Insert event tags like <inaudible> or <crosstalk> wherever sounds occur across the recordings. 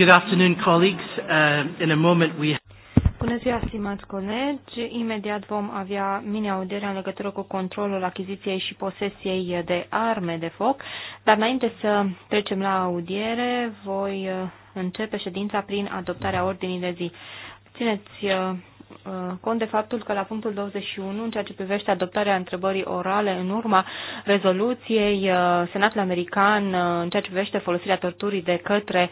Good afternoon, colleagues. Uh, in a moment we Bună ziua, stimați colegi. Imediat vom avea mini auderea în legătură cu controlul achiziției și posesiei de arme de foc. Dar înainte să trecem la audiere, voi uh, începe ședința prin adoptarea ordinii de zi. Țineți uh, Uh, cont de faptul că la punctul 21, în ceea ce privește adoptarea întrebării orale în urma rezoluției uh, Senatul American, uh, în ceea ce privește folosirea torturii de către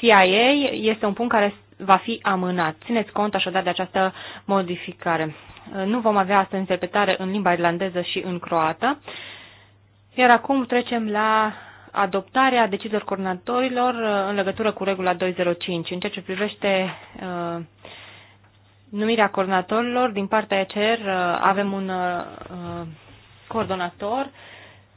CIA, este un punct care va fi amânat. Țineți cont așadar de această modificare. Nu vom avea asta interpretare în limba irlandeză și în croată. Iar acum trecem la adoptarea deciziilor coordonatorilor uh, în legătură cu regula 205 în ceea ce privește uh, numirea coordonatorilor. Din partea ECR uh, avem un uh, coordonator,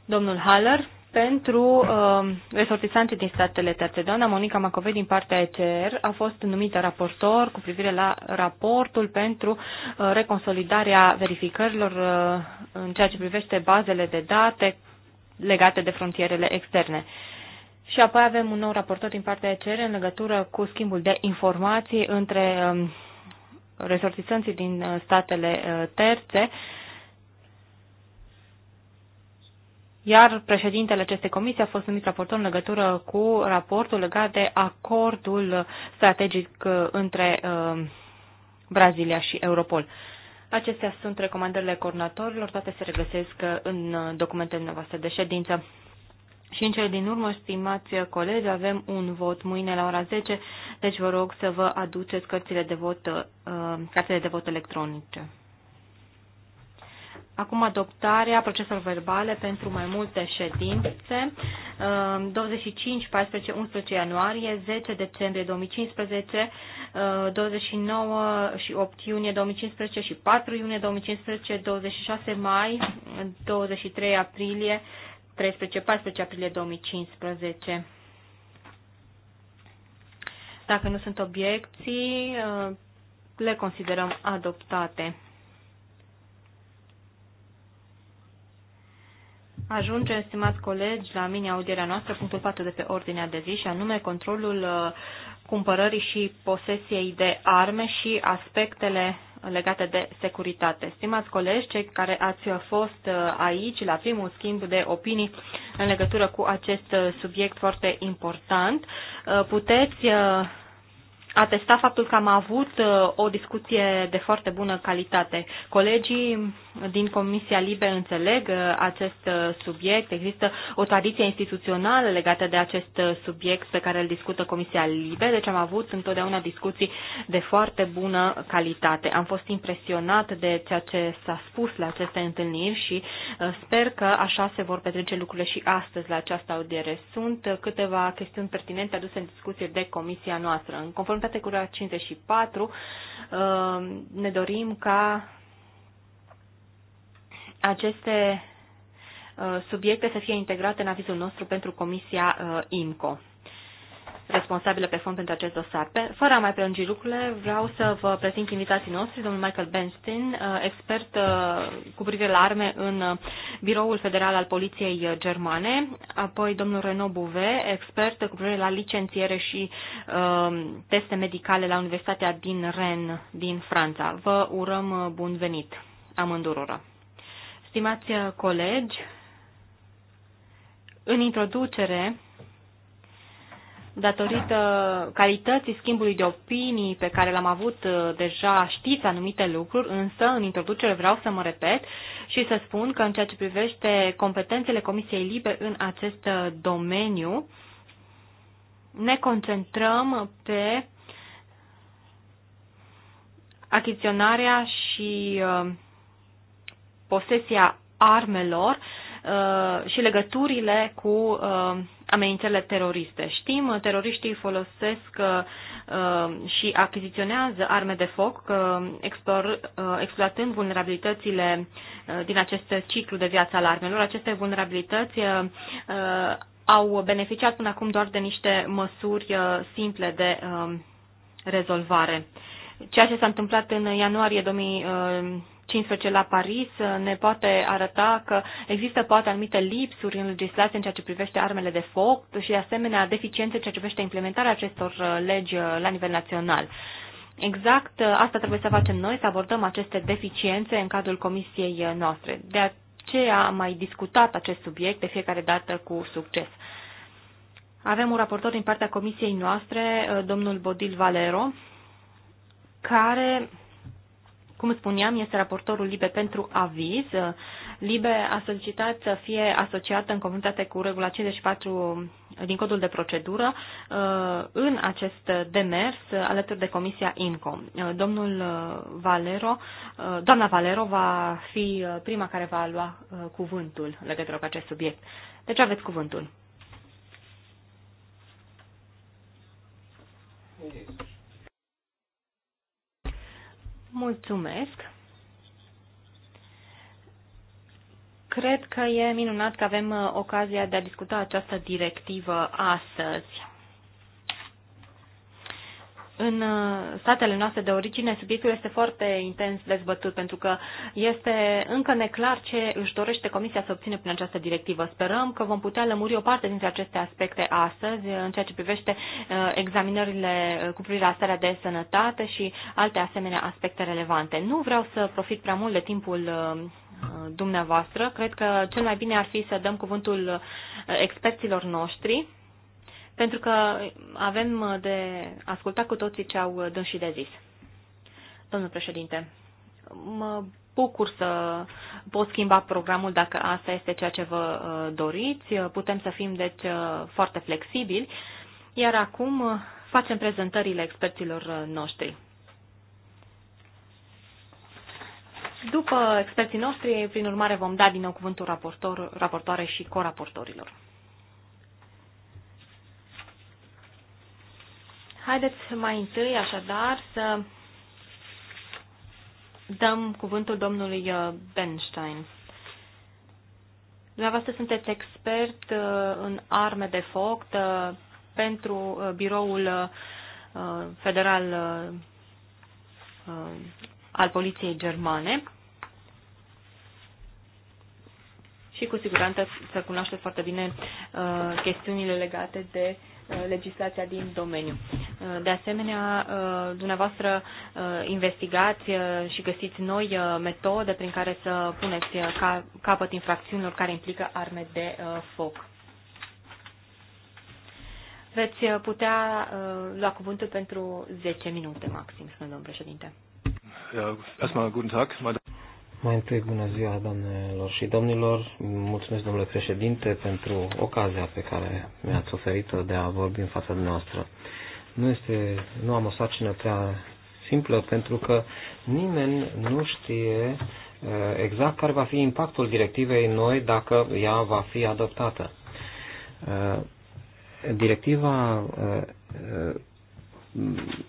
domnul Haller, pentru uh, resortisanții din statele terțe. Doamna Monica Macovei din partea ECR a fost numită raportor cu privire la raportul pentru uh, reconsolidarea verificărilor uh, în ceea ce privește bazele de date legate de frontierele externe. Și apoi avem un nou raportor din partea ECR în legătură cu schimbul de informații între um, resortisanții din uh, statele uh, terțe, iar președintele acestei comisii a fost numit raportor în legătură cu raportul legat de acordul strategic uh, între Brazilia și Europol. Acestea sunt recomandările coordonatorilor, toate se regăsesc în documentele noastre de ședință. Și în cele din urmă, stimați colegi, avem un vot mâine la ora 10, deci vă rog să vă aduceți cărțile de vot, uh, cartele de vot electronice. Acum adoptarea proceselor verbale pentru mai multe ședințe, 25, 14, 11 ianuarie, 10 decembrie 2015, 29 și 8 iunie 2015 și 4 iunie 2015, 26 mai, 23 aprilie, 13-14 aprilie 2015. Dacă nu sunt obiecții, le considerăm adoptate. Ajunge, estimați colegi, la mini-audierea noastră, punctul 4 de pe ordinea de zi, și anume controlul uh, cumpărării și posesiei de arme și aspectele legate de securitate. Stimați colegi, cei care ați fost uh, aici la primul schimb de opinii în legătură cu acest uh, subiect foarte important, puteți atesta faptul că am avut o discuție de foarte bună calitate. Colegii din Comisia Libe înțeleg uh, acest uh, subiect. Există o tradiție instituțională legată de acest uh, subiect pe care îl discută Comisia Libe, deci am avut întotdeauna discuții de foarte bună calitate. Am fost impresionat de ceea ce s-a spus la aceste întâlniri și sper că așa se vor petrece lucrurile și astăzi la această audiere. Sunt câteva chestiuni pertinente aduse în discuție de Comisia noastră. În conformitate cu 54, ne dorim ca aceste uh, subiecte să fie integrate în avizul nostru pentru Comisia uh, IMCO responsabilă pe fond pentru acest dosar. fără a mai prelungi lucrurile, vreau să vă prezint invitații noștri, domnul Michael Benstein, uh, expert cu privire la arme în Biroul Federal al Poliției Germane, apoi domnul Renaud Bouvet, expert cu privire la licențiere și teste medicale la Universitatea din Rennes, din Franța. Vă urăm bun venit amândurora. Stimați uh, colegi, în introducere, datorită calității schimbului de opinii pe care l-am avut uh, deja, știți anumite lucruri, însă în introducere vreau să mă repet și să spun că în ceea ce privește competențele Comisiei Libe în acest uh, domeniu, ne concentrăm pe achiziționarea și posesia armelor uh, și legăturile cu uh, amenințele teroriste. Știm, uh, teroriștii folosesc și achiziționează arme de foc, explor, exploatând vulnerabilitățile din acest ciclu de viață al armelor. Aceste vulnerabilități au beneficiat până acum doar de niște măsuri simple de rezolvare. Ceea ce s-a întâmplat în ianuarie 2020? 15 la Paris uh, ne poate arăta că există poate anumite lipsuri în legislație în ceea ce privește armele de foc și de asemenea deficiențe în ceea ce privește implementarea acestor uh, legi uh, la nivel național. Exact asta trebuie să facem noi, să abordăm aceste deficiențe în cadrul comisiei noastre. De aceea am mai discutat acest subiect de fiecare dată cu succes. Avem un raportor din partea comisiei noastre, domnul Bodil Valero, care cum spuneam, este raportorul LIBE pentru aviz. LIBE a solicitat să fie asociată în comunitate cu regula 54 din codul de procedură uh, în acest demers uh, alături de Comisia INCO. Uh, domnul Valero, doamna Valero va fi prima care va lua cuvântul legătură cu acest subiect. Deci aveți cuvântul. Yes. Mulțumesc. Cred că e minunat că avem uh, ocazia de a discuta această directivă astăzi în uh, statele noastre de origine, subiectul este foarte intens dezbătut, pentru că este încă neclar ce își dorește Comisia să obțină prin această directivă. Sperăm că vom putea lămuri o parte dintre aceste aspecte astăzi, uh, în ceea ce privește uh, examinările cu privire la starea de sănătate și alte asemenea aspecte relevante. Nu vreau să profit prea mult de timpul dumneavoastră. Cred că cel mai bine ar fi să dăm cuvântul experților noștri pentru că avem de ascultat cu toții ce au dâns și de zis. Domnul președinte, mă bucur să pot schimba programul dacă asta este ceea ce vă uh, doriți. Putem să fim, deci, uh, foarte flexibili. Iar acum uh, facem prezentările experților noștri. După experții noștri, prin urmare, vom da din nou cuvântul raportor, raportoare și coraportorilor. Haideți mai întâi, așadar, să dăm cuvântul domnului uh, Benstein. Dumneavoastră sunteți expert uh, în arme de foc uh, pentru biroul federal al poliției germane și cu siguranță să cunoașteți foarte bine chestiunile legate de uh, Uh, legislația din domeniu. Uh, de asemenea, uh, dumneavoastră investigați și găsiți noi metode prin care să puneți capăt infracțiunilor care implică arme de foc. Veți putea lua cuvântul pentru 10 minute maxim, spune domnul președinte. Erstmal guten Tag. Mai întâi, bună ziua, doamnelor și domnilor. Mulțumesc, domnule președinte, pentru ocazia pe care mi-ați oferit-o de a vorbi în fața dumneavoastră. Nu, este, nu am o sarcină prea simplă, pentru că nimeni nu știe eh, exact care va fi impactul directivei noi dacă ea va fi adoptată. Eh, directiva eh,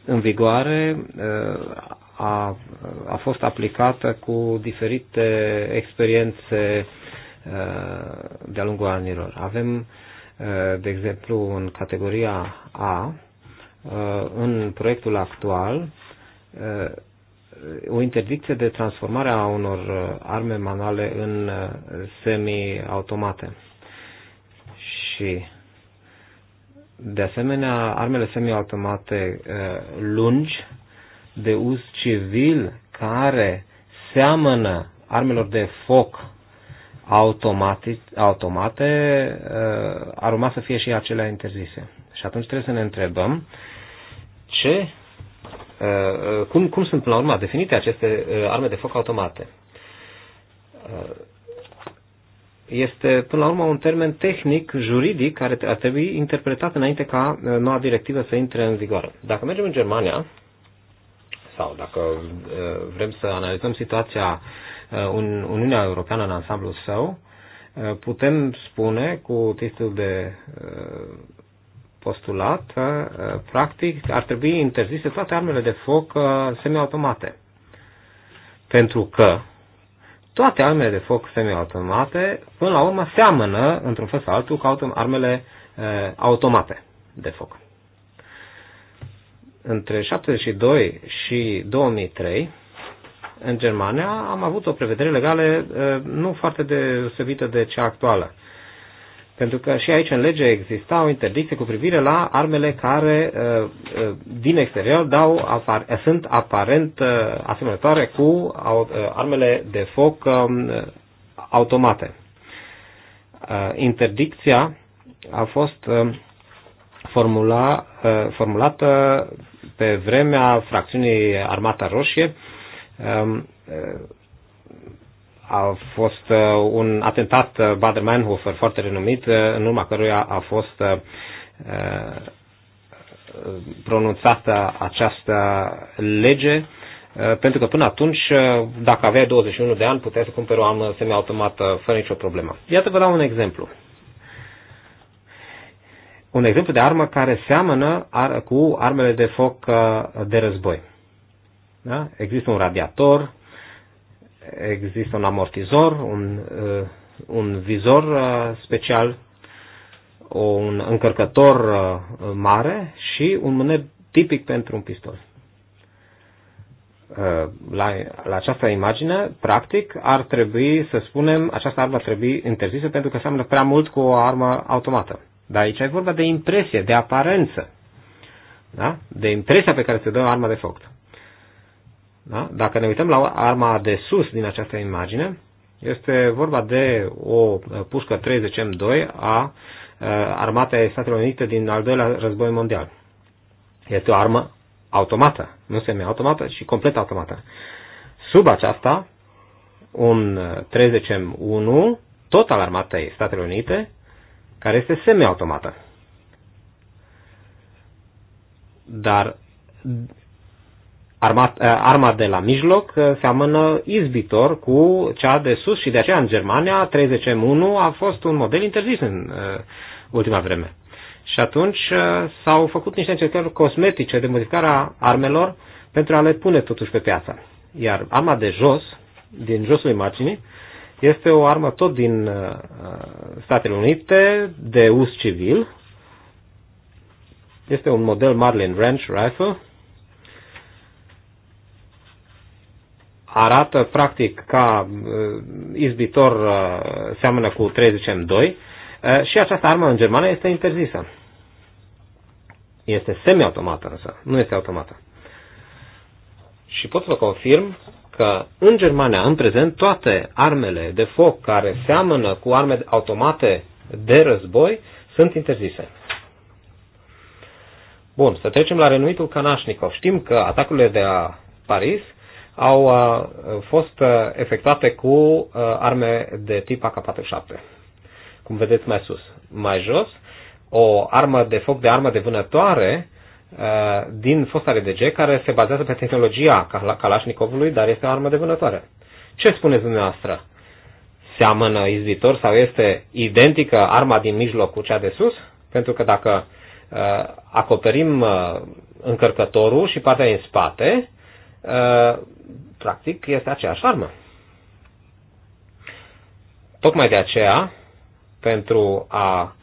în vigoare a, a fost aplicată cu diferite experiențe uh, de-a lungul anilor. Avem, uh, de exemplu, în categoria A, uh, în proiectul actual, o interdicție de transformare a unor arme manuale în semi-automate. Și de asemenea, armele semi-automate lungi de uz civil care seamănă armelor de foc automate, uh, ar urma să fie și acelea interzise. Și atunci trebuie să ne întrebăm ce, uh, cum, cum sunt până la urmă definite aceste uh, arme de foc automate. Este până la urmă un termen tehnic, juridic, care ar trebui interpretat înainte ca noua directivă să intre în vigoare. Dacă mergem în Germania, sau dacă uh, vrem să analizăm situația în uh, Uniunea Europeană în ansamblul său, uh, putem spune cu titlul de postulat, practic ar trebui interzise toate armele de foc semiautomate. Pentru că toate armele de foc semiautomate, până la urmă, seamănă, într-un fel sau altul, cu armele automate de foc. Între 72 și 2003, în Germania, am avut o prevedere legală eh, nu foarte deosebită de cea actuală. Pentru că și aici în lege exista o interdicție cu privire la armele care eh, eh, din exterior dau, sunt aparent asemănătoare cu armele de foc automate. Interdicția a fost formula, formulată pe vremea fracțiunii Armata Roșie um, a fost uh, un atentat uh, Bader-Meinhofer foarte renumit, uh, în urma căruia a fost pronunțată această lege, pentru că până atunci, dacă aveai 21 de ani, puteai să cumperi o armă semiautomată fără nicio problemă. Iată vă dau un exemplu un exemplu de armă care seamănă ar, cu armele de foc uh, de război. Da? Există un radiator, există un amortizor, un, uh, un vizor uh, special, un încărcător mare și un mâner tipic pentru un pistol. La, la această imagine, practic, ar trebui să spunem, această armă ar trebui interzisă pentru că seamănă prea mult cu o armă automată. Dar aici e vorba de impresie, de aparență. Da? De impresia pe care se dă arma de foc. Da? Dacă ne uităm la arma de sus din această imagine, este vorba de o pușcă 30M2 a uh, armatei Statelor Unite din al doilea război mondial. Este o armă automată, nu semi-automată, ci complet automată. Sub aceasta, un 30M1, tot al armatei Statelor Unite, care este semiautomată. Dar arma de la mijloc seamănă izbitor cu cea de sus și de aceea în Germania 30 M1 a fost un model interzis în uh, ultima vreme. Și atunci uh, s-au făcut niște încercări cosmetice de modificare a armelor pentru a le pune totuși pe piață. Iar arma de jos, din josul imaginii, este o armă tot din uh, Statele Unite, de us civil. Este un model Marlin Ranch Rifle. Arată practic ca uh, izbitor uh, seamănă cu 30M2 și această armă în germană este interzisă. Este semi-automată însă, nu este automată. Și pot să confirm că în Germania, în prezent, toate armele de foc care seamănă cu arme automate de război sunt interzise. Bun, să trecem la renuitul Kanașnikov. Știm că atacurile de la Paris au a, uh, fost a, uh, efectuate cu a, uh, arme de tip AK-47. Cum vedeți mai sus. Mai jos, o armă de foc de armă de vânătoare Uh, din fosta RDG care se bazează pe tehnologia Kalashnikovului, dar este o armă de vânătoare. Ce spuneți dumneavoastră? Seamănă izbitor sau este identică arma din mijloc cu cea de sus? Pentru că dacă uh, acoperim uh, încărcătorul și partea din spate, uh, practic este aceeași armă. Tocmai de aceea, pentru a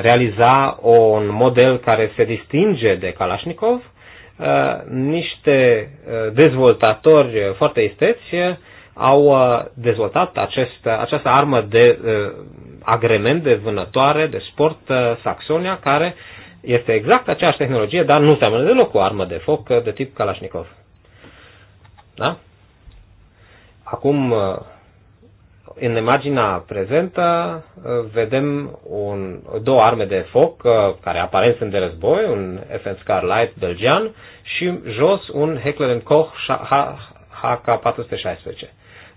realiza un model care se distinge de Kalashnikov, uh, niște uh, dezvoltatori foarte esteți uh, au dezvoltat acest, această armă de agrement, de vânătoare, de sport, Saxonia, care este exact aceeași tehnologie, dar nu seamănă deloc cu o armă de foc de tip Kalashnikov. Da? Acum în imaginea prezentă uh, vedem un, două arme de foc uh, care aparent sunt de război, un FN Scarlight belgian și jos un Heckler Koch HK416.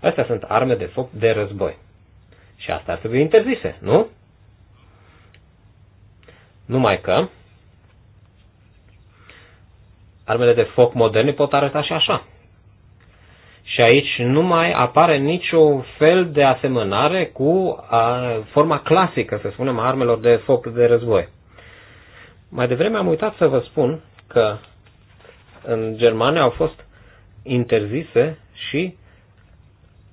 Astea sunt arme de foc de război. Și astea ar trebui interzise, nu? Numai că armele de foc moderne pot arăta și așa. Și aici nu mai apare niciun fel de asemănare cu a, forma clasică, să spunem, a armelor de foc de război. Mai devreme am uitat să vă spun că în Germania au fost interzise și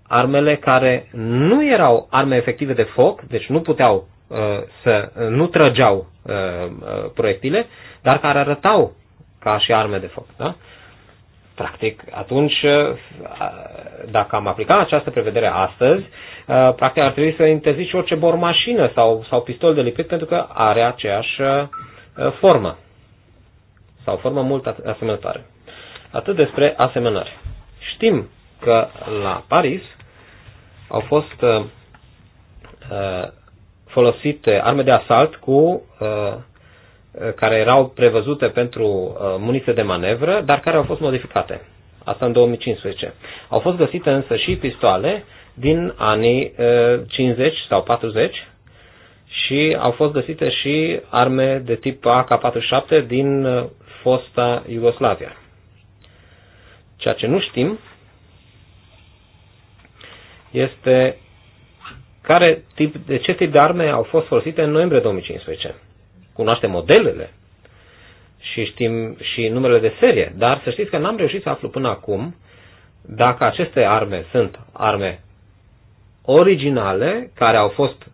armele care nu erau arme efective de foc, deci nu puteau uh, să nu trăgeau uh, uh proiectile, dar care arătau ca și arme de foc. Da? Practic, atunci, uh, dacă am aplicat această prevedere astăzi, uh, practic ar trebui să interzici orice bormașină sau, sau pistol de lipit pentru că are aceeași uh, formă sau formă mult asemănătoare. Atât despre asemănări. Știm că la Paris au fost uh, folosite arme de asalt cu uh, Uh, care erau prevăzute pentru uh, muniție de manevră, dar care au fost modificate. Asta în 2015. Au fost găsite însă și pistoale din anii 50 uh, sau 40 și au fost găsite și arme de tip AK-47 din fosta Iugoslavia. Ceea ce nu știm este care tip, de ce tip de arme au fost folosite în noiembrie 2015 cunoaștem modelele și știm și numerele de serie, dar să știți că n-am reușit să aflu până acum dacă aceste arme sunt arme originale care au fost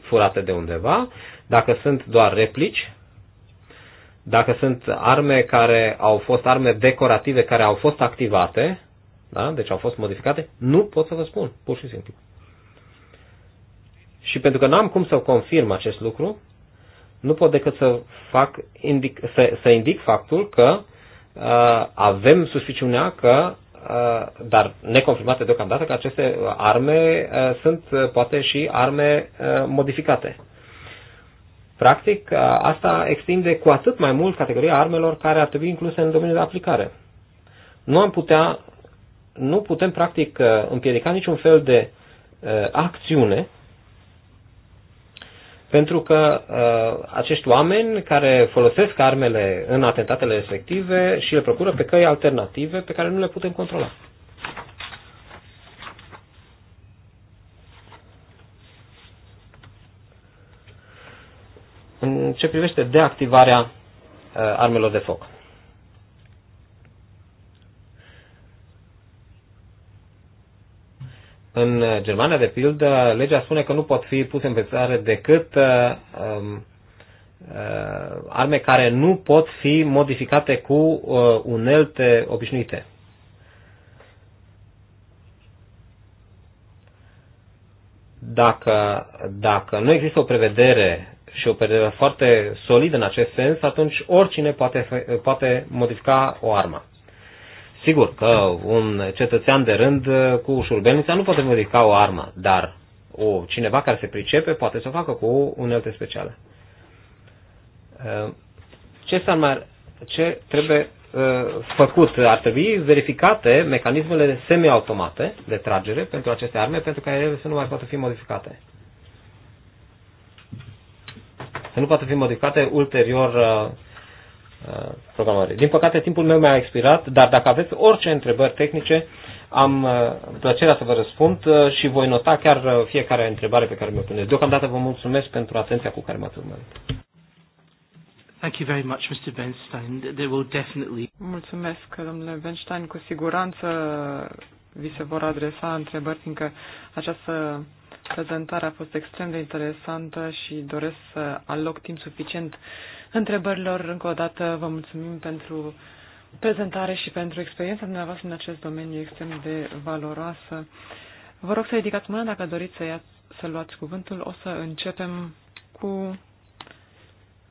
furate de undeva, dacă sunt doar replici, dacă sunt arme care au fost arme decorative care au fost activate, da? deci au fost modificate, nu pot să vă spun, pur și simplu. Și pentru că n-am cum să confirm acest lucru, nu pot decât să, fac, indic, să, să indic faptul că uh, avem suspiciunea că, uh, dar neconfirmate deocamdată, că aceste arme uh, sunt uh, poate și arme uh, modificate. Practic, uh, asta extinde cu atât mai mult categoria armelor care ar trebui incluse în domeniul de aplicare. Nu am putea, nu putem practic uh, împiedica niciun fel de uh, acțiune pentru că uh, acești oameni care folosesc armele în atentatele respective și le procură pe căi alternative pe care nu le putem controla. În ce privește deactivarea uh, armelor de foc. În Germania, de pildă, legea spune că nu pot fi puse în vânzare decât uh, um, uh, arme care nu pot fi modificate cu uh, unelte obișnuite. Dacă, dacă nu există o prevedere și o prevedere foarte solidă în acest sens, atunci oricine poate, poate modifica o armă. Sigur că un cetățean de rând uh, cu șurbelnița nu poate modifica o armă, dar o, cineva care se pricepe poate să o facă cu unelte speciale. Uh, ce, mai, ce trebuie uh, făcut? Ar trebui verificate mecanismele semi automate de tragere pentru aceste arme, pentru că ele să nu mai poată fi modificate. Să nu poată fi modificate ulterior Uh, programare. Din păcate, timpul meu mi-a expirat, dar dacă aveți orice întrebări tehnice, am uh, plăcerea să vă răspund uh, și voi nota chiar fiecare întrebare pe care mi-o puneți. Deocamdată vă mulțumesc pentru atenția cu care m-ați urmărit. Thank you very much, Mr. Benstein. They will definitely... Mulțumesc, domnule Benstein. Cu siguranță vi se vor adresa întrebări, fiindcă această prezentare a fost extrem de interesantă și doresc să aloc timp suficient uh, întrebărilor. Încă o dată vă mulțumim pentru prezentare și pentru experiența dumneavoastră în acest domeniu extrem de valoroasă. Vă rog să ridicați mâna dacă doriți să, ia, să luați cuvântul. O să începem cu,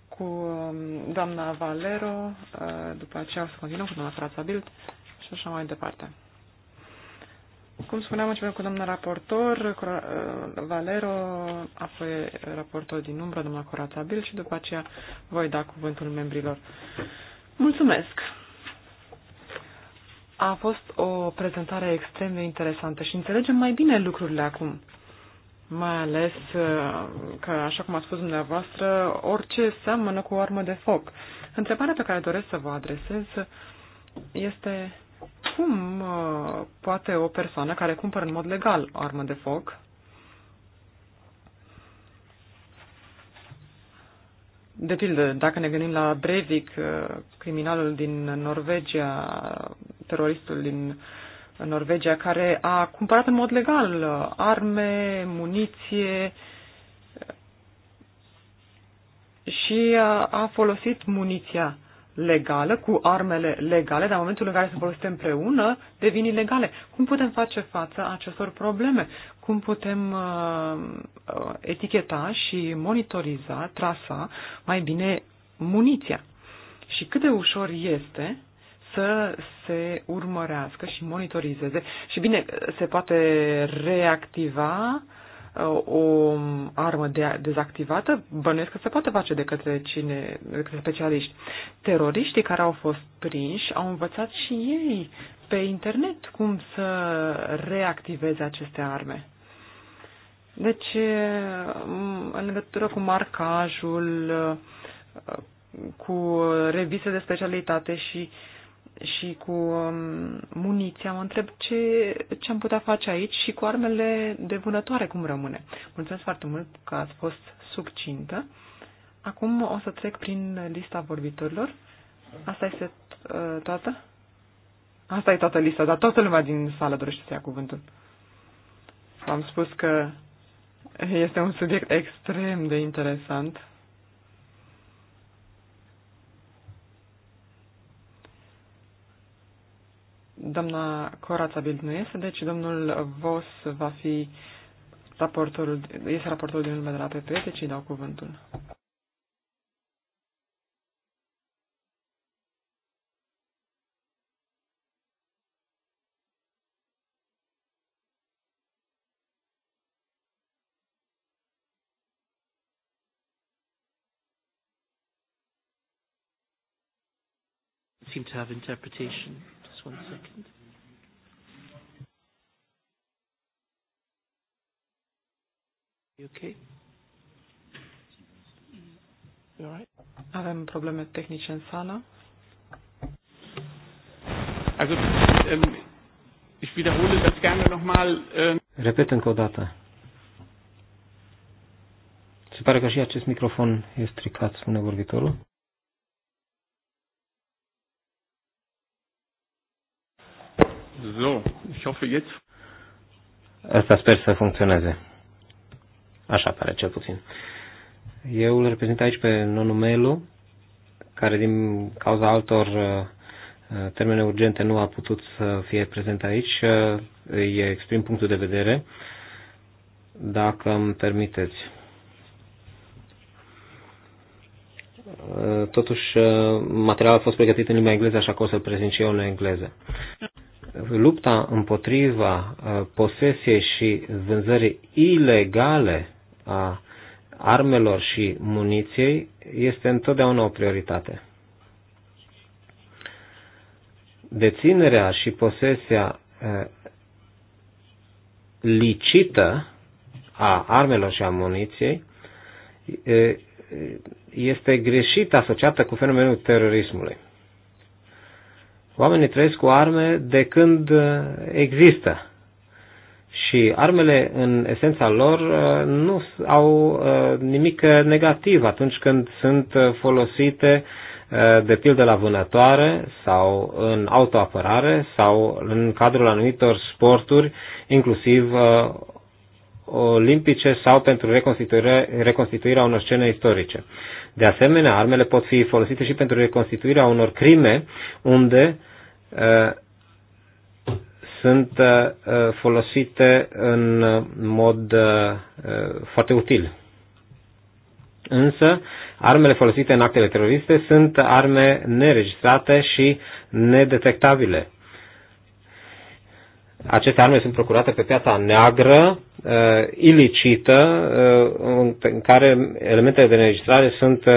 cu um, doamna Valero, uh, după aceea o să continuăm cu doamna Frața Bild și așa mai departe. Cum spuneam, începem cu doamna raportor, uh, Valero, apoi raportor din umbră, doamna Corațabil și după aceea voi da cuvântul membrilor. Mulțumesc! A fost o prezentare extrem de interesantă și înțelegem mai bine lucrurile acum. Mai ales uh, că, așa cum a spus dumneavoastră, orice seamănă cu o armă de foc. Întrebarea pe care doresc să vă adresez este cum uh, poate o persoană care cumpără în mod legal o armă de foc De pildă, dacă ne gândim la Breivik, uh, criminalul din Norvegia, teroristul din Norvegia, care a cumpărat în mod legal uh, arme, muniție și a, a folosit muniția legală, cu armele legale, dar în momentul în care se folosește împreună, devin ilegale. Cum putem face față acestor probleme? Cum putem uh, uh, eticheta și monitoriza, trasa mai bine muniția? Și cât de ușor este să se urmărească și monitorizeze. Și bine, se poate reactiva uh, o armă de dezactivată, bănuiesc că se poate face de către cine, de către specialiști. Teroriștii care au fost prinși au învățat și ei pe internet cum să reactiveze aceste arme. Deci, în legătură cu marcajul, cu reviste de specialitate și uh, și cu um, muniția, mă întreb ce, ce am putea face aici și cu armele de vânătoare cum rămâne. Mulțumesc foarte mult că ați fost succintă. Acum o să trec prin lista vorbitorilor. Asta este uh, toată? Asta e toată lista, dar toată lumea din sală dorește să ia cuvântul. V-am spus că este un subiect extrem de interesant Doamna Corața Bild nu este, deci domnul Vos va fi raportorul, este raportorul din urmă de la PP, deci îi dau cuvântul. seem to have interpretation one second. You okay? You all right? Avem probleme tehnice în sală. Also, ähm, ich wiederhole das gerne nochmal. Ähm. Repet încă o dată. Se pare că și acest microfon este stricat, spune vorbitorul. So, ich hoffe jetzt. Asta sper să funcționeze. Așa pare, cel puțin. Eu îl reprezint aici pe Nonumelu, care din cauza altor uh, uh, termene urgente nu a putut să fie prezent aici. Uh, îi exprim punctul de vedere, dacă îmi permiteți. Totuși, materialul a fost pregătit în limba engleză, așa că o să-l prezint și eu în engleză lupta împotriva uh, posesiei și vânzării ilegale a armelor și muniției este întotdeauna o prioritate. Deținerea și posesia uh, licită a armelor și a muniției uh, este greșit asociată cu fenomenul terorismului. Oamenii trăiesc cu arme de când uh, există. Și armele, în esența lor, uh, nu au uh, nimic negativ atunci când sunt folosite, de pildă, la vânătoare sau în autoapărare sau în cadrul anumitor sporturi, inclusiv olimpice sau pentru reconstituirea, reconstituirea unor scene istorice. De asemenea, armele pot fi folosite și pentru reconstituirea unor crime unde uh, sunt uh, folosite în mod uh, foarte util. Însă, armele folosite în actele teroriste sunt arme neregistrate și nedetectabile. Aceste arme sunt procurate pe piața neagră, uh, ilicită, uh, în care elementele de înregistrare sunt uh,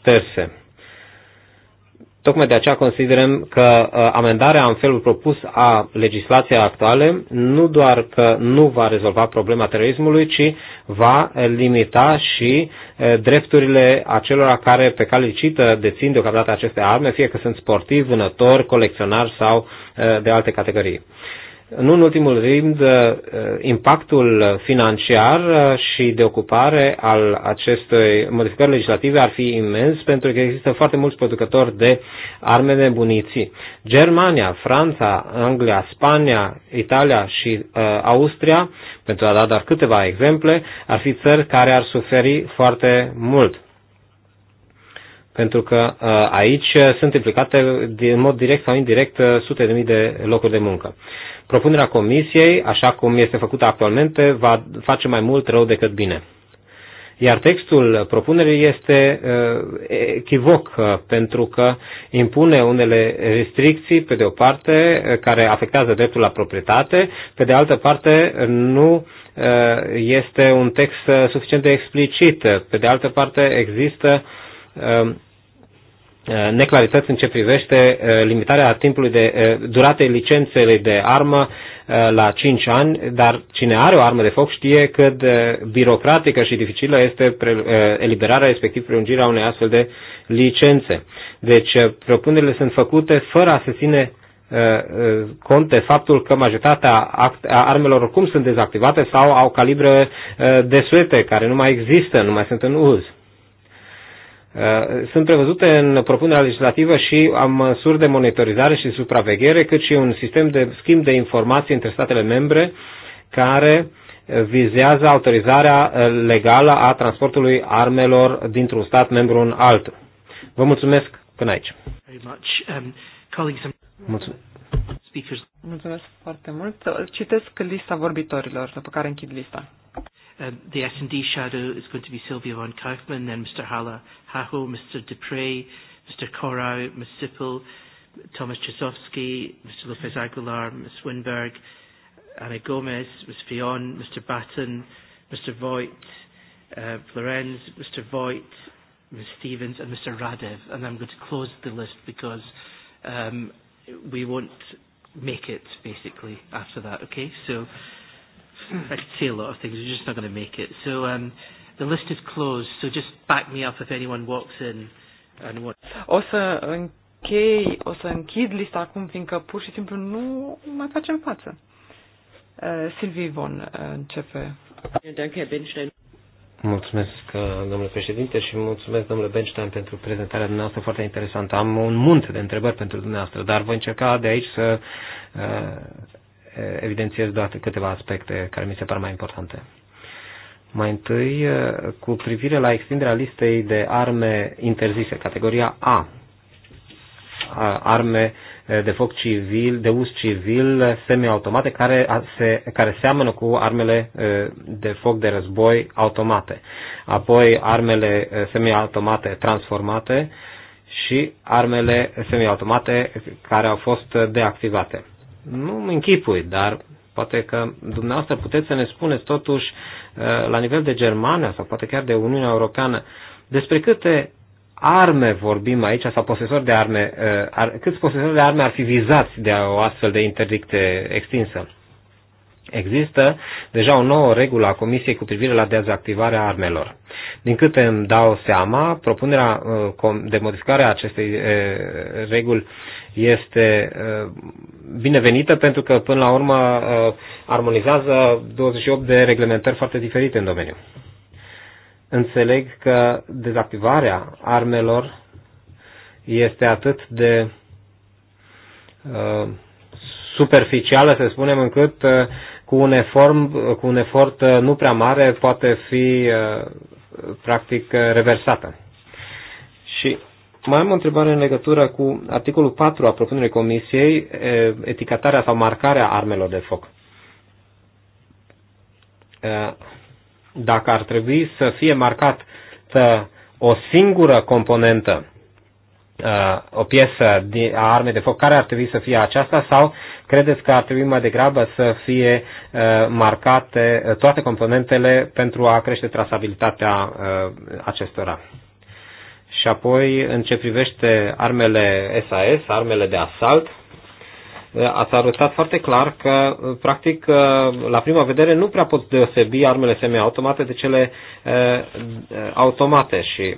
șterse. Tocmai de aceea considerăm că amendarea în felul propus a legislației actuale nu doar că nu va rezolva problema terorismului, ci va limita și drepturile acelora care pe cale licită dețin deocamdată aceste arme, fie că sunt sportivi, vânători, colecționari sau de alte categorii nu în ultimul rând, uh, impactul financiar uh, și de ocupare al acestei modificări legislative ar fi imens pentru că există foarte mulți producători de arme de muniții. Germania, Franța, Anglia, Spania, Italia și uh, Austria, pentru a da doar câteva exemple, ar fi țări care ar suferi foarte mult pentru că uh, aici sunt implicate în mod direct sau indirect sute de mii de locuri de muncă. Propunerea Comisiei, așa cum este făcută actualmente, va face mai mult rău decât bine. Iar textul propunerii este uh, echivoc uh, pentru că impune unele restricții, pe de o parte, uh, care afectează dreptul la proprietate, pe de altă parte, nu uh, este un text uh, suficient de explicit. Pe de altă parte, există uh, Uh, neclarități în ce privește uh, limitarea timpului de uh, durate licențele de armă la 5 ani, dar cine are o armă de foc știe cât birocratică și dificilă este eliberarea, respectiv prelungirea unei astfel de licențe. Deci propunerile sunt făcute fără a se ține cont de faptul că majoritatea armelor oricum sunt dezactivate sau au calibre suete care nu mai există, nu mai sunt în uz. Uh, sunt prevăzute în propunerea legislativă și măsuri de monitorizare și supraveghere, cât și un sistem de schimb de informații între statele membre care vizează autorizarea uh, legală a transportului armelor dintr-un stat membru în altul. Vă mulțumesc până aici. Um, mulțumesc. Mulțumesc foarte mult. Citesc lista vorbitorilor, după care închid lista. Um, the S&D shadow is going to be Sylvia von Kaufmann, then Mr. Halla, Haho, Mr. Dupre, Mr. Corau, Ms. Sippel, Thomas Chasovsky, Mr. Lopez Aguilar, Ms. Winberg, Anna Gomez, Ms. Fionn, Mr. Batten, Mr. Voigt, uh, Florenz, Mr. Voigt, Ms. Stevens, and Mr. Radev. And I'm going to close the list because um, we won't make it, basically, after that, okay? So Mm. I could say a lot of things. We're just not going to make it. So um, the list is closed. So just back me up if anyone walks in and what. O să închei, o să închid lista acum, fiindcă pur și simplu nu mai facem față. Uh, Silvi Ivon uh, începe. Mulțumesc, uh, domnule președinte, și mulțumesc, domnule Benstein, pentru prezentarea dumneavoastră foarte interesantă. Am un munte de întrebări pentru dumneavoastră, dar voi încerca de aici să uh, evidențiez doar câteva aspecte care mi se par mai importante. Mai întâi, cu privire la extinderea listei de arme interzise, categoria A, arme de foc civil, de uz civil, semiautomate, care, se, care seamănă cu armele de foc de război automate. Apoi armele semiautomate transformate și armele semiautomate care au fost deactivate. Nu închipui, dar poate că dumneavoastră puteți să ne spuneți totuși uh, la nivel de Germania sau poate chiar de Uniunea Europeană despre câte arme vorbim aici sau posesori de arme, uh, câți posesori de arme ar fi vizați de o astfel de interdicte extinsă. Există deja o nouă regulă a Comisiei cu privire la dezactivarea armelor. Din câte îmi dau seama, propunerea uh, de modificare a acestei reguli este uh, binevenită pentru că, până la urmă, uh, armonizează 28 de reglementări foarte diferite în domeniu. Înțeleg că dezactivarea armelor este atât de uh, superficială, să spunem, încât cu un, efort, cu un efort nu prea mare poate fi practic reversată. Și mai am o întrebare în legătură cu articolul 4 a propunerii Comisiei, etichetarea sau marcarea armelor de foc. Dacă ar trebui să fie marcată o singură componentă, o piesă a armei de foc, care ar trebui să fie aceasta sau credeți că ar trebui mai degrabă să fie marcate toate componentele pentru a crește trasabilitatea acestora? Și apoi, în ce privește armele SAS, armele de asalt, ați arătat foarte clar că, practic, la prima vedere nu prea pot deosebi armele semi-automate de cele automate și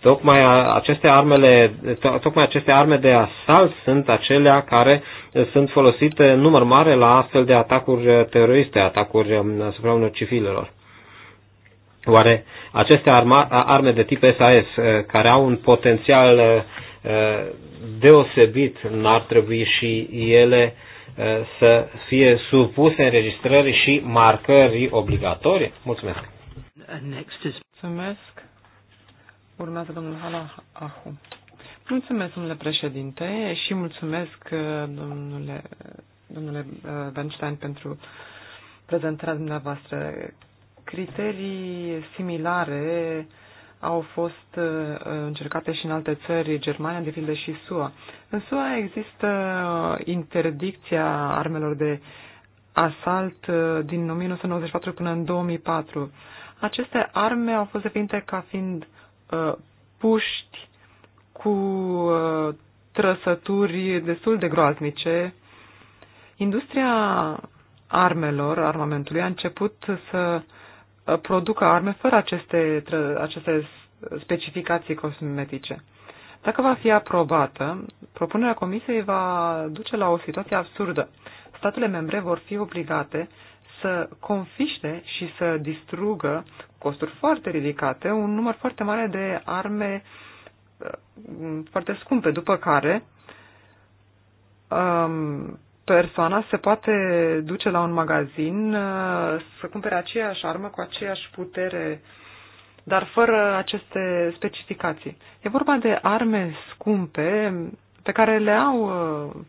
tocmai aceste, armele, tocmai aceste arme de asalt sunt acelea care sunt folosite în număr mare la astfel de atacuri teroriste, atacuri um, asupra unor civililor. Oare aceste arma, arme de tip SAS, uh, care au un potențial uh, uh, deosebit, n-ar trebui și ele să fie supuse înregistrării și marcării obligatorii? Mulțumesc! Next is... Mulțumesc! Urmează domnul Hala Ahu. Mulțumesc, domnule președinte, și mulțumesc, domnule, domnule Bernstein, pentru prezentarea dumneavoastră. Criterii similare au fost uh, încercate și în alte țări, Germania, de pildă și SUA. În SUA există interdicția armelor de asalt uh, din 1994 până în 2004. Aceste arme au fost definite ca fiind uh, puști cu uh, trăsături destul de groaznice. Industria armelor, armamentului, a început să uh, producă arme fără aceste, aceste specificații cosmetice. Dacă va fi aprobată, propunerea Comisiei va duce la o situație absurdă. Statele membre vor fi obligate să confiște și să distrugă, costuri foarte ridicate, un număr foarte mare de arme uh, foarte scumpe, după care um, persoana se poate duce la un magazin uh, să cumpere aceeași armă cu aceeași putere, dar fără aceste specificații. E vorba de arme scumpe pe care le au uh,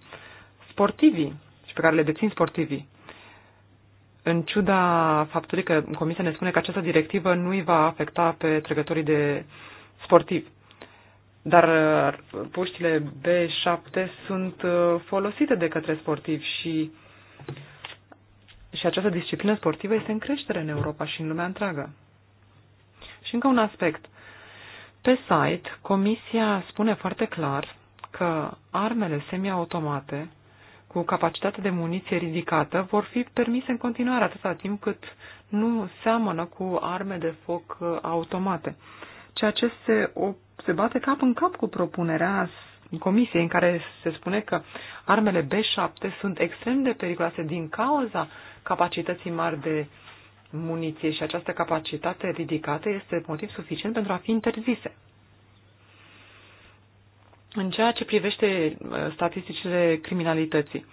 sportivii și pe care le dețin sportivii. În ciuda faptului că Comisia ne spune că această directivă nu îi va afecta pe trecătorii de sportivi. Dar uh, puștile B7 sunt uh, folosite de către sportivi și, și această disciplină sportivă este în creștere în Europa și în lumea întreagă. Și încă un aspect. Pe site, Comisia spune foarte clar că armele semiautomate cu capacitate de muniție ridicată vor fi permise în continuare atâta timp cât nu seamănă cu arme de foc uh, automate, ceea ce se op- se bate cap în cap cu propunerea comisiei în care se spune că armele B7 sunt extrem de periculoase din cauza capacității mari de muniție și această capacitate ridicată este motiv suficient pentru a fi interzise. În ceea ce privește uh, statisticile criminalității,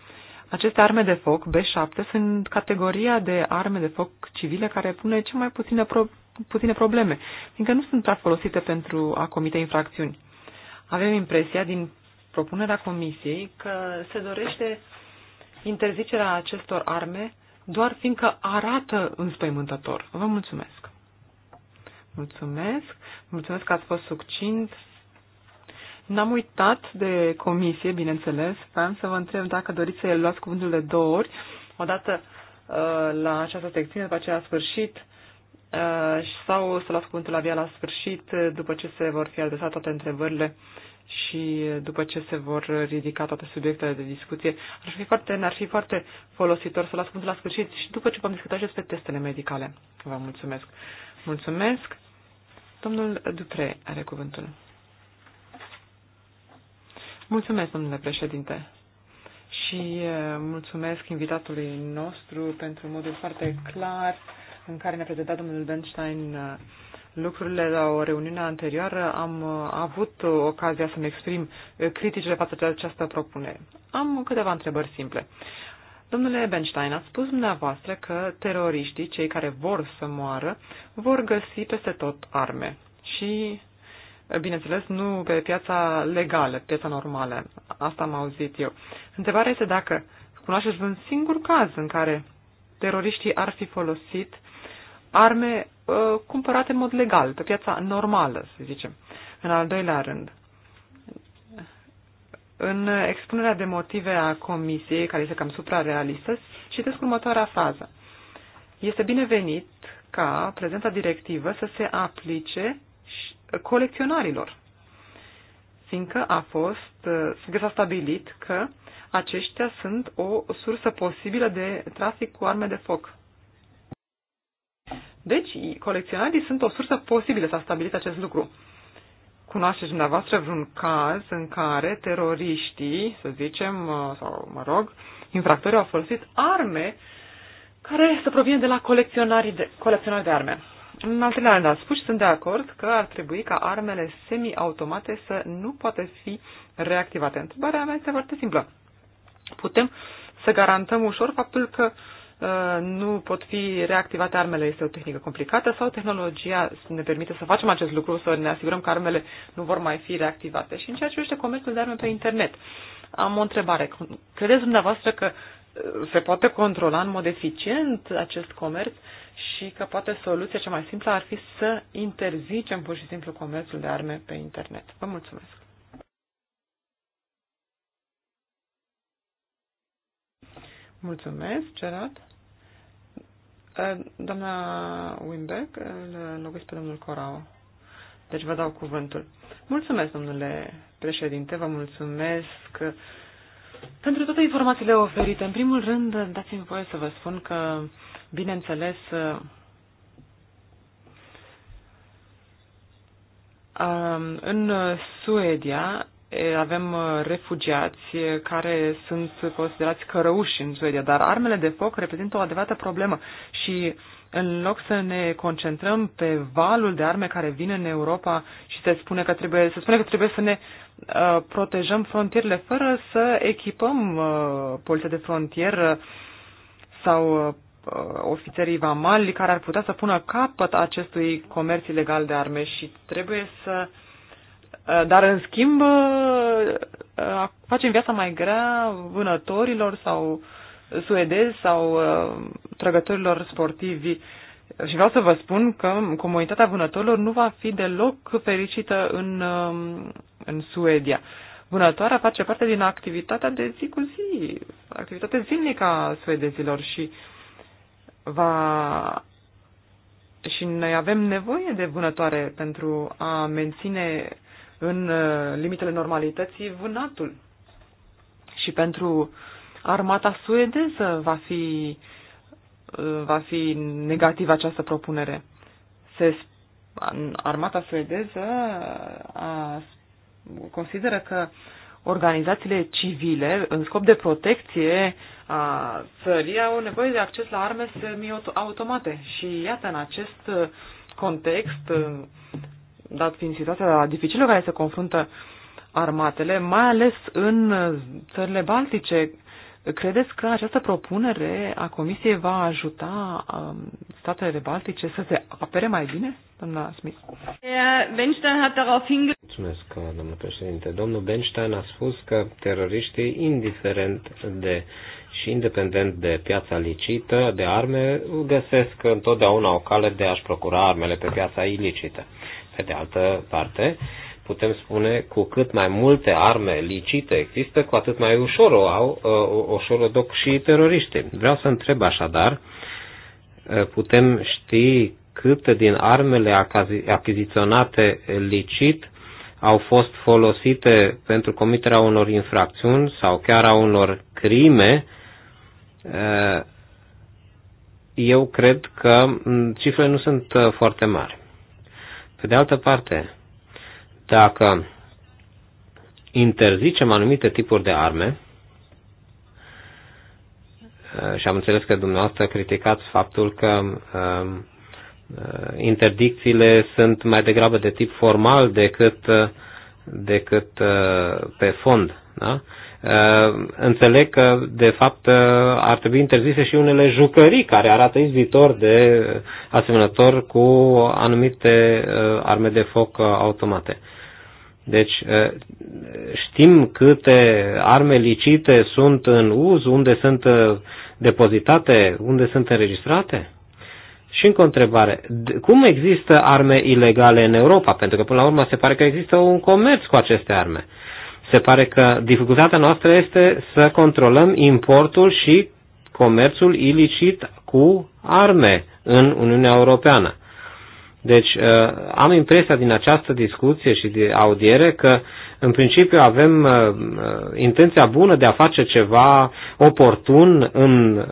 aceste arme de foc B7 sunt categoria de arme de foc civile care pune cea mai puțină puține probleme, fiindcă nu sunt prea folosite pentru a comite infracțiuni. Avem impresia din propunerea comisiei că se dorește interzicerea acestor arme doar fiindcă arată înspăimântător. Vă mulțumesc! Mulțumesc! Mulțumesc că ați fost succint! N-am uitat de comisie, bineînțeles. Vreau să vă întreb dacă doriți să luați cuvântul de două ori. odată uh, la această secțiune, după aceea la sfârșit, Uh, sau să las cuvântul via la sfârșit, uh, după ce se vor fi adresat toate întrebările și uh, după ce se vor ridica toate subiectele de discuție. Ar fi foarte, ar fi foarte folositor să las cuvântul la sfârșit și după ce vom discuta și despre testele medicale. Vă mulțumesc. Mulțumesc. Domnul Dupre are cuvântul. Mulțumesc, domnule președinte. Și mulțumesc invitatului nostru pentru modul foarte clar în care ne-a prezentat domnul Benstein uh, lucrurile la o reuniune anterioară, am uh, avut ocazia să-mi exprim uh, criticile față de această propunere. Am câteva întrebări simple. Domnule Benstein, ați spus dumneavoastră că teroriștii, cei care vor să moară, vor găsi peste tot arme și, bineînțeles, nu pe piața legală, piața normală. Asta am auzit eu. Întrebarea este dacă cunoașteți un singur caz în care teroriștii ar fi folosit arme uh, cumpărate în mod legal, pe piața normală, să zicem. În al doilea rând, în expunerea de motive a comisiei, care este cam suprarealistă, citesc următoarea fază. Este binevenit ca prezenta directivă să se aplice colecționarilor, fiindcă a fost, fiindcă s-a stabilit că aceștia sunt o sursă posibilă de trafic cu arme de foc. Deci, colecționarii sunt o sursă posibilă, să a stabilit acest lucru. Cunoașteți dumneavoastră vreun caz în care teroriștii, să zicem, uh, sau mă rog, infractorii au folosit arme care să provină de la colecționarii de, colecționari de arme. În al treilea rând, spus și sunt de acord că ar trebui ca armele semi-automate să nu poată fi reactivate. Întrebarea mea este foarte simplă. Putem să garantăm ușor faptul că uh, Uh, nu pot fi reactivate armele, este o tehnică complicată sau tehnologia ne permite să facem acest lucru, să ne asigurăm că armele nu vor mai fi reactivate. Și în ceea ce privește comerțul de arme pe internet, am o întrebare. Credeți dumneavoastră că uh, se poate controla în mod eficient acest comerț și că poate soluția cea mai simplă ar fi să interzicem pur și simplu comerțul de arme pe internet. Vă mulțumesc! Mulțumesc, Gerard. Doamna Wimbeck, îl locuiesc pe domnul Corao. Deci vă dau cuvântul. Mulțumesc, domnule președinte, vă mulțumesc pentru toate informațiile oferite. În primul rând, dați-mi voie să vă spun că, bineînțeles, în Suedia avem uh, refugiați uh, care sunt considerați cărăuși în Suedia, dar armele de foc reprezintă o adevărată problemă și în loc să ne concentrăm pe valul de arme care vin în Europa și se spune că trebuie, se spune că trebuie să ne uh, protejăm frontierele fără să echipăm uh, poliția de frontieră sau uh, uh ofițerii vamali care ar putea să pună capăt acestui comerț ilegal de arme și trebuie să uh, Eh, dar, în schimb, eh, eh, facem viața mai grea vânătorilor sau suedezi sau trăgătorilor sportivi. Și vreau să vă spun că comunitatea vânătorilor nu va fi deloc fericită în, în Suedia. Vânătoarea face parte din activitatea de zi cu zi, activitatea zilnică a suedezilor și va și noi avem nevoie de vânătoare pentru a menține în uh, limitele normalității vânatul. Și pentru armata suedeză va fi, uh, va fi negativă această propunere. Se, armata suedeză uh, a, consideră că organizațiile civile, în scop de protecție a țării, au nevoie de acces la arme semi-automate. Și iată, în acest context, dat fiind situația dificilă care se confruntă armatele, mai ales în țările baltice, credeți că această propunere a Comisiei va ajuta um, statele baltice să se apere mai bine, doamna Smith? Mulțumesc, domnule președinte. Domnul Benstein a spus că teroriștii, indiferent de și independent de piața licită de arme, găsesc întotdeauna o cale de a-și procura armele pe piața ilicită. Pe de altă parte, putem spune, cu cât mai multe arme licite există, cu atât mai ușor o au, ușor o doc și teroriștii. Vreau să întreb așadar, putem ști câte din armele achiziționate licit au fost folosite pentru comiterea unor infracțiuni sau chiar a unor crime, eu cred că cifrele nu sunt foarte mari. Pe de altă parte, dacă interzicem anumite tipuri de arme, uh, și am înțeles că dumneavoastră criticați faptul că uh, uh, interdicțiile sunt mai degrabă de tip formal decât, decât pe fond. Da? Uh, înțeleg că, de fapt, uh, ar trebui interzise și unele jucării care arată izbitor de asemănător cu anumite uh, arme de foc automate. Deci știm câte arme licite sunt în uz, unde sunt depozitate, unde sunt înregistrate? Și încă o întrebare. Cum există arme ilegale în Europa? Pentru că, până la urmă, se pare că există un comerț cu aceste arme. Se pare că dificultatea noastră este să controlăm importul și comerțul ilicit cu arme în Uniunea Europeană. Deci uh, am impresia din această discuție și de audiere că în principiu avem uh, uh, intenția bună de a face ceva oportun în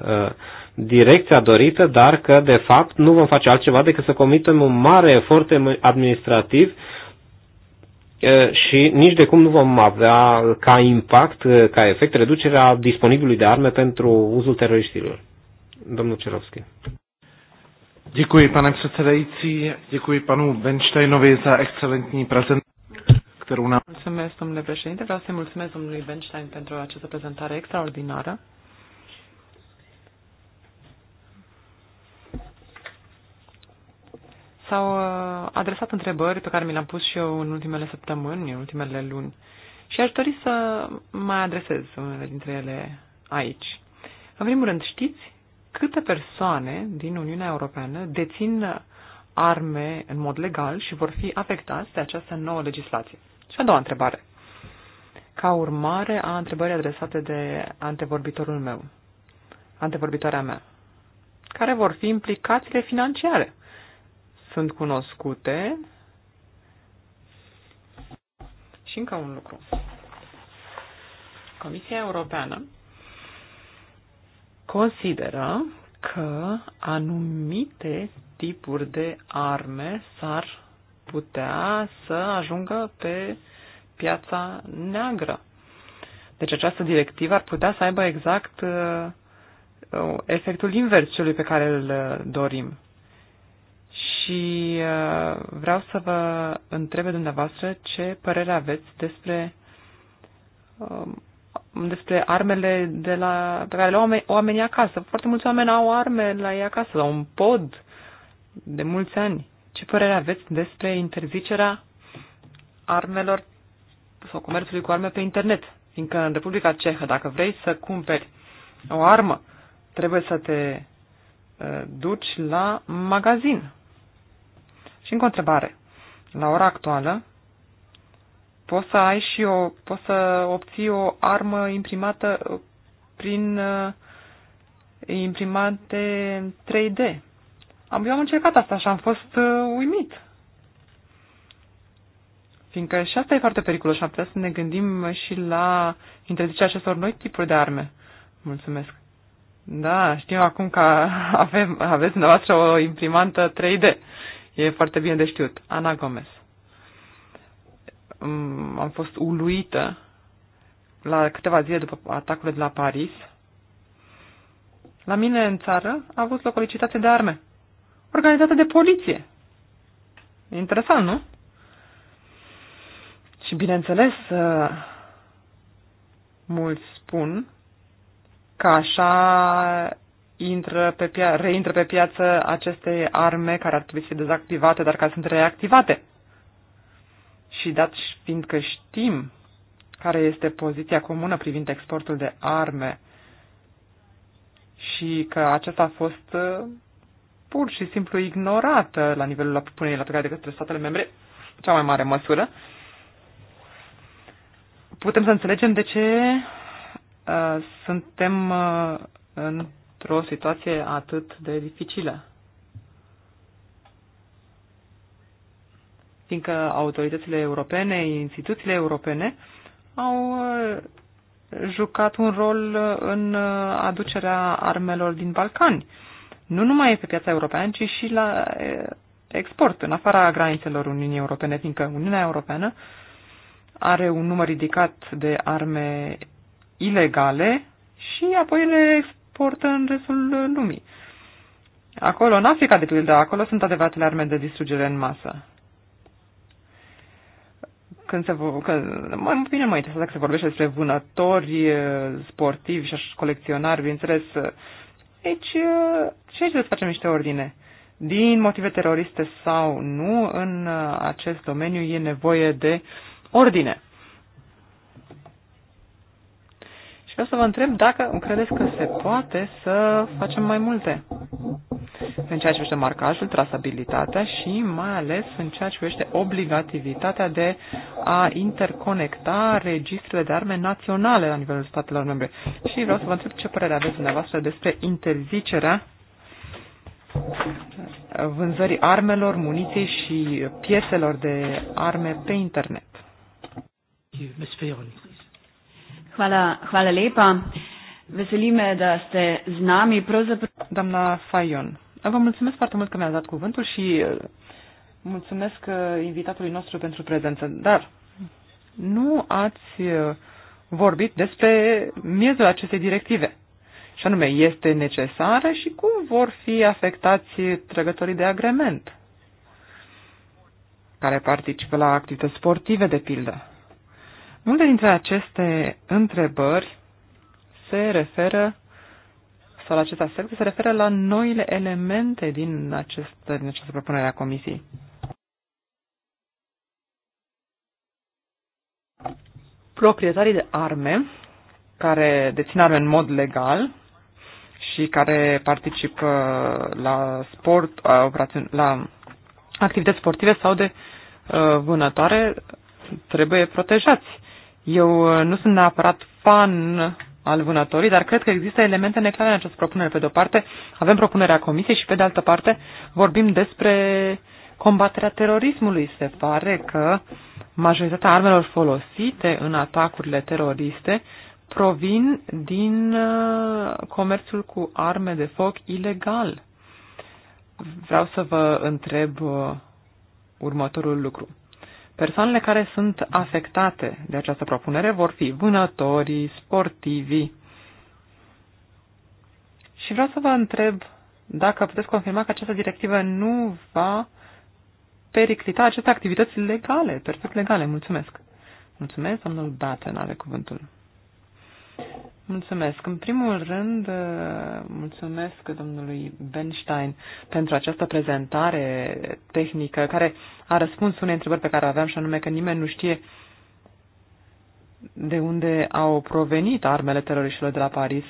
direcția dorită, dar că de fapt nu vom face altceva decât să comitem un mare efort administrativ și nici de cum nu vom avea ca impact, ca efect, reducerea disponibilului de arme pentru uzul teroriștilor. Domnul Cerovski. Děkuji, pane předsedající, děkuji panu Benštejnovi za excelentní prezentaci kterou ne... Mulțumesc, domnule președinte. Vreau să-i mulțumesc domnului Benstein pentru această prezentare extraordinară. s-au uh, adresat întrebări pe care mi le-am pus și eu în ultimele săptămâni, în ultimele luni. Și aș dori să mai adresez unele dintre ele aici. În primul rând, știți câte persoane din Uniunea Europeană dețin arme în mod legal și vor fi afectați de această nouă legislație? Și a doua întrebare. Ca urmare a întrebării adresate de antevorbitorul meu, antevorbitoarea mea, care vor fi implicațiile financiare sunt cunoscute. Și încă un lucru. Comisia Europeană consideră că anumite tipuri de arme s-ar putea să ajungă pe piața neagră. Deci această directivă ar putea să aibă exact uh, efectul invers celui pe care îl uh, dorim și uh, vreau să vă întreb dumneavoastră ce părere aveți despre um, despre armele de la, pe care le au oamenii, oamenii acasă. Foarte mulți oameni au arme la ei acasă, la un pod de mulți ani. Ce părere aveți despre interzicerea armelor sau comerțului cu arme pe internet? Fiindcă în Republica Cehă, dacă vrei să cumperi o armă, trebuie să te uh, duci la magazin. Și încă o întrebare. La ora actuală, poți să ai și o, poți să obții o armă imprimată uh, prin uh, imprimante 3D. Am, eu am încercat asta și am fost uh, uimit. Fiindcă și asta e foarte periculos și am putea să ne gândim și la interzicerea acestor noi tipuri de arme. Mulțumesc. Da, știu acum că avem, aveți dumneavoastră o imprimantă 3D. E foarte bine de știut. Ana Gomez. Mm, am fost uluită la câteva zile după atacurile de la Paris. La mine în țară a avut loc o licitație de arme, organizată de poliție. Interesant, nu? Și bineînțeles, uh, mulți spun că așa intră pe pia- reintră pe piață aceste arme care ar trebui să fie dezactivate, dar care sunt reactivate. Și dat fiind că știm care este poziția comună privind exportul de arme și că aceasta a fost uh, pur și simplu ignorată la nivelul propunerii la de către statele membre, cea mai mare măsură, putem să înțelegem de ce uh, suntem uh, în într-o situație atât de dificilă. Fiindcă autoritățile europene, instituțiile europene au uh, jucat un rol uh, în uh, aducerea armelor din Balcani. Nu numai pe piața europeană, ci și la export, în afara granițelor Uniunii Europene, fiindcă Uniunea Europeană are un număr ridicat de arme ilegale și apoi le exportă în restul lumii. Acolo, în Africa, de pildă, acolo sunt adevăratele arme de distrugere în masă. Când se, că, mai bine mă interesează dacă se vorbește despre vânători, eh, sportivi și colecționari, bineînțeles. Deci, eh, și aici să facem niște ordine. Din motive teroriste sau nu, în eh, acest domeniu e nevoie de ordine. Și vreau să vă întreb dacă credeți că se poate să facem mai multe în ceea ce privește marcajul, trasabilitatea și mai ales în ceea ce privește obligativitatea de a interconecta registrele de arme naționale la nivelul statelor membre. Și vreau să vă întreb ce părere aveți dumneavoastră despre interzicerea vânzării armelor, muniției și pieselor de arme pe internet. Ms. Hvala, hvala lepa. Veseli me, da ste z nami. Pravzaprav... Doamna Fajon, vă mulțumesc foarte mult că mi-ați dat cuvântul și uh, mulțumesc uh, invitatului nostru pentru prezență. Dar nu ați uh, vorbit despre miezul acestei directive. Și anume, este necesară și cum vor fi afectați trăgătorii de agrement care participă la activități sportive, de pildă. Multe dintre aceste întrebări se referă sau la acest aspect se referă la noile elemente din, acest, din această propunere a Comisiei. Proprietarii de arme care dețin arme în mod legal și care participă la sport, la activități sportive sau de uh, vânătoare trebuie protejați eu uh, nu sunt neapărat fan al vânătorii, dar cred că există elemente neclare în această propunere. Pe de-o parte, avem propunerea comisiei și, pe de altă parte, vorbim despre combaterea terorismului. Se pare că majoritatea armelor folosite în atacurile teroriste provin din uh, comerțul cu arme de foc ilegal. Vreau să vă întreb uh, următorul lucru. Persoanele care sunt afectate de această propunere vor fi vânătorii, sportivi. Și vreau să vă întreb dacă puteți confirma că această directivă nu va periclita aceste activități legale, perfect legale. Mulțumesc. Mulțumesc, domnul Daten are cuvântul. Mulțumesc. În primul rând, uh, mulțumesc domnului Benstein pentru această prezentare tehnică care a răspuns unei întrebări pe care aveam și anume că nimeni nu știe de unde au provenit armele teroriștilor de la Paris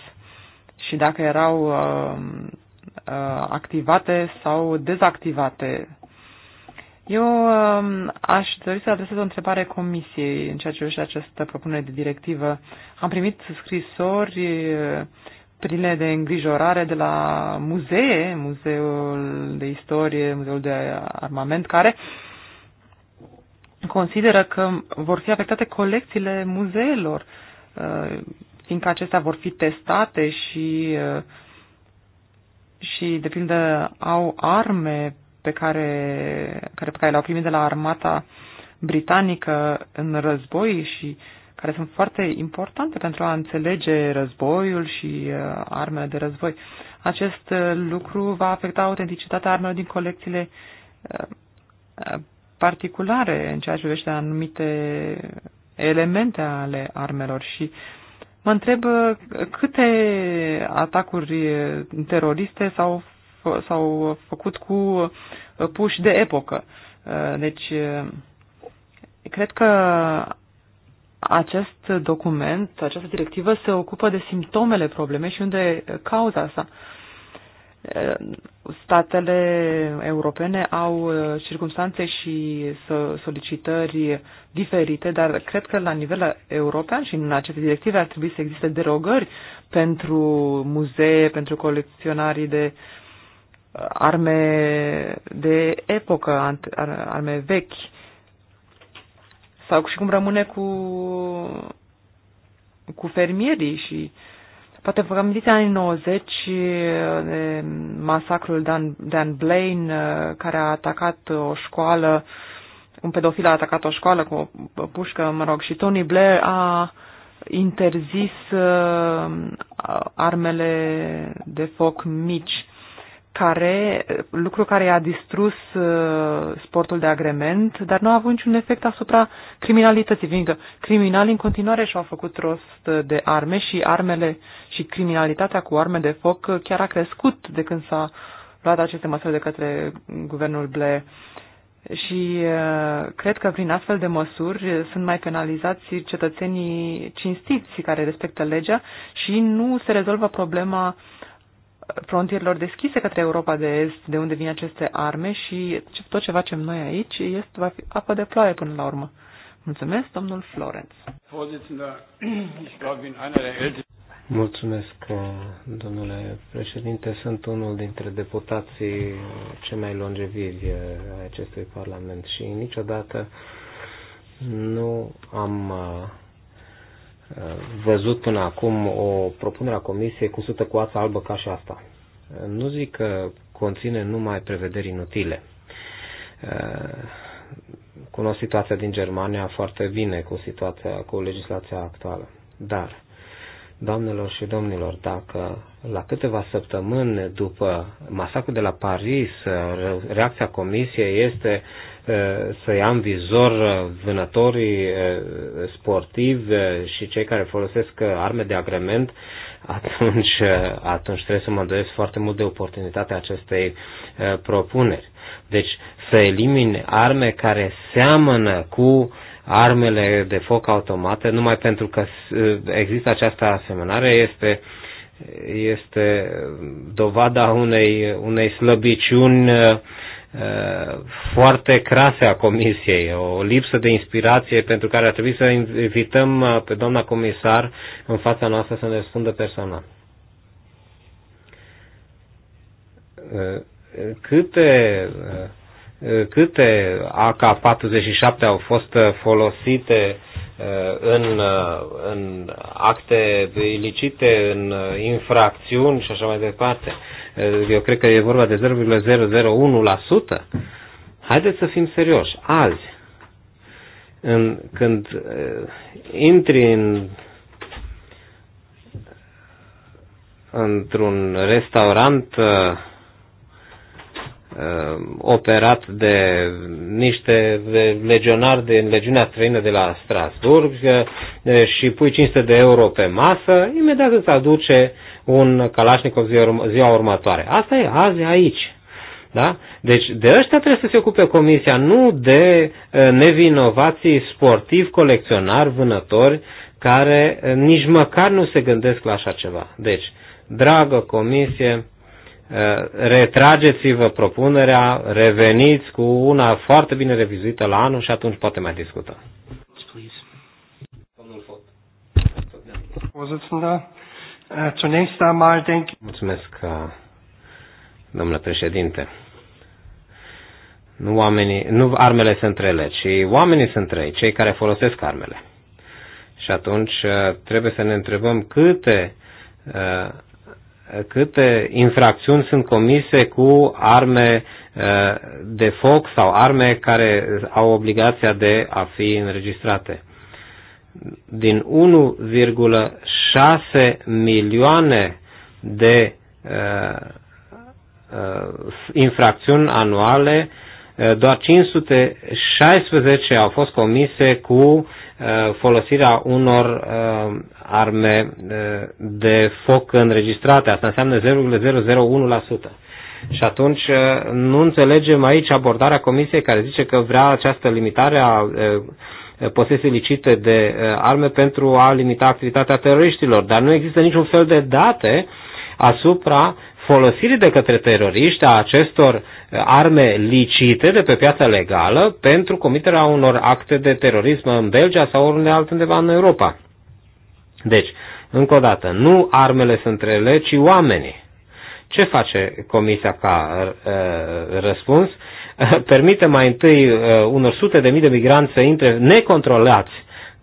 și dacă erau uh, uh, activate sau dezactivate eu um, aș dori să adresez o întrebare comisiei în ceea ce privește această propunere de directivă. Am primit scrisori pline de îngrijorare de la muzee, Muzeul de Istorie, Muzeul de Armament, care consideră că vor fi afectate colecțiile muzeelor, uh, fiindcă acestea vor fi testate și uh, și, de pildă, au arme pe care, care, pe care le-au primit de la armata britanică în război și care sunt foarte importante pentru a înțelege războiul și uh, armele de război. Acest uh, lucru va afecta autenticitatea armelor din colecțiile uh, uh particulare în ceea ce privește anumite elemente ale armelor și mă întreb uh, câte atacuri uh, teroriste s-au s-au făcut cu uh, puși de epocă. Uh, deci, uh, cred că acest document, această directivă se ocupă de simptomele problemei și unde cauza sa. Statele europene au circunstanțe și solicitări diferite, dar cred că la nivel european și în aceste directive ar trebui să existe derogări pentru muzee, pentru colecționarii de arme de epocă, arme vechi, sau și cum rămâne cu, cu fermierii și poate vă amintiți anii 90 eh, de masacrul Dan, Dan Blaine eh, care a atacat o școală, un pedofil a atacat o școală cu o pușcă, mă rog, și Tony Blair a interzis eh, armele de foc mici care, lucru care a distrus uh, sportul de agrement, dar nu a avut niciun efect asupra criminalității, fiindcă criminalii în continuare și-au făcut rost de arme și armele și criminalitatea cu arme de foc chiar a crescut de când s-a luat aceste măsuri de către guvernul Blair. Și uh, cred că prin astfel de măsuri sunt mai penalizați cetățenii cinstiți care respectă legea și nu se rezolvă problema uh, frontierilor deschise către Europa de Est, de unde vin aceste arme și tot ce facem noi aici este, va fi apă de ploaie până la urmă. Mulțumesc, domnul Florenț. Mulțumesc, uh, domnule președinte. Sunt unul dintre deputații cei mai longevivi uh, ai acestui parlament și niciodată nu am uh, văzut până acum o propunere a Comisiei cusută cu ața albă ca și asta. Nu zic că conține numai prevederi inutile. Cunosc situația din Germania foarte bine cu situația, cu legislația actuală. Dar, doamnelor și domnilor, dacă la câteva săptămâni după masacrul de la Paris reacția Comisiei este să ia în vizor vânătorii sportivi și cei care folosesc arme de agrement, atunci, atunci trebuie să mă îndoiesc foarte mult de oportunitatea acestei propuneri. Deci să elimini arme care seamănă cu armele de foc automate, numai pentru că există această asemănare, este este dovada unei, unei slăbiciuni Eh, foarte crase a comisiei, o lipsă de inspirație pentru care ar trebui să invităm eh, pe doamna comisar în fața noastră să ne răspundă personal. Eh, câte, câte AK-47 au fost folosite în, în acte ilicite, în infracțiuni și așa mai departe. Eu cred că e vorba de 0,001%. Haideți să fim serioși. Azi, în, când uh, intri în, într-un restaurant uh, Uh, operat de niște legionari din legiunea străină de la Strasburg uh, și pui 500 de euro pe masă, imediat îți aduce un Kalashnikov ziua următoare. Asta e azi aici. Da? Deci de ăștia trebuie să se ocupe comisia, nu de uh, nevinovații sportivi, colecționari, vânători, care nici măcar nu se gândesc la așa ceva. Deci, dragă comisie, Eh, retrageți-vă propunerea, reveniți cu una foarte bine revizuită la anul și atunci poate mai discutăm. Mulțumesc, eh, domnule președinte. Nu, oamenii, nu armele sunt rele, ci oamenii sunt rei, cei care folosesc armele. Și atunci eh, trebuie să ne întrebăm câte câte infracțiuni sunt comise cu arme eh, de foc sau arme care au obligația de a fi înregistrate. Din 1,6 milioane de eh, eh, infracțiuni anuale, doar 516 au fost comise cu folosirea unor arme eh, de foc înregistrate. Asta înseamnă 0,001%. Și atunci eh, nu înțelegem aici abordarea comisiei care zice că vrea această limitare a eh, posesii licite de arme pentru a limita activitatea teroriștilor, dar nu există niciun fel de date asupra folosirii de către teroriști a acestor arme licite de pe piața legală pentru comiterea unor acte de terorism în Belgia sau oriunde altundeva în Europa. Deci, încă o dată, nu armele sunt rele, ci oamenii. Ce face Comisia ca uh, răspuns? <laughs> Permite mai întâi uh, unor sute de mii de migranți să intre necontrolați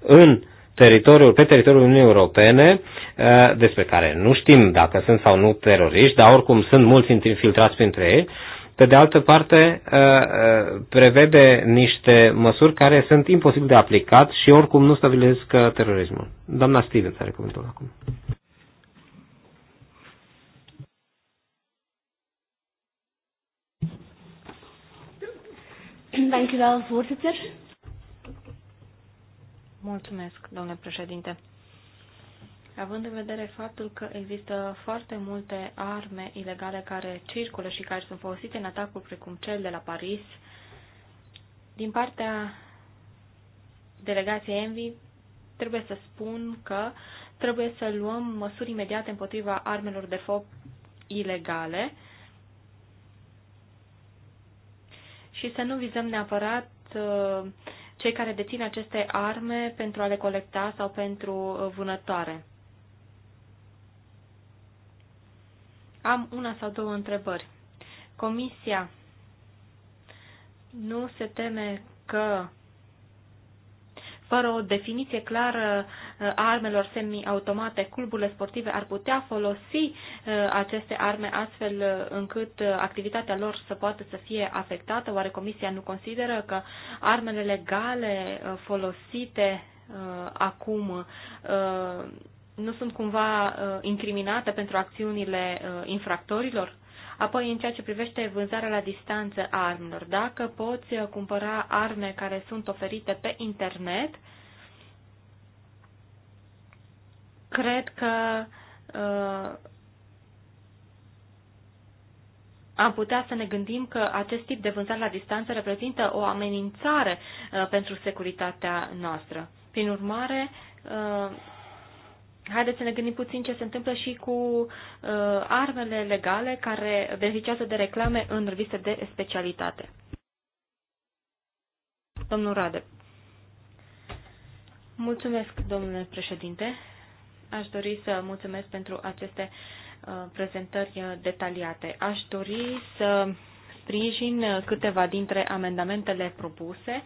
în teritoriul, pe teritoriul Uniunii Europene, uh, despre care nu știm dacă sunt sau nu teroriști, dar oricum sunt mulți infiltrați printre ei, uh, pe de altă parte, uh, uh, prevede niște măsuri care sunt imposibil de aplicat și oricum nu stabilesc uh, terorismul. Doamna Stevens are cuvântul acum. Mulțumesc, domnule președinte având în vedere faptul că există foarte multe arme ilegale care circulă și care sunt folosite în atacuri precum cel de la Paris, din partea delegației Envi trebuie să spun că trebuie să luăm măsuri imediate împotriva armelor de foc ilegale și să nu vizăm neapărat uh, cei care dețin aceste arme pentru a le colecta sau pentru uh, vânătoare. Am una sau două întrebări. Comisia nu se teme că fără o definiție clară a uh, armelor semi-automate, cluburile sportive ar putea folosi uh, aceste arme astfel uh, încât activitatea lor să poată să fie afectată? Oare Comisia nu consideră că armele legale folosite acum nu sunt cumva uh, incriminate pentru acțiunile uh, infractorilor? Apoi, în ceea ce privește vânzarea la distanță a armelor, dacă poți uh, cumpăra arme care sunt oferite pe internet, cred că uh, am putea să ne gândim că acest tip de vânzare la distanță reprezintă o amenințare uh, pentru securitatea noastră. Prin urmare, uh, haideți să ne gândim puțin ce se întâmplă și cu uh, armele legale care beneficiază de reclame în reviste de specialitate. Domnul Rade. Mulțumesc, domnule președinte. Aș dori să mulțumesc pentru aceste uh, prezentări uh, detaliate. Aș dori să sprijin uh, câteva dintre amendamentele propuse uh,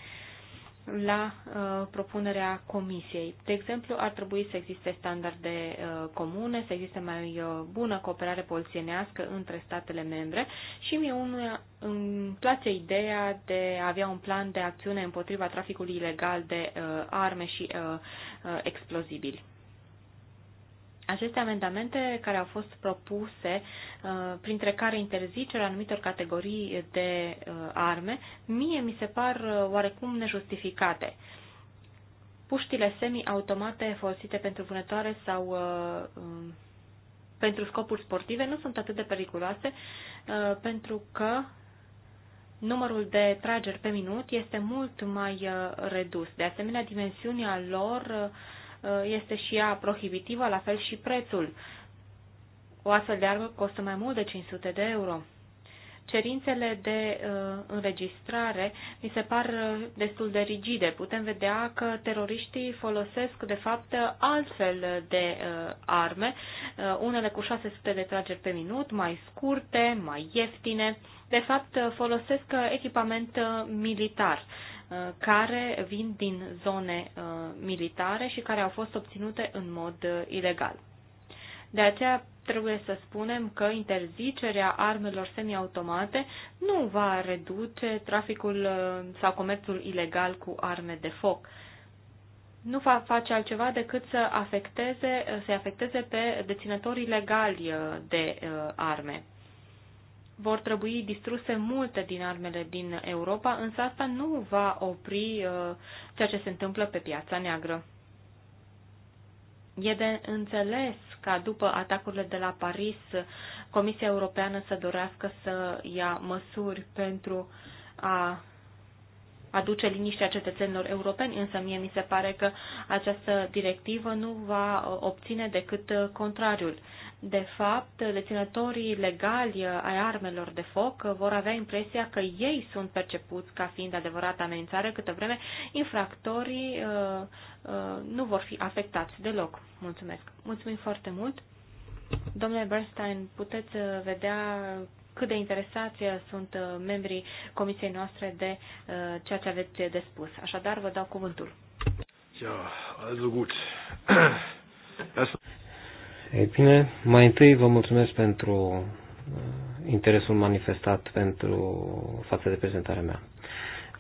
la uh, propunerea comisiei. De exemplu, ar trebui să existe standarde uh, comune, să existe mai uh, bună cooperare polițienească între statele membre și mie unuia, îmi place ideea de a avea un plan de acțiune împotriva traficului ilegal de uh, arme și uh, uh, explozibili. Aceste amendamente care au fost propuse, uh, printre care interzicerea anumitor categorii de uh, arme, mie mi se par uh, oarecum nejustificate. Puștile semi-automate folosite pentru vânătoare sau um, pentru scopuri sportive nu sunt atât de periculoase pentru că numărul de trageri pe minut este mult mai redus. De asemenea, dimensiunea lor uh, Uh, este și ea prohibitivă, la fel și prețul. O astfel de armă costă mai mult de 500 de euro. Cerințele de uh, înregistrare mi se par uh, destul de rigide. Putem vedea că teroriștii folosesc, de fapt, altfel de uh, arme, uh, unele cu 600 de trageri pe minut, mai scurte, mai ieftine. De fapt, uh, folosesc uh, echipament militar. Uh, Uh, care vin din zone uh, militare și care au fost obținute în mod uh, ilegal. De aceea trebuie să spunem că interzicerea armelor semiautomate nu va reduce traficul sau comerțul ilegal cu arme de foc. Nu va face altceva decât să afecteze, să afecteze pe deținătorii legali de arme vor trebui distruse multe din armele din Europa, însă asta nu va opri uh, ceea ce se întâmplă pe piața neagră. E de înțeles ca după atacurile de la Paris, Comisia Europeană să dorească să ia măsuri pentru a aduce liniștea cetățenilor europeni, însă mie mi se pare că această directivă nu va obține decât uh, contrariul. De fapt, deținătorii legali ai armelor de foc vor avea impresia că ei sunt percepuți ca fiind adevărată amenințare, câtă vreme infractorii uh, uh, nu vor fi afectați deloc. Mulțumesc. Mulțumim foarte mult. Domnule Bernstein, puteți uh, vedea cât de interesați uh, sunt uh, membrii comisiei noastre de uh, ceea ce aveți de spus. Așadar, vă dau cuvântul. Ja, also gut. <clears throat> Ei bine, mai întâi vă mulțumesc pentru uh, interesul manifestat pentru uh, față de prezentarea mea.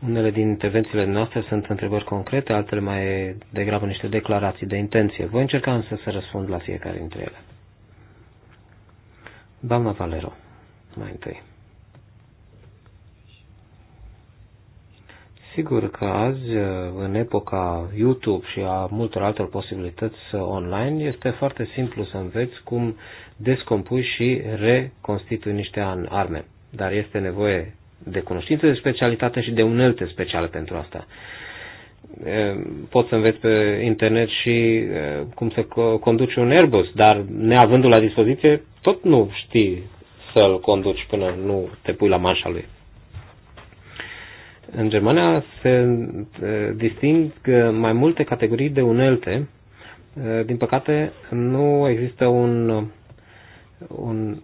Unele din intervențiile noastre sunt întrebări concrete, altele mai degrabă niște declarații de intenție. Voi încerca însă să răspund la fiecare dintre ele. Doamna Valero, mai întâi. Sigur că azi, în epoca YouTube și a multor altor posibilități online, este foarte simplu să înveți cum descompui și reconstitui niște arme. Dar este nevoie de cunoștințe de specialitate și de unelte speciale pentru asta. Poți să înveți pe internet și cum să conduci un Airbus, dar neavându-l la dispoziție, tot nu știi să-l conduci până nu te pui la manșa lui. În Germania se disting mai multe categorii de unelte. Eh, din păcate, nu există un, un,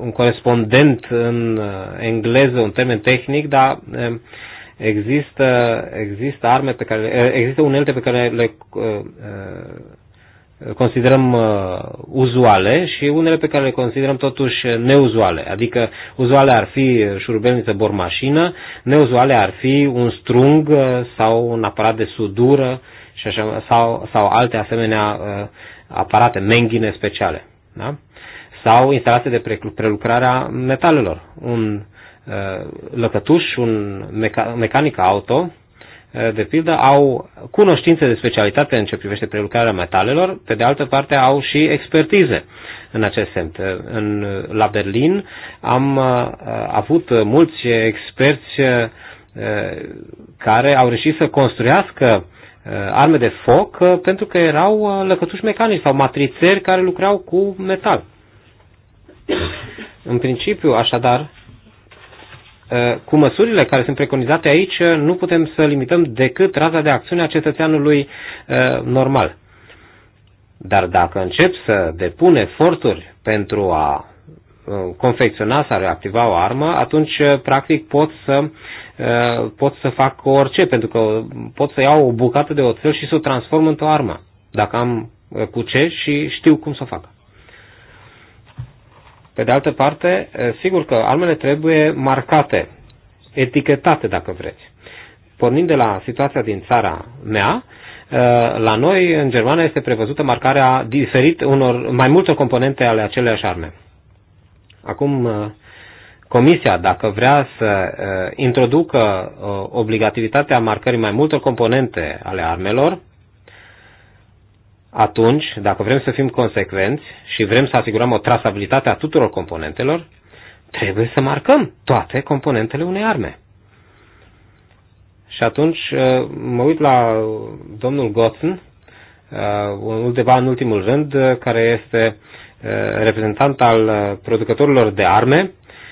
un corespondent în eh, engleză, un termen tehnic, dar eh, există, există arme pe care, există unelte pe care le considerăm uh, uzuale și unele pe care le considerăm totuși neuzuale. Adică uzuale ar fi șurubelniță bormașină, neuzuale ar fi un strung uh, sau un aparat de sudură și așa, sau, sau alte asemenea uh, aparate, menghine speciale. Da? Sau instalații de prelucrare a metalelor. Un uh, lăcătuș, un meca- mecanic auto, Eh, de pildă, au cunoștințe de specialitate în ce privește prelucrarea metalelor, pe de altă parte au și expertize în acest sens. Eh, în, la Berlin am eh, avut mulți experți care au reușit să construiască arme de foc pentru că erau lăcătuși mecanici sau matrițeri care lucrau cu metal. <coughs> În principiu, așadar, Uh, cu măsurile care sunt preconizate aici, uh, nu putem să limităm decât raza de acțiune a cetățeanului uh, normal. Dar dacă încep să depun eforturi pentru a confecționa sau reactiva o armă, atunci practic pot să, pot să fac orice, pentru că pot să iau o bucată de oțel și să o transform într-o armă, dacă am cu ce și știu cum să o fac. Pe de altă parte, sigur că armele trebuie marcate, etichetate dacă vreți. Pornind de la situația din țara mea, la noi, în Germania, este prevăzută marcarea diferit unor, mai multor componente ale aceleași arme. Acum, Comisia, dacă vrea să introducă obligativitatea marcării mai multor componente ale armelor, atunci, dacă vrem să fim consecvenți și vrem să asigurăm o trasabilitate a tuturor componentelor, trebuie să marcăm toate componentele unei arme. Și atunci uh, mă uit la domnul Gotzen, uh, undeva în ultimul rând, uh, care este reprezentant al producătorilor de arme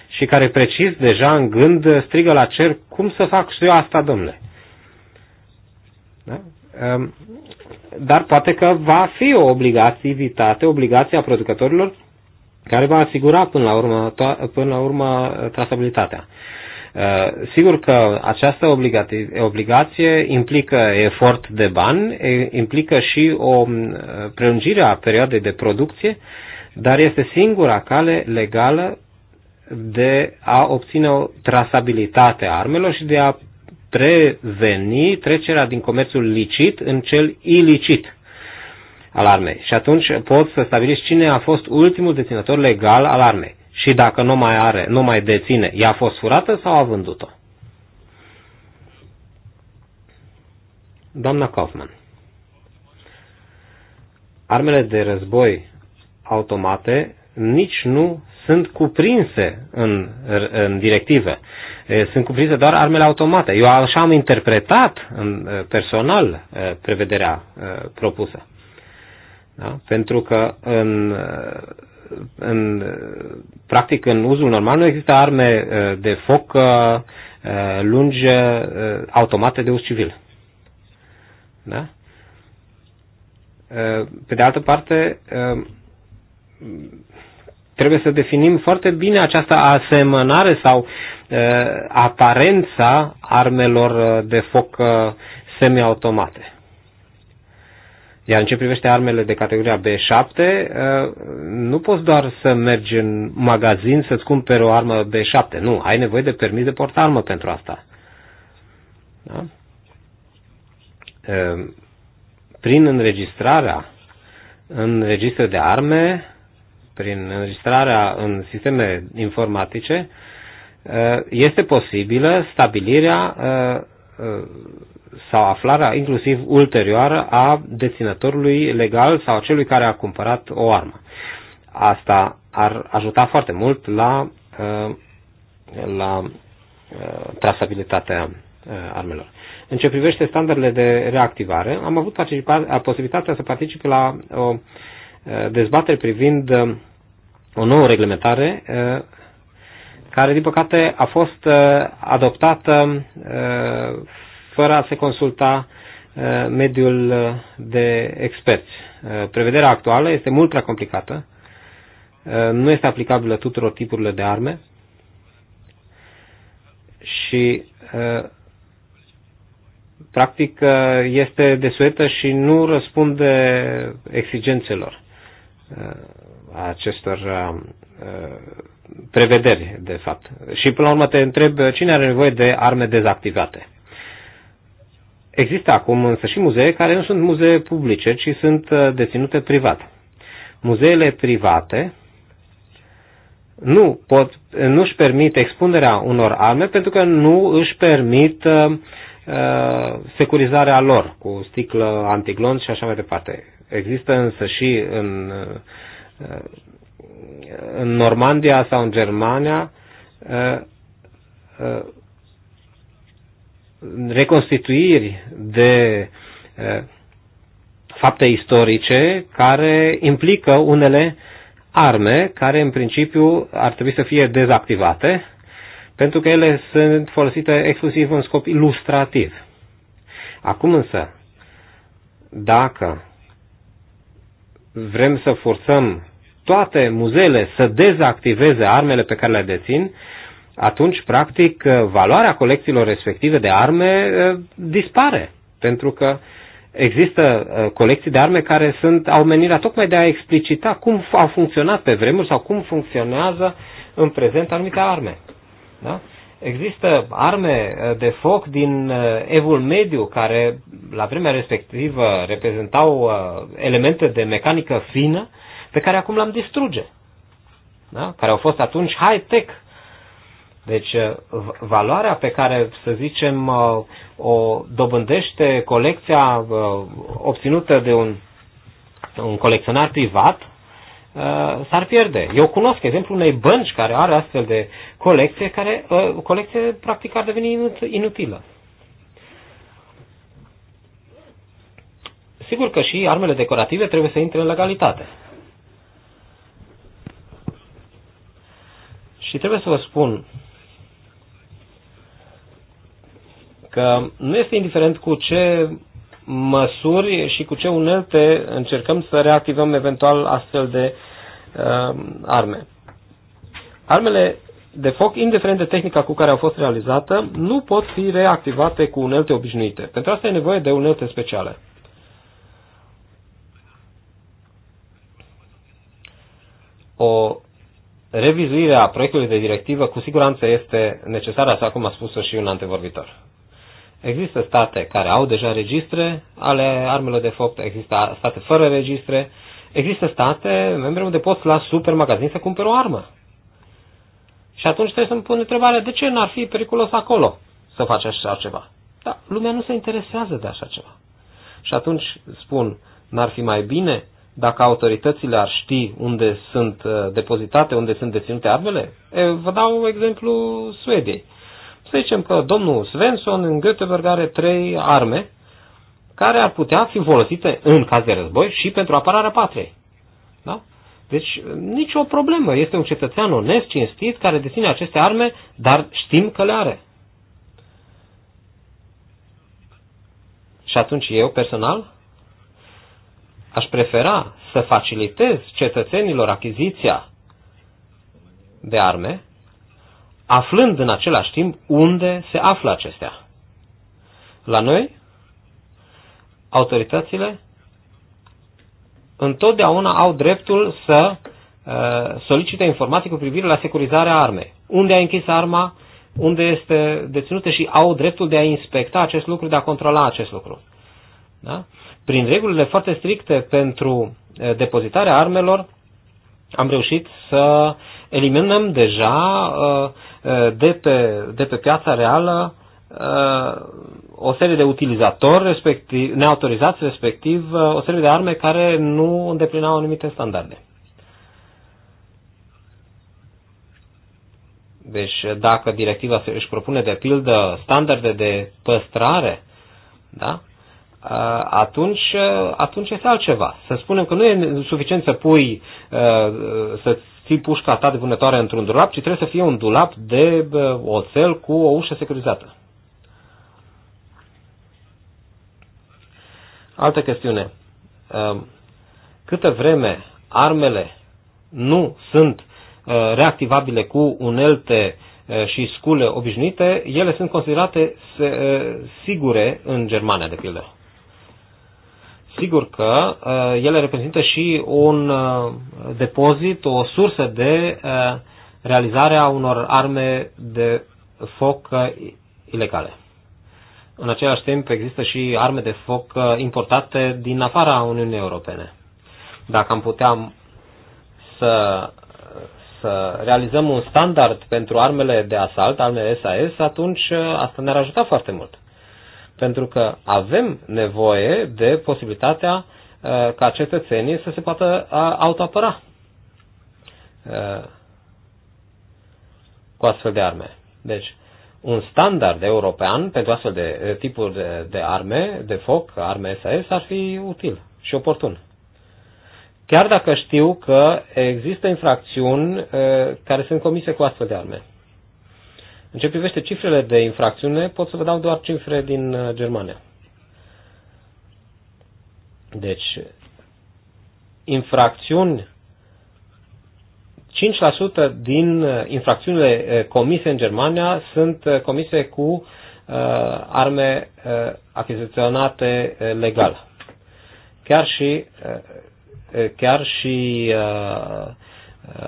și care precis deja în gând strigă la cer cum să fac și eu asta, domnule. Da? Um, dar poate că va fi o obligativitate, obligația producătorilor care va asigura până la urmă, to- până la urmă uh, trasabilitatea. Uh, sigur că această obligație implică efort de bani, implică și o uh, prelungire a perioadei de producție, dar este singura cale legală de a obține o trasabilitate a armelor și de a preveni trecerea din comerțul licit în cel ilicit al armei. Și atunci poți să stabilești cine a fost ultimul deținător legal al armei. Și dacă nu mai are, nu mai deține, ea a fost furată sau a vândut-o? Doamna Kaufman, armele de război automate nici nu sunt cuprinse în, în directive sunt cuprinse doar armele automate. Eu așa am interpretat în personal prevederea propusă. Da? Pentru că în, în, practic în uzul normal nu există arme de foc lungi automate de uz civil. Da? Pe de altă parte, trebuie să definim foarte bine această asemănare sau Eh, aparența armelor eh, de foc eh, semiautomate. Iar în ce privește armele de categoria B7, nu poți doar să mergi în magazin să-ți cumperi o armă B7. Nu, ai nevoie de permis de portarmă pentru asta. Da? Prin înregistrarea în registre de arme, prin înregistrarea în sisteme informatice, Uh, este posibilă stabilirea uh, uh, sau aflarea inclusiv ulterioară a deținătorului legal sau a celui care a cumpărat o armă. Asta ar ajuta foarte mult la, la trasabilitatea armelor. În ce privește standardele de reactivare, am avut posibilitatea să particip la o dezbatere privind o nouă reglementare care, din păcate, a fost uh, adoptată uh, fără a se consulta uh, mediul de experți. Prevederea actuală este mult prea complicată, nu este aplicabilă tuturor tipurile de arme și practic este desuetă și nu răspunde exigențelor acestor prevederi, de fapt. Și până la urmă te întreb cine are nevoie de arme dezactivate. Există acum însă și muzee care nu sunt muzee publice, ci sunt uh, deținute privat. Muzeele private nu pot, nu își permit expunerea unor arme pentru că nu își permit uh, uh securizarea lor cu sticlă antiglonț și așa mai departe. Există însă și în uh, în Normandia sau în Germania reconstituiri de fapte istorice care implică unele arme care în principiu ar trebui să fie dezactivate pentru că ele sunt folosite exclusiv în scop ilustrativ. Acum însă, dacă vrem să forțăm toate muzeele să dezactiveze armele pe care le dețin, atunci, practic, valoarea colecțiilor respective de arme eh, dispare. Pentru că există eh, colecții de arme care sunt au menirea tocmai de a explicita cum au funcționat pe vremuri sau cum funcționează în prezent anumite arme. Da? Există arme eh, de foc din evul mediu care la vremea respectivă reprezentau elemente de mecanică fină pe care acum l-am distruge, da? care au fost atunci high-tech. Deci uh, valoarea pe care, să zicem, uh, o dobândește colecția uh, obținută de un, un colecționar privat, s-ar pierde. Eu cunosc exemplul unei bănci care are astfel de colecție, care colecție practic ar deveni inutilă. Sigur că și armele decorative trebuie să intre în legalitate. Și trebuie să vă spun că nu este indiferent cu ce măsuri și cu ce unelte încercăm să reactivăm eventual astfel de uh, arme. Armele de foc, indiferent de tehnica cu care au fost realizată, nu pot fi reactivate cu unelte obișnuite. Pentru asta e nevoie de unelte speciale. O revizuirea proiectului de directivă cu siguranță este necesară, așa cum a spus-o și un antevorbitor. Există state care au deja registre ale armelor de foc, există state fără registre, există state membre unde poți la supermagazin să cumperi o armă. Și atunci trebuie să-mi pun întrebarea de ce n-ar fi periculos acolo să faci așa ceva. Dar lumea nu se interesează de așa ceva. Și atunci spun, n-ar fi mai bine dacă autoritățile ar ști unde sunt uh, depozitate, unde sunt deținute armele, vă dau un exemplu Suediei. Să zicem că domnul Svensson în Göteborg are trei arme care ar putea fi folosite în caz de război și pentru apărarea patriei. Da? Deci nicio problemă. Este un cetățean onest, cinstit, care deține aceste arme, dar știm că le are. Și atunci eu personal Aș prefera să facilitez cetățenilor achiziția de arme, aflând în același timp unde se află acestea. La noi, autoritățile întotdeauna au dreptul să uh, solicite informații cu privire la securizarea armei. Unde a închis arma, unde este deținută și au dreptul de a inspecta acest lucru, de a controla acest lucru. Da? prin regulile foarte stricte pentru eh, depozitarea armelor, am reușit să eliminăm deja eh, eh, de pe, de pe piața reală o serie de utilizatori respectiv, neautorizați, respectiv o serie de arme care nu îndeplinau anumite standarde. Deci dacă directiva își propune de pildă standarde de păstrare, da? Uh, atunci, uh, atunci este altceva. Să spunem că nu e suficient să pui, uh, să ții pușca ta de vânătoare într-un dulap, ci trebuie să fie un dulap de oțel cu o ușă securizată. Altă chestiune. Câtă vreme armele nu sunt reactivabile cu unelte și scule obișnuite, ele sunt considerate sigure în Germania, de pildă sigur că uh, ele reprezintă și un uh, depozit, o sursă de uh, realizare a unor arme de foc ilegale. În același timp există și arme de foc importate din afara Uniunii Europene. Dacă am putea să, să realizăm un standard pentru armele de asalt, armele SAS, atunci asta ne-ar ajuta foarte mult pentru că avem nevoie de posibilitatea uh, ca cetățenii să se poată uh, autoapăra uh, cu astfel de arme. Deci, un standard european pentru astfel de tipuri de, de arme, de foc, arme SAS, ar fi util și oportun. Chiar dacă știu că există infracțiuni care sunt comise cu astfel de arme. În ce privește cifrele de infracțiune, pot să vă dau doar cifre din uh, Germania. Deci, infracțiuni 5% din uh, infracțiunile uh, comise în Germania sunt comise cu uh, arme uh, achiziționate uh, legal. Chiar și, uh, chiar și uh,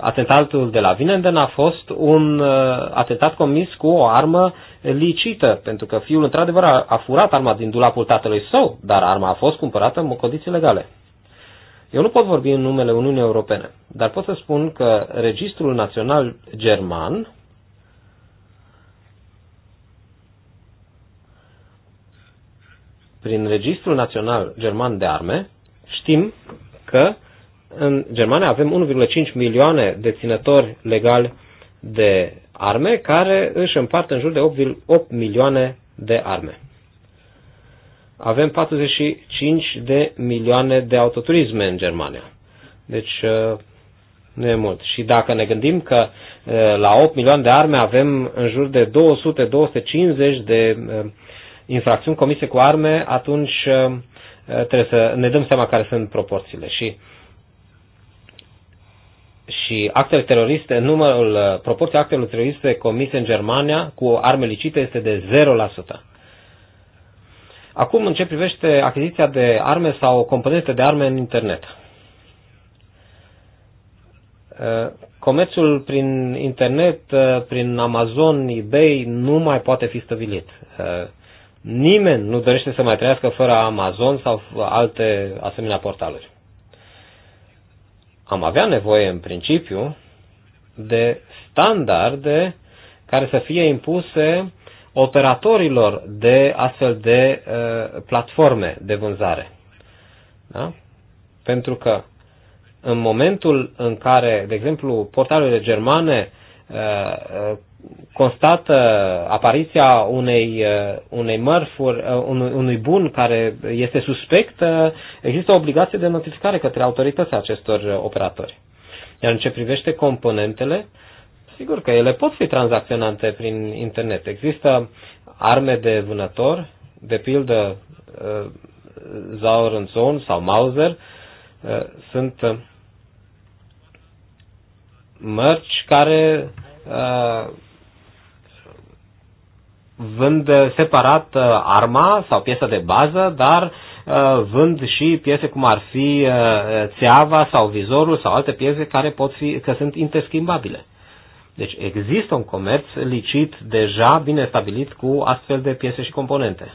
Atentatul de la Vinenden a fost un uh, atentat comis cu o armă licită, pentru că fiul într-adevăr a, a furat arma din dulapul tatălui său, dar arma a fost cumpărată în condiții legale. Eu nu pot vorbi în numele Uniunii Europene, dar pot să spun că Registrul Național German prin Registrul Național German de Arme știm că în Germania avem 1,5 milioane de ținători legali de arme, care își împart în jur de 8 milioane de arme. Avem 45 de milioane de autoturisme în Germania. Deci uh, nu e mult. Și dacă ne gândim că uh, la 8 milioane de arme avem în jur de 200-250 de uh, infracțiuni comise cu arme, atunci trebuie să ne dăm seama care sunt proporțiile. Și uh, și actele teroriste, numărul, uh, proporția actelor teroriste comise în Germania cu arme licite este de 0%. Acum, în ce privește achiziția de arme sau componente de arme în internet. Uh, comerțul prin internet, uh, prin Amazon, eBay, nu mai poate fi stabilit. Nimeni nu dorește să mai trăiască fără Amazon sau alte asemenea portaluri am avea nevoie în principiu de standarde care să fie impuse operatorilor de astfel de uh, platforme de vânzare. Da? Pentru că în momentul în care, de exemplu, portalurile germane uh, uh constată apariția unei, uh, unei mărfuri, uh, unui, unui bun care este suspect, uh, există obligație de notificare către autorități acestor operatori. Iar în ce privește componentele, sigur că ele pot fi tranzacționate prin internet. Există arme de vânător, de pildă Zaurenson sau Mauser, sunt mărci care vând separat uh, arma sau piesa de bază, dar uh, vând și piese cum ar fi uh, țeava sau vizorul sau alte piese care pot fi, că sunt interschimbabile. Deci există un comerț licit deja bine stabilit cu astfel de piese și componente.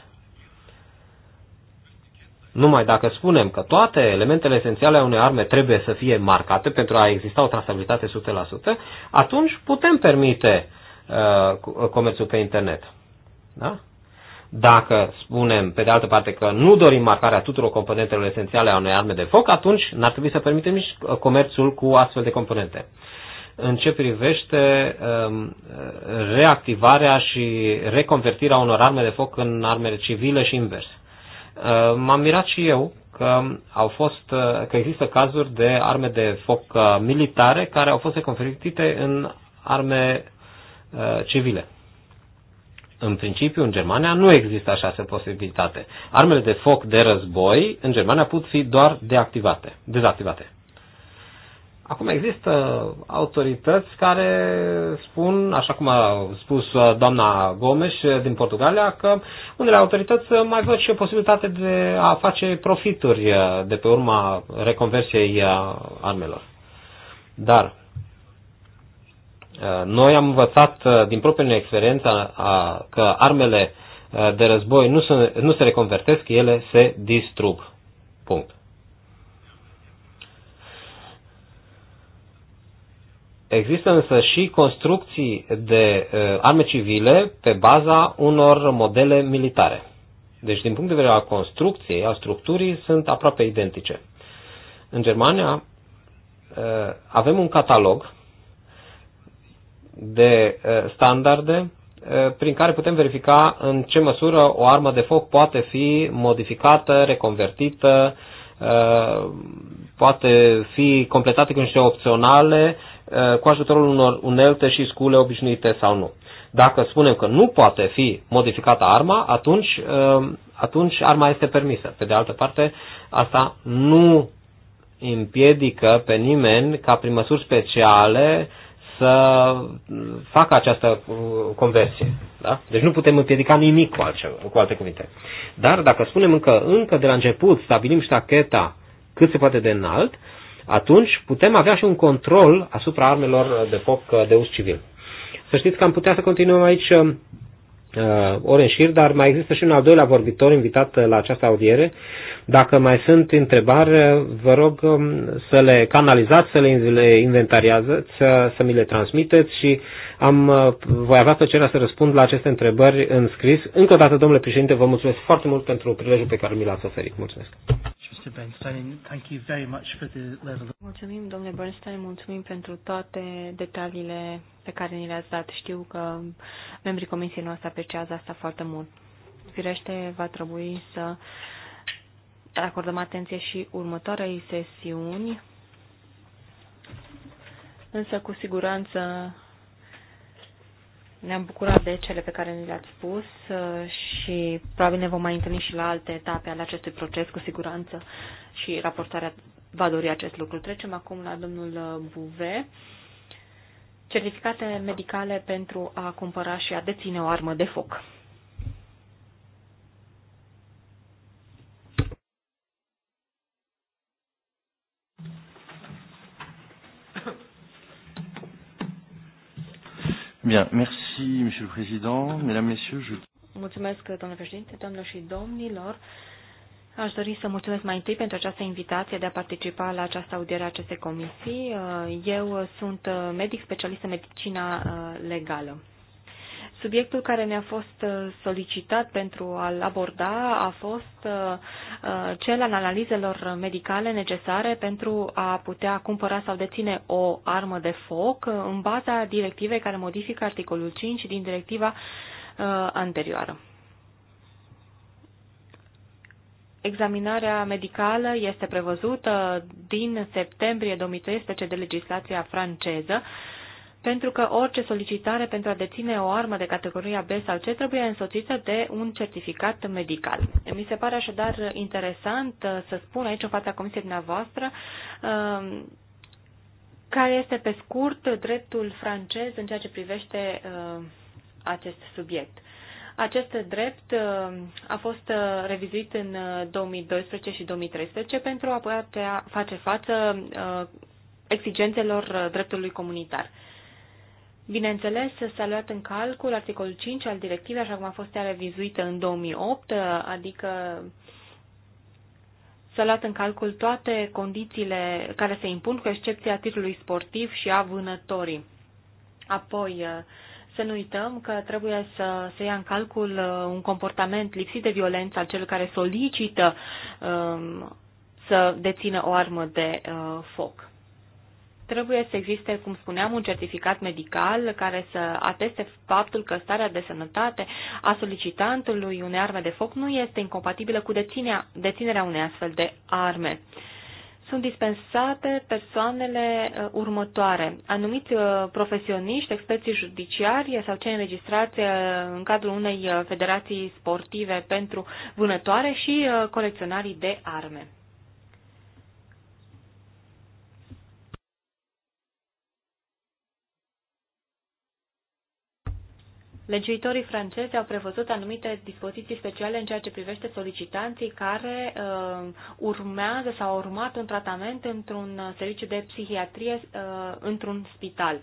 Numai dacă spunem că toate elementele esențiale ale unei arme trebuie să fie marcate pentru a exista o trasabilitate 100%, atunci putem permite uh, comerțul pe internet. Da? Dacă spunem, pe de altă parte, că nu dorim marcarea tuturor componentelor esențiale a unei arme de foc, atunci n-ar trebui să permitem nici uh, comerțul cu astfel de componente. În ce privește um, reactivarea și reconvertirea unor arme de foc în arme civile și invers. Uh, m-am mirat și eu că au fost, uh, că există cazuri de arme de foc militare care au fost reconvertite în arme civile. În principiu, în Germania nu există așa se posibilitate. Armele de foc de război în Germania pot fi doar deactivate, dezactivate. Acum există autorități care spun, așa cum a spus uh, doamna Gomes uh, din Portugalia, că unele autorități uh, mai văd și o posibilitate de a face profituri de pe urma reconversiei armelor. Dar noi am învățat uh, din propria experiență că armele uh, de război nu se, nu se reconvertesc, ele se distrug. Punct. Există însă și construcții de uh, arme civile pe baza unor modele militare. Deci, din punct de vedere al construcției, al structurii, sunt aproape identice. În Germania uh, avem un catalog de eh, standarde eh, prin care putem verifica în ce măsură o armă de foc poate fi modificată, reconvertită, eh, poate fi completată cu niște opționale cu ajutorul unor unelte și scule obișnuite sau nu. Dacă spunem că nu poate fi modificată arma, atunci, atunci arma este permisă. Pe de altă parte, asta nu împiedică pe nimeni ca prin măsuri speciale să facă această uh, conversie. Da? Deci nu putem împiedica nimic cu, altceva, cu alte cuvinte. Dar dacă spunem încă, încă de la început stabilim ștacheta cât se poate de înalt, atunci putem avea și un control asupra armelor de foc de uz civil. Să știți că am putea să continuăm aici um, uh, Orenșir, dar mai există și un al doilea vorbitor invitat uh, la această audiere. Dacă mai sunt întrebări, uh, vă rog um, să le canalizați, să le inventariați, uh, să mi le transmiteți și am, uh, voi avea plăcerea să răspund la aceste întrebări în scris. Încă o dată, domnule președinte, vă mulțumesc foarte mult pentru prilejul pe care mi l-ați oferit. Mulțumesc. Mulțumim, domnule Bernstein, mulțumim pentru toate detaliile pe care ni le-ați dat. Știu că membrii comisiei noastre apreciază asta foarte mult. Firește, va trebui să acordăm atenție și următoarei sesiuni, însă cu siguranță ne-am bucurat de cele pe care ni le-ați spus uh, și probabil ne vom mai întâlni și la alte etape ale acestui proces, cu siguranță, și raportarea va dori acest lucru. Trecem acum la domnul uh, Buve. Certificate medicale pentru a cumpăra și a deține o armă de foc. Bien, merci Merci, Monsieur le Président. Mesdames, Messieurs, je... Mulțumesc, domnule președinte, domnilor și domnilor. Aș dori să mulțumesc mai întâi pentru această invitație de a participa la această audiere a acestei comisii. Eu sunt medic specialist în medicina uh, legală. Subiectul care ne-a fost uh, solicitat pentru a-l aborda a fost uh, uh, cel al analizelor medicale necesare pentru a putea cumpăra sau deține o armă de foc în baza directivei care modifică articolul 5 din directiva anterioară. Examinarea medicală este prevăzută din septembrie 2013 de legislația franceză pentru că orice solicitare pentru a deține o armă de categoria B sau C trebuie însoțită de un certificat medical. Mi se pare așadar interesant uh, să spun aici în fața comisiei dumneavoastră uh, care este pe scurt dreptul francez în ceea ce privește uh, acest subiect. Acest drept a fost revizuit în 2012 și 2013 pentru a putea face față exigențelor dreptului comunitar. Bineînțeles, s-a luat în calcul articolul 5 al directivei, așa cum a fost ea revizuită în 2008, adică s-a luat în calcul toate condițiile care se impun, cu excepția titlului sportiv și a vânătorii. Apoi, să nu uităm că trebuie să se ia în calcul uh, un comportament lipsit de violență al celui care solicită um, să dețină o armă de uh, foc trebuie să existe, cum spuneam, un certificat medical care să ateste faptul că starea de sănătate a solicitantului unei arme de foc nu este incompatibilă cu deținea, deținerea unei astfel de arme. Sunt dispensate persoanele uh, următoare, anumiți uh, profesioniști, experții judiciari sau cei înregistrați uh, în cadrul unei federații sportive pentru vânătoare și colecționarii de arme. Legiuitorii francezi au prevăzut anumite dispoziții speciale în ceea ce privește solicitanții care uh, urmează sau au urmat un tratament într-un serviciu de psihiatrie uh, într-un spital.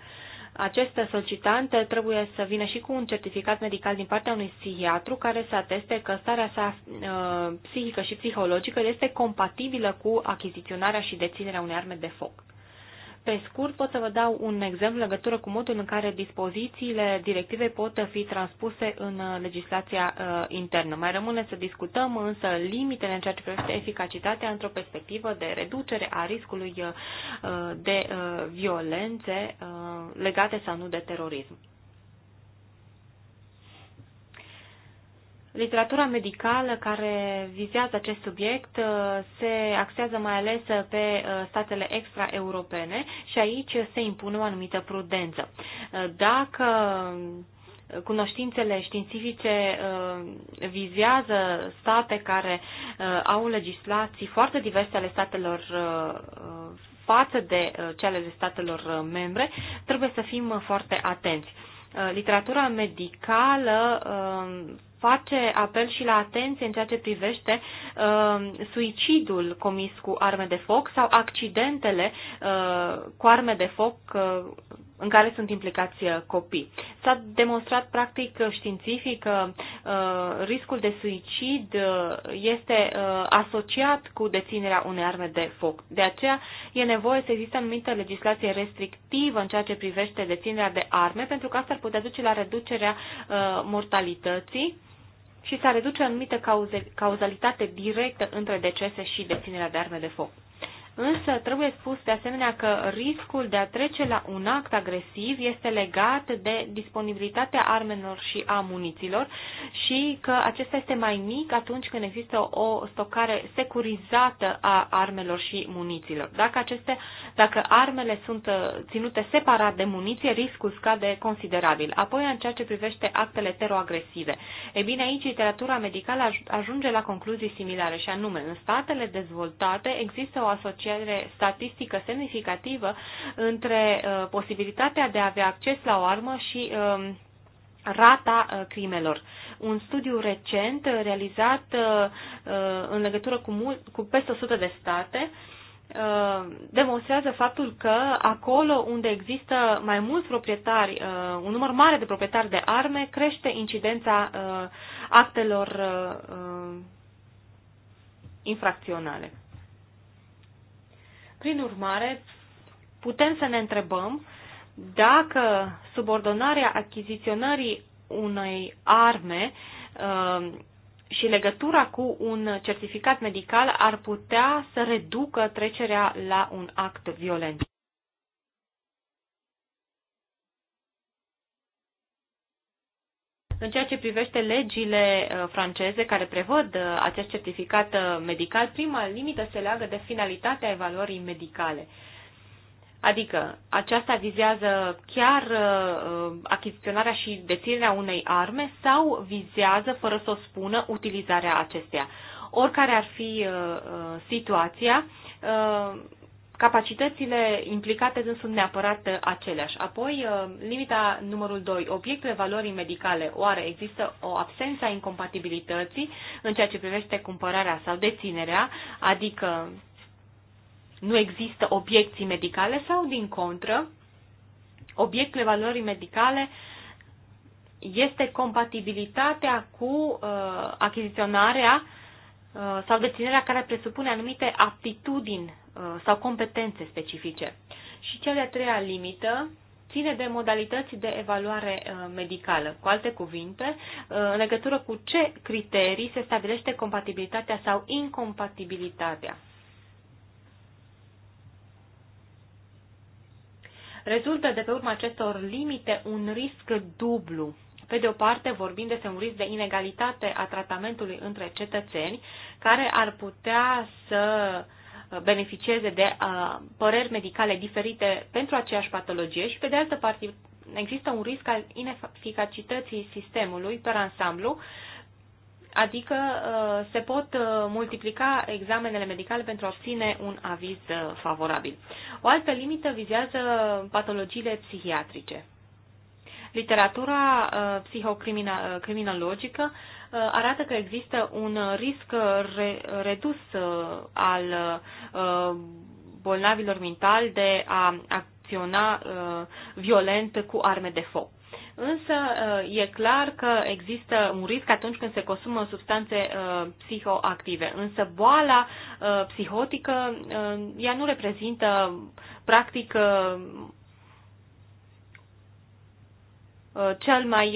Acest solicitant trebuie să vină și cu un certificat medical din partea unui psihiatru care să ateste că starea sa uh, psihică și psihologică este compatibilă cu achiziționarea și deținerea unei arme de foc. Pe scurt, pot să vă dau un exemplu în legătură cu modul în care dispozițiile directivei pot fi transpuse în uh, legislația uh, internă. Mai rămâne să discutăm însă limitele în ceea ce privește eficacitatea într-o perspectivă de reducere a riscului uh, de uh, violențe uh, legate sau nu de terorism. Literatura medicală care vizează acest subiect uh, se axează mai ales pe uh, statele extraeuropene și aici se impune o anumită prudență. Uh, dacă cunoștințele științifice vizează state care au legislații foarte diverse ale statelor față de cele ale statelor membre, trebuie să fim foarte atenți literatura medicală face apel și la atenție în ceea ce privește uh, suicidul comis cu arme de foc sau accidentele uh, cu arme de foc uh, în care sunt implicați uh, copii. S-a demonstrat practic științific că uh, riscul de suicid uh, este uh, asociat cu deținerea unei arme de foc. De aceea e nevoie să existe anumită legislație restrictivă în ceea ce privește deținerea de arme, pentru că asta ar putea duce la reducerea uh, mortalității și să reduce anumită cauzalitate directă între decese și deținerea de arme de foc. Însă trebuie spus de asemenea că riscul de a trece la un act agresiv este legat de disponibilitatea armelor și a muniților și că acesta este mai mic atunci când există o stocare securizată a armelor și muniților. Dacă, aceste, dacă armele sunt uh, ținute separat de muniție, riscul scade considerabil. Apoi, în ceea ce privește actele teroagresive. E bine, aici literatura medicală ajunge la concluzii similare și anume, în statele dezvoltate există o asociație diferențiere statistică semnificativă între uh, posibilitatea de a avea acces la o armă și um, rata uh, crimelor. Un studiu recent uh, realizat în legătură cu, mult, cu peste 100 de state demonstrează faptul că acolo unde există mai mulți proprietari, un număr mare de proprietari de arme, crește incidența actelor infracționale. Prin urmare, putem să ne întrebăm dacă subordonarea achiziționării unei arme uh, și legătura cu un certificat medical ar putea să reducă trecerea la un act violent. În ceea ce privește legile uh, franceze care prevăd uh, acest certificat uh, medical, prima limită se leagă de finalitatea evaluării medicale. Adică aceasta vizează chiar uh, achiziționarea și deținerea unei arme sau vizează, fără să o spună, utilizarea acesteia. Oricare ar fi uh, situația, uh, capacitățile implicate nu sunt neapărat aceleași. Apoi, uh, limita numărul 2, obiectul valorii medicale. Oare există o absență a incompatibilității în ceea ce privește cumpărarea sau deținerea, adică nu există obiecții medicale sau, din contră, obiectul valorii medicale este compatibilitatea cu uh, achiziționarea uh, sau deținerea care presupune anumite aptitudini Uh, sau competențe specifice. Și cea de-a treia limită ține de modalități de evaluare uh, medicală. Cu alte cuvinte, uh, în legătură cu ce criterii se stabilește compatibilitatea sau incompatibilitatea. Rezultă de pe urma acestor limite un risc dublu. Pe de o parte, vorbim despre un risc de inegalitate a tratamentului între cetățeni, care ar putea să uh, beneficieze de păreri medicale diferite pentru aceeași patologie și, pe de altă parte, există un risc al ineficacității sistemului pe ansamblu, adică uh, se pot uh, multiplica examenele medicale pentru a obține un aviz uh, favorabil. O altă limită vizează patologiile psihiatrice. Literatura psihocriminologică Uh, arată că există un risc redus uh, al uh, bolnavilor mentali de a acționa violent cu arme de foc. Însă e clar că există un risc atunci când se consumă substanțe psihoactive. Însă boala psihotică, ea nu reprezintă practic cel mai,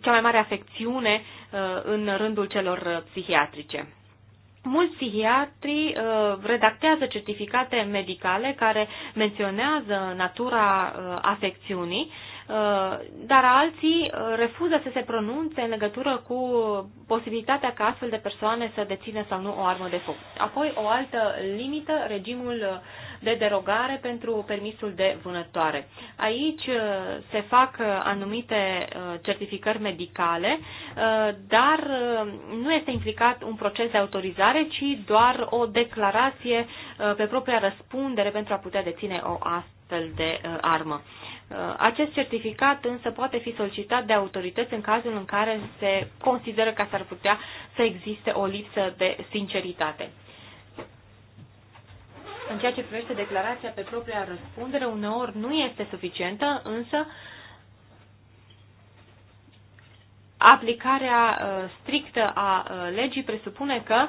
cea mai mare afecțiune Uh, în rândul celor uh, psihiatrice. Mulți psihiatri uh, redactează certificate medicale care menționează natura uh, afecțiunii, uh, dar alții uh, refuză să se pronunțe în legătură cu posibilitatea ca astfel de persoane să dețină sau nu o armă de foc. Apoi, o altă limită, regimul uh, de derogare pentru permisul de vânătoare. Aici uh, se fac uh, anumite uh, certificări medicale, dar nu este implicat un proces de autorizare, ci doar o declarație pe propria răspundere pentru a putea deține o astfel de armă. Acest certificat însă poate fi solicitat de autorități în cazul în care se consideră că s-ar putea să existe o lipsă de sinceritate în ceea ce privește declarația pe propria răspundere, uneori nu este suficientă, însă aplicarea uh, strictă a uh, legii presupune că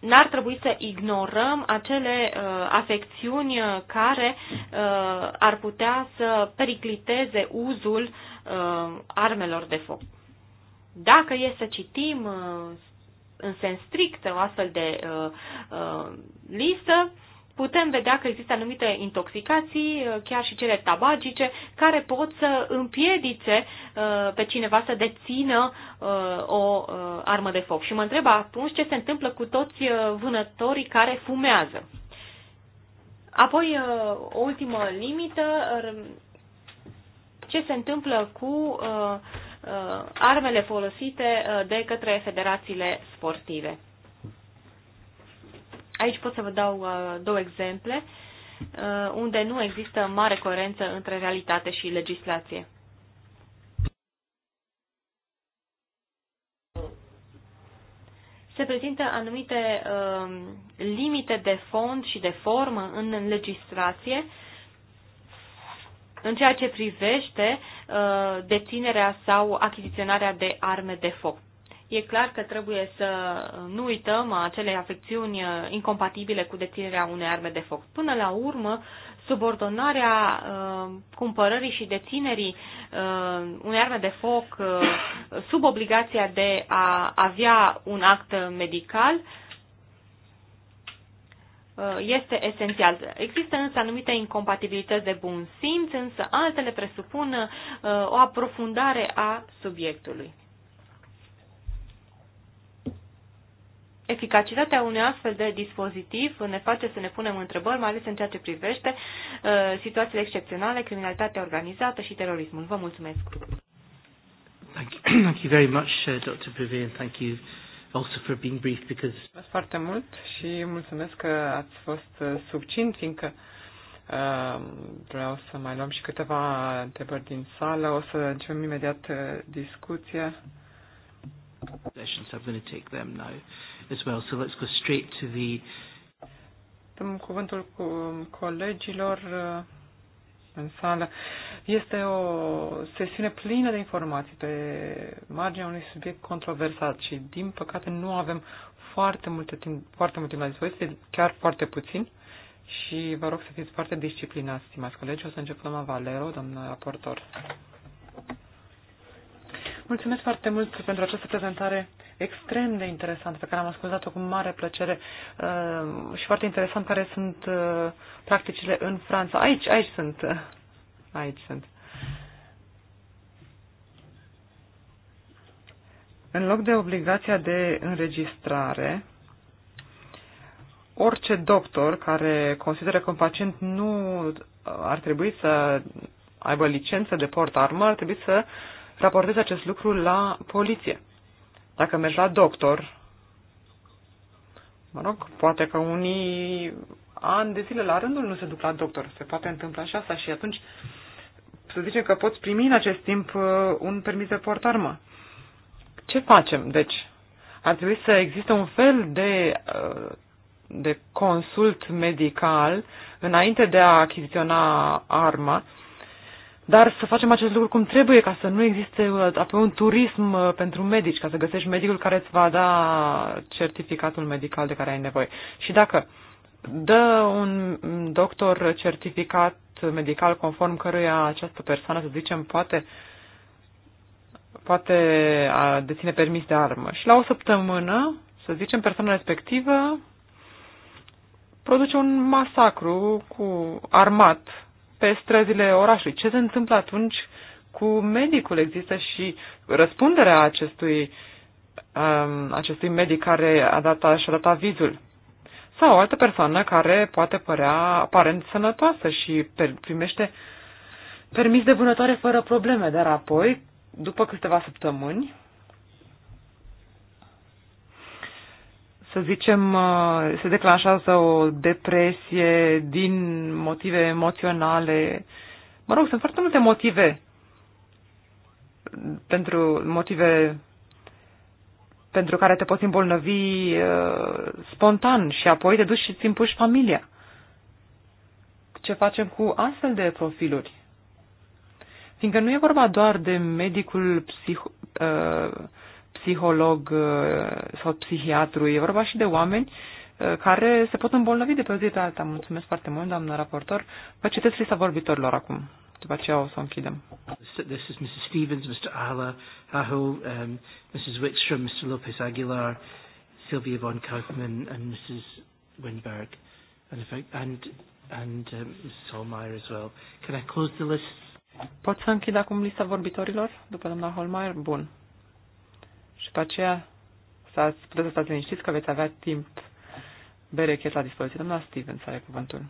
n-ar trebui să ignorăm acele uh, afecțiuni care uh, ar putea să pericliteze uzul uh, armelor de foc. Dacă e să citim uh, în sens strict o astfel de uh, uh, listă, putem vedea că există anumite intoxicații, uh, chiar și cele tabagice, care pot să împiedice uh, pe cineva să dețină uh, o armă de foc. Și mă întreb atunci ce se întâmplă cu toți vânătorii care fumează. Apoi, o ultimă limită, ce se întâmplă cu uh, Uh, armele folosite uh, de către federațiile sportive. Aici pot să vă dau uh, două exemple unde nu există mare coerență între realitate și legislație. se prezintă anumite uh, limite de fond și de formă în legislație în ceea ce privește uh, deținerea sau achiziționarea de arme de foc. E clar că trebuie să nu uităm acele afecțiuni uh, incompatibile cu deținerea unei arme de foc. Până la urmă, subordonarea uh, cumpărării și deținerii unei arme de foc sub obligația de a avea un act medical Uh, este esențial. Există însă anumite incompatibilități de bun simț, însă altele presupun uh, o aprofundare a subiectului. Eficacitatea unui astfel de dispozitiv ne face să ne punem întrebări, mai ales în ceea ce privește uh, situațiile excepționale, criminalitatea organizată și terorismul. Vă mulțumesc! Thank you, <clears throat> thank you very much, uh, Dr. Privé, and thank you also for being brief because... Mulțumesc foarte mult și mulțumesc că ați fost uh, subțint, fiindcă uh, vreau să mai luăm și câteva întrebări din sală. O să începem imediat uh, discuția. Sessions, I'm going to take them now as well. So let's go straight to the... Dăm cuvântul cu colegilor. Uh, în sală. Este o sesiune plină de informații pe marginea unui subiect controversat și, din păcate, nu avem foarte, multe timp, foarte mult timp la dispoziție, chiar foarte puțin. Și vă rog să fiți foarte disciplinați, stimați colegi. O să încep la Valero, domnul raportor. Mulțumesc foarte mult pentru această prezentare extrem de interesantă pe care am ascultat-o cu mare plăcere uh, și foarte interesant care sunt uh, practicile în Franța. Aici, aici sunt. <laughs> Aici sunt. În loc de obligația de înregistrare, orice doctor care consideră că un pacient nu ar trebui să aibă licență de port armă, ar trebui să raporteze acest lucru la poliție. Dacă mergi la doctor, mă rog, poate că unii ani de zile la rândul nu se duc la doctor. Se poate întâmpla și asta și atunci să zicem că poți primi în acest timp uh, un permis de port armă. Ce facem? Deci, ar trebui să existe un fel de, uh, de consult medical înainte de a achiziționa arma dar să facem acest lucru cum trebuie, ca să nu existe uh, apoi un turism uh, pentru medici, ca să găsești medicul care îți va da certificatul medical de care ai nevoie. Și dacă dă un doctor certificat medical conform căruia această persoană, să zicem, poate poate a deține permis de armă. Și la o săptămână, să zicem, persoana respectivă produce un masacru cu armat pe străzile orașului. Ce se întâmplă atunci cu medicul? Există și răspunderea acestui, um, acestui medic care a dat, și-a dat avizul. Sau o altă persoană care poate părea aparent sănătoasă și per, primește permis de vânătoare fără probleme, dar apoi, după câteva săptămâni, să zicem, uh, se declanșează o depresie din motive emoționale. Mă rog, sunt foarte multe motive pentru motive pentru care te poți îmbolnăvi uh, spontan și apoi te duci și îți împuși familia. Ce facem cu astfel de profiluri? Fiindcă nu e vorba doar de medicul psih- uh, psiholog uh, sau psihiatru. E vorba și de oameni uh, care se pot îmbolnăvi de pe o zi de alta. Mulțumesc foarte mult, doamnă raportor. Vă citesc lista vorbitorilor acum. După aceea o să o închidem. This is Mrs. Stevens, Mr. Ahla, Aho, um, Mrs. Wickstrom, Mr. Lopez Aguilar, Sylvia von Kaufman and Mrs. Winberg. And, if I, and, and um, Mrs. Holmeyer as well. Can I close the list? Pot să închid acum lista vorbitorilor după doamna Holmeyer? Bun. Și pe aceea puteți să stați liniștiți că veți avea timp berechet la dispoziție. Steven să are cuvântul.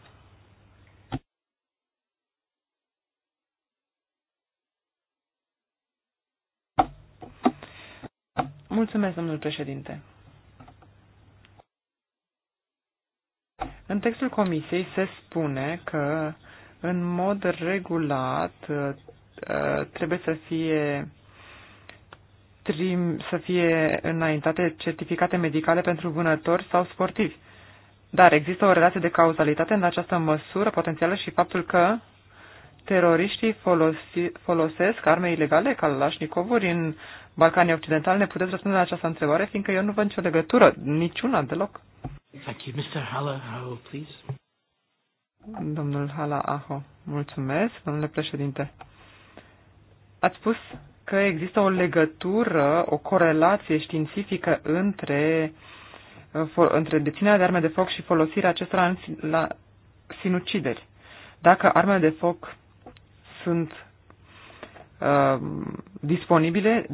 Mulțumesc, domnul președinte. În textul comisiei se spune că în mod regulat uh, trebuie să fie trim, să fie înaintate certificate medicale pentru vânători sau sportivi. Dar există o relație de cauzalitate în această măsură potențială și faptul că teroriștii folosi, folosesc arme ilegale ca lașnicovuri în Balcanii Occidentali? Ne puteți răspunde la această întrebare, fiindcă eu nu văd nicio legătură, niciuna deloc. Thank you, Mr. Hala Aho, please. Domnul Hala Aho, mulțumesc, domnule președinte. Ați spus că există o legătură, o corelație științifică între, uh, între deținerea de arme de foc și folosirea acestora în, la sinucideri. Dacă armele de foc sunt uh, disponibile,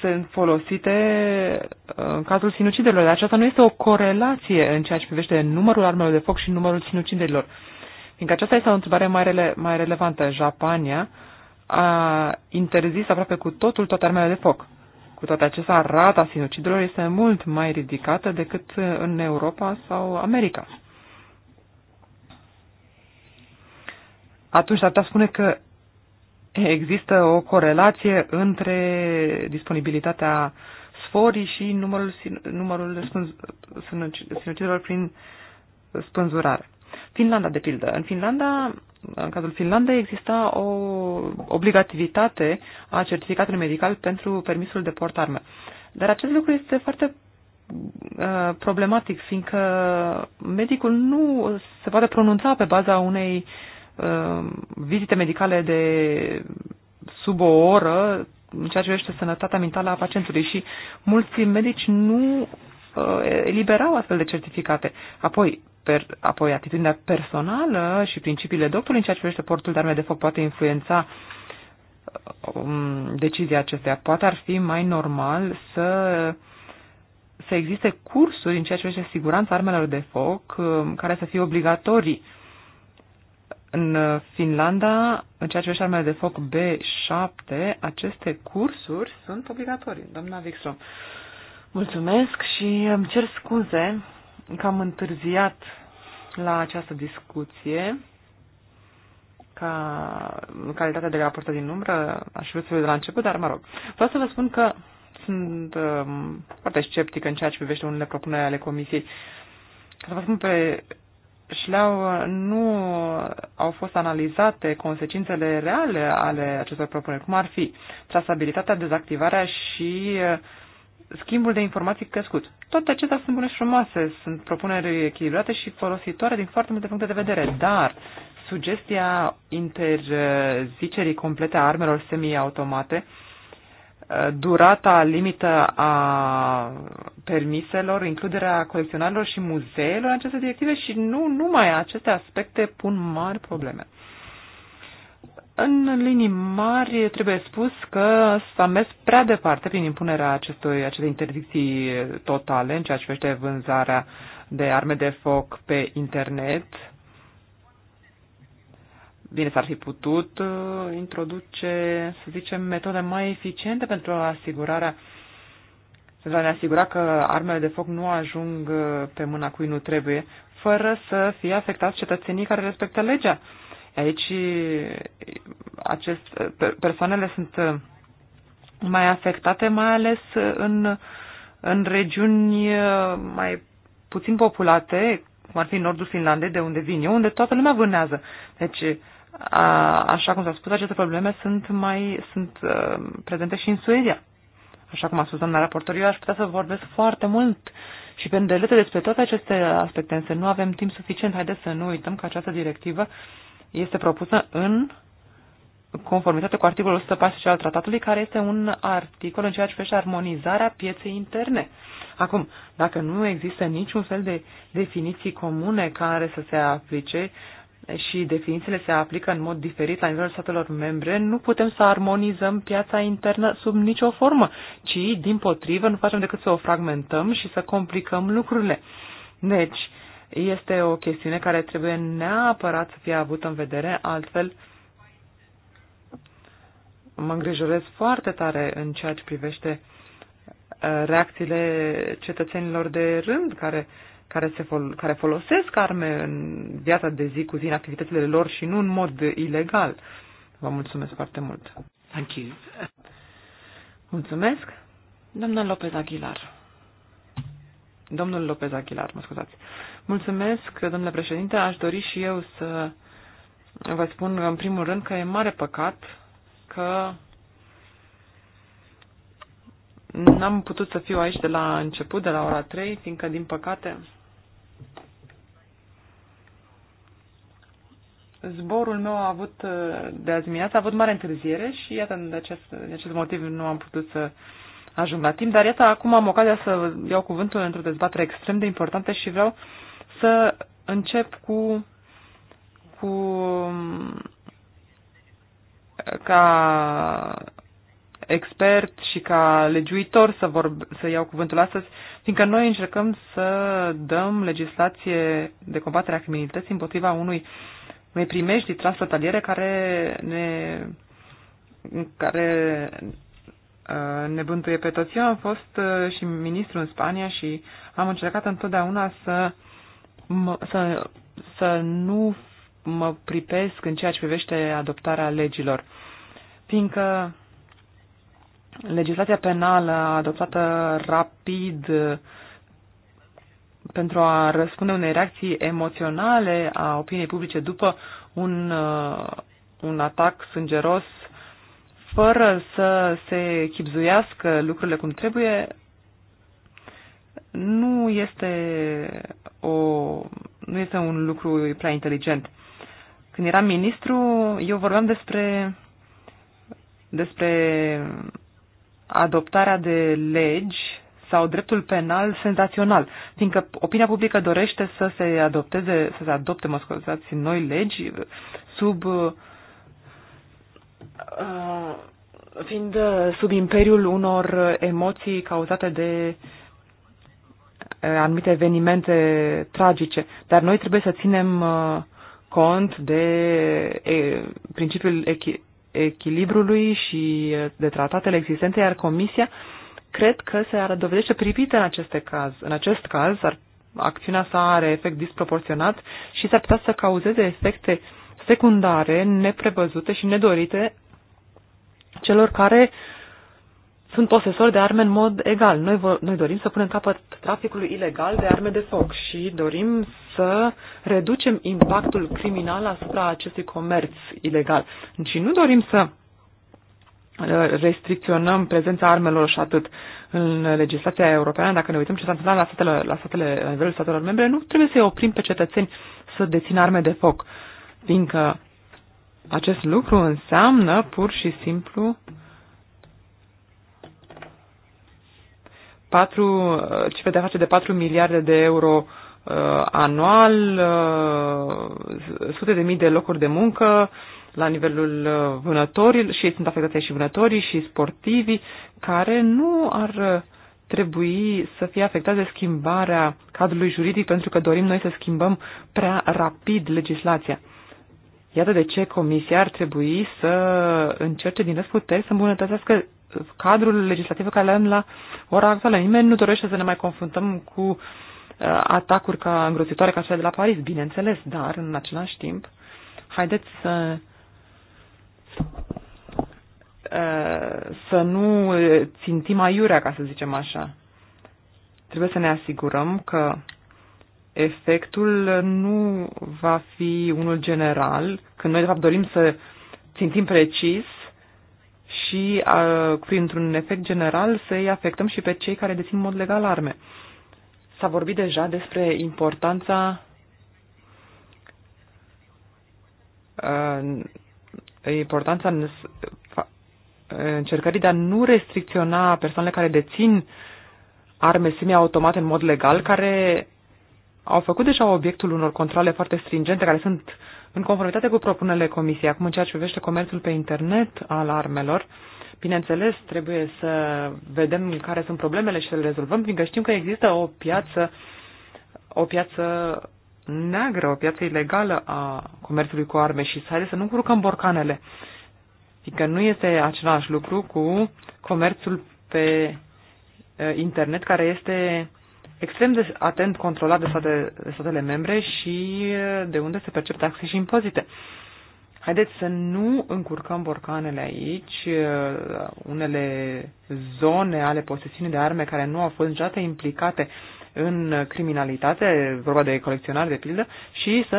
sunt folosite uh, în cazul sinuciderilor. Dar aceasta nu este o corelație în ceea ce privește numărul armelor de foc și numărul sinuciderilor. Fiindcă aceasta este o întrebare mai, rele, mai relevantă. Japania uh, a interzis aproape cu totul toate armele de foc. Cu toate acestea, rata sinucidelor este mult mai ridicată decât în Europa sau America. Atunci ar putea spune că există o corelație între disponibilitatea sforii și numărul, numărul sinucidelor prin spânzurare. Finlanda, de pildă. În Finlanda, în cazul Finlandei, exista o obligativitate a certificatului medical pentru permisul de port armă. Dar acest lucru este foarte uh, problematic, fiindcă medicul nu se poate pronunța pe baza unei uh, vizite medicale de sub o oră în ceea ce privește sănătatea mentală a pacientului și mulți medici nu uh, eliberau astfel de certificate. Apoi, per, apoi atitudinea personală și principiile doctorului în ceea ce privește portul de arme de foc poate influența um, decizia acesteia. Poate ar fi mai normal să să existe cursuri în ceea ce privește siguranța armelor de foc um, care să fie obligatorii. În Finlanda, în ceea ce privește armele de foc B7, aceste cursuri sunt obligatorii. Doamna Wikström, mulțumesc și îmi cer scuze că am întârziat la această discuție ca în calitate de raportă din umbră, aș vrea să de la început, dar mă rog. Vreau să vă spun că sunt uh, foarte sceptic în ceea ce privește unele propuneri ale comisiei. Ca să vă spun pe șleau, nu au fost analizate consecințele reale ale acestor propuneri, cum ar fi trasabilitatea, dezactivarea și uh, schimbul de informații crescut. Toate acestea sunt bune și frumoase, sunt propuneri echilibrate și folositoare din foarte multe puncte de vedere, dar sugestia interzicerii complete a armelor semiautomate, eh, durata limită a permiselor, includerea colecționarilor și muzeelor în aceste directive și nu numai aceste aspecte pun mari probleme. În linii mari trebuie spus că s-a mers prea departe prin impunerea acestui, acestei interdicții totale în ceea ce privește vânzarea de arme de foc pe internet. Bine, s-ar fi putut uh, introduce, să zicem, metode mai eficiente pentru asigurarea pentru a ne asigura că armele de foc nu ajung uh, pe mâna cui nu trebuie, fără să fie afectați cetățenii care respectă legea. Uh, Aici acest, persoanele sunt uh, mai afectate, mai ales uh, în, în regiuni uh, mai puțin populate, cum ar fi nordul Finlandei, de unde vin eu, unde toată lumea vânează. Deci, a, așa cum s-a spus, aceste probleme sunt mai sunt uh, prezente și în Suedia. Așa cum a spus doamna raportor, eu aș putea să vorbesc foarte mult și pe îndelete despre toate aceste aspecte, însă nu avem timp suficient. Haideți să nu uităm că această directivă uh, este propusă în conformitate cu articolul 114 al tratatului, care este un articol în ceea ce privește armonizarea pieței interne. Acum, dacă nu există niciun fel de definiții comune care să se aplice și definițiile se aplică în mod diferit la nivelul statelor membre, nu putem să armonizăm piața internă sub nicio formă, ci, din potrivă, nu facem decât să o fragmentăm și să complicăm lucrurile. Deci, este o chestiune care trebuie neapărat să fie avută în vedere, altfel mă îngrijorez foarte tare în ceea ce privește uh, reacțiile cetățenilor de rând care, care, se fol- care folosesc arme în viața de zi cu zi, în activitățile lor și nu în mod ilegal. Vă mulțumesc foarte mult. Thank you. Mulțumesc. Doamna Lopez Aguilar. Domnul Lopez Aguilar, mă scuzați. Mulțumesc, domnule președinte. Aș dori și eu să vă spun, în primul rând, că e mare păcat că n-am putut să fiu aici de la început, de la ora 3, fiindcă, din păcate, zborul meu a avut, de azi a avut mare întârziere și, iată, de acest, de acest motiv nu am putut să ajung la timp, dar iată, acum am ocazia să iau cuvântul într-o dezbatere extrem de importantă și vreau să încep cu, cu ca expert și ca legiuitor să, vorb, să iau cuvântul astăzi, fiindcă noi încercăm să dăm legislație de combatere a criminalității împotriva unui, unei primejdii transfrontaliere care ne, care uh, ne bântuie pe toți. Eu am fost uh, și ministru în Spania și am încercat întotdeauna să mă, să, să nu mă pripesc în ceea ce privește adoptarea legilor, fiindcă legislația penală adoptată rapid uh, pentru a răspunde unei reacții emoționale a opiniei publice după un, uh, un atac sângeros, fără să se chipzuiască lucrurile cum trebuie, nu este, o, nu este un lucru prea inteligent. Când eram ministru, eu vorbeam despre, despre adoptarea de legi sau dreptul penal senzațional, fiindcă opinia publică dorește să se adopteze, să se adopte, mă scuzați, noi legi sub uh, fiind uh, sub imperiul unor emoții cauzate de uh, Eh, anumite evenimente tragice, dar noi trebuie să ținem uh, cont de principiul echilibrului și uh, de tratatele existente, iar Comisia cred că se ar dovedește privită în, aceste caz. în acest caz. Ar, acțiunea sa are efect disproporționat și s-ar putea să cauzeze efecte secundare, neprevăzute și nedorite celor care sunt posesori de arme în mod egal. Noi, noi dorim să punem capăt traficului ilegal de arme de foc și dorim să reducem impactul criminal asupra acestui comerț ilegal. Și nu dorim să uh, restricționăm prezența armelor și atât în legislația europeană, dacă ne uităm ce s-a întâmplat la statele, la statele, la nivelul statelor membre, nu trebuie să-i oprim pe cetățeni să dețină arme de foc, fiindcă acest lucru înseamnă pur și simplu 4, uh, cifre de afaceri de 4 miliarde de euro uh, anual, uh, sute de mii de locuri de muncă la nivelul uh, vânătorilor și ei sunt afectați și vânătorii și sportivii care nu ar uh, trebui să fie afectați de schimbarea cadrului juridic pentru că dorim noi să schimbăm prea rapid legislația. Iată de ce Comisia ar trebui să încerce din răsputeri să îmbunătățească cadrul legislativ care le avem la ora actuală. Nimeni nu dorește să ne mai confruntăm cu uh, atacuri ca îngrozitoare ca cele de la Paris, bineînțeles, dar în același timp, haideți să uh, să nu țintim aiurea, ca să zicem așa. Trebuie să ne asigurăm că efectul nu va fi unul general, când noi de fapt dorim să țintim precis și, printr-un efect general, să-i afectăm și pe cei care dețin în mod legal arme. S-a vorbit deja despre importanța importanța încercării de a nu restricționa persoanele care dețin arme semi-automate în mod legal, care au făcut deja obiectul unor controle foarte stringente, care sunt în conformitate cu propunerile Comisiei. Acum, în ceea ce privește comerțul pe internet al armelor, bineînțeles, trebuie să vedem care sunt problemele și să le rezolvăm, fiindcă știm că există o piață, o piață neagră, o piață ilegală a comerțului cu arme și să să nu curcăm borcanele, fiindcă nu este același lucru cu comerțul pe eh, internet, care este extrem de atent controlat de, state, de statele membre și de unde se percep taxe și impozite. Haideți să nu încurcăm borcanele aici, unele zone ale posesiunii de arme care nu au fost niciodată implicate în criminalitate, vorba de colecționari de pildă, și să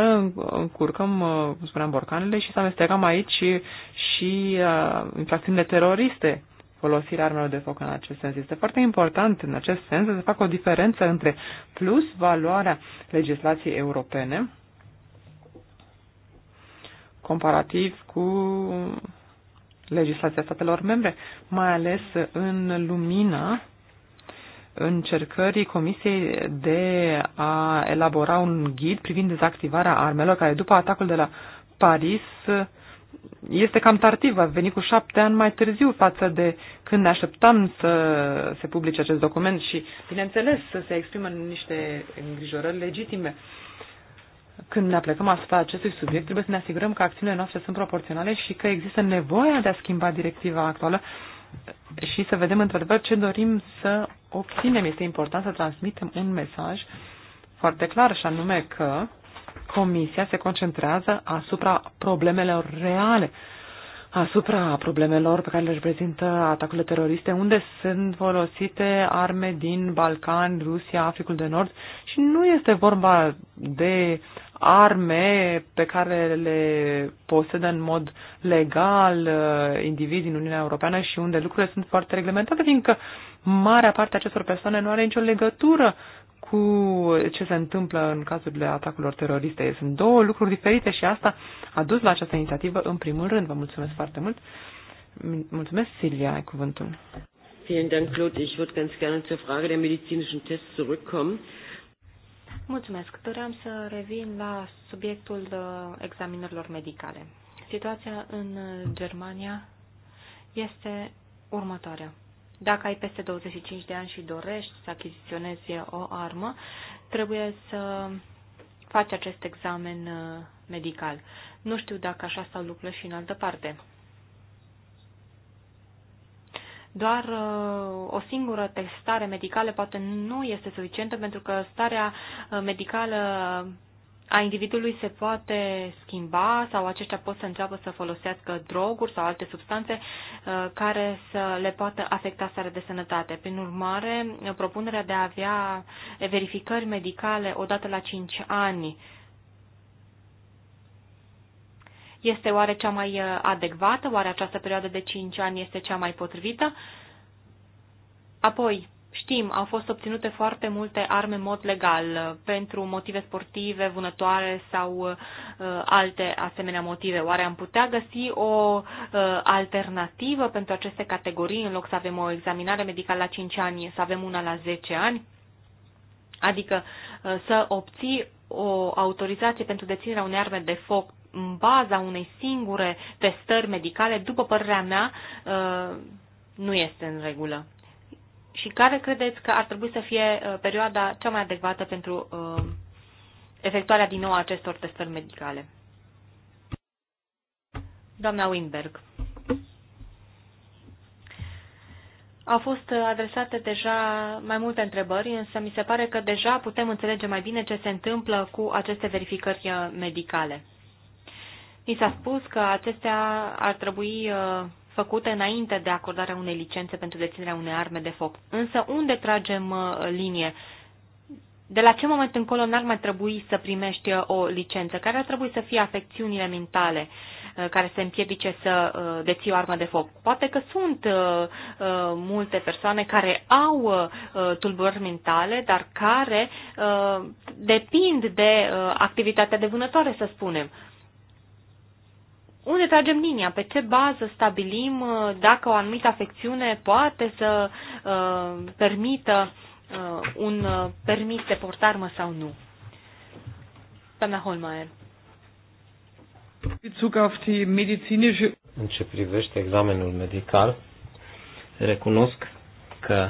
încurcăm, cum spuneam, borcanele și să amestecăm aici și, și uh, infracțiunile teroriste folosirea armelor de foc în acest sens. Este foarte important în acest sens să se facă o diferență între plus valoarea legislației europene comparativ cu legislația statelor membre, mai ales în lumina încercării Comisiei de a elabora un ghid privind dezactivarea armelor, care după atacul de la Paris este cam tardiv, a venit cu șapte ani mai târziu față de când ne așteptam să se publice acest document și, bineînțeles, să se exprimă niște îngrijorări legitime. Când ne aplecăm asupra acestui subiect, trebuie să ne asigurăm că acțiunile noastre sunt proporționale și că există nevoia de a schimba directiva actuală și să vedem într-adevăr ce dorim să obținem. Este important să transmitem un mesaj foarte clar și anume că Comisia se concentrează asupra problemelor reale, asupra problemelor pe care le reprezintă atacurile teroriste, unde sunt folosite arme din Balcan, Rusia, Africul de Nord și nu este vorba de arme pe care le posedă în mod legal uh, indivizi în Uniunea Europeană și unde lucrurile sunt foarte reglementate, fiindcă marea parte a acestor persoane nu are nicio legătură cu ce se întâmplă în cazurile atacurilor teroriste. Sunt două lucruri diferite și asta a dus la această inițiativă în primul rând. Vă mulțumesc foarte mult. Mulțumesc, Silvia, ai cuvântul. Vielen Dank, Claude. Ich würde ganz gerne zur Frage der medizinischen Tests zurückkommen. Mulțumesc. Doream să revin la subiectul uh, examinărilor medicale. Situația în uh, Germania este următoarea. Dacă ai peste 25 de ani și dorești să achiziționezi o armă, trebuie să faci acest examen uh, medical. Nu știu dacă așa stau lucrurile și în altă parte. Doar uh, o singură testare medicală poate nu este suficientă pentru că starea uh, medicală a individului se poate schimba sau aceștia pot să înceapă să folosească droguri sau alte substanțe uh, care să le poată afecta starea de sănătate. Prin urmare, propunerea de a avea verificări medicale odată la 5 ani este oare cea mai uh, adecvată? Oare această perioadă de 5 ani este cea mai potrivită? Apoi, Știm, au fost obținute foarte multe arme în mod legal uh, pentru motive sportive, vânătoare sau uh, alte asemenea motive. Oare am putea găsi o uh, alternativă pentru aceste categorii în loc să avem o examinare medicală la 5 ani, să avem una la 10 ani? Adică uh, să obții o autorizație pentru deținerea unei arme de foc în baza unei singure testări medicale, după părerea mea, uh, nu este în regulă și care credeți că ar trebui să fie uh, perioada cea mai adecvată pentru uh, efectuarea din nou a acestor testări medicale? Doamna Winberg. Au fost uh, adresate deja mai multe întrebări, însă mi se pare că deja putem înțelege mai bine ce se întâmplă cu aceste verificări medicale. Mi s-a spus că acestea ar trebui făcute înainte de acordarea unei licențe pentru deținerea unei arme de foc. Însă unde tragem uh, linie? De la ce moment încolo n-ar mai trebui să primești uh, o licență? Care ar trebui să fie afecțiunile mentale uh, care se împiedice să deții o armă de foc? Poate că sunt multe persoane care au tulburări mentale, dar care depind de activitatea de vânătoare, să spunem unde tragem linia, pe ce bază stabilim uh, dacă o anumită afecțiune poate să uh, permită uh, un uh, permis de portarmă sau nu. Doamna Holmeier. În ce privește examenul medical, recunosc că,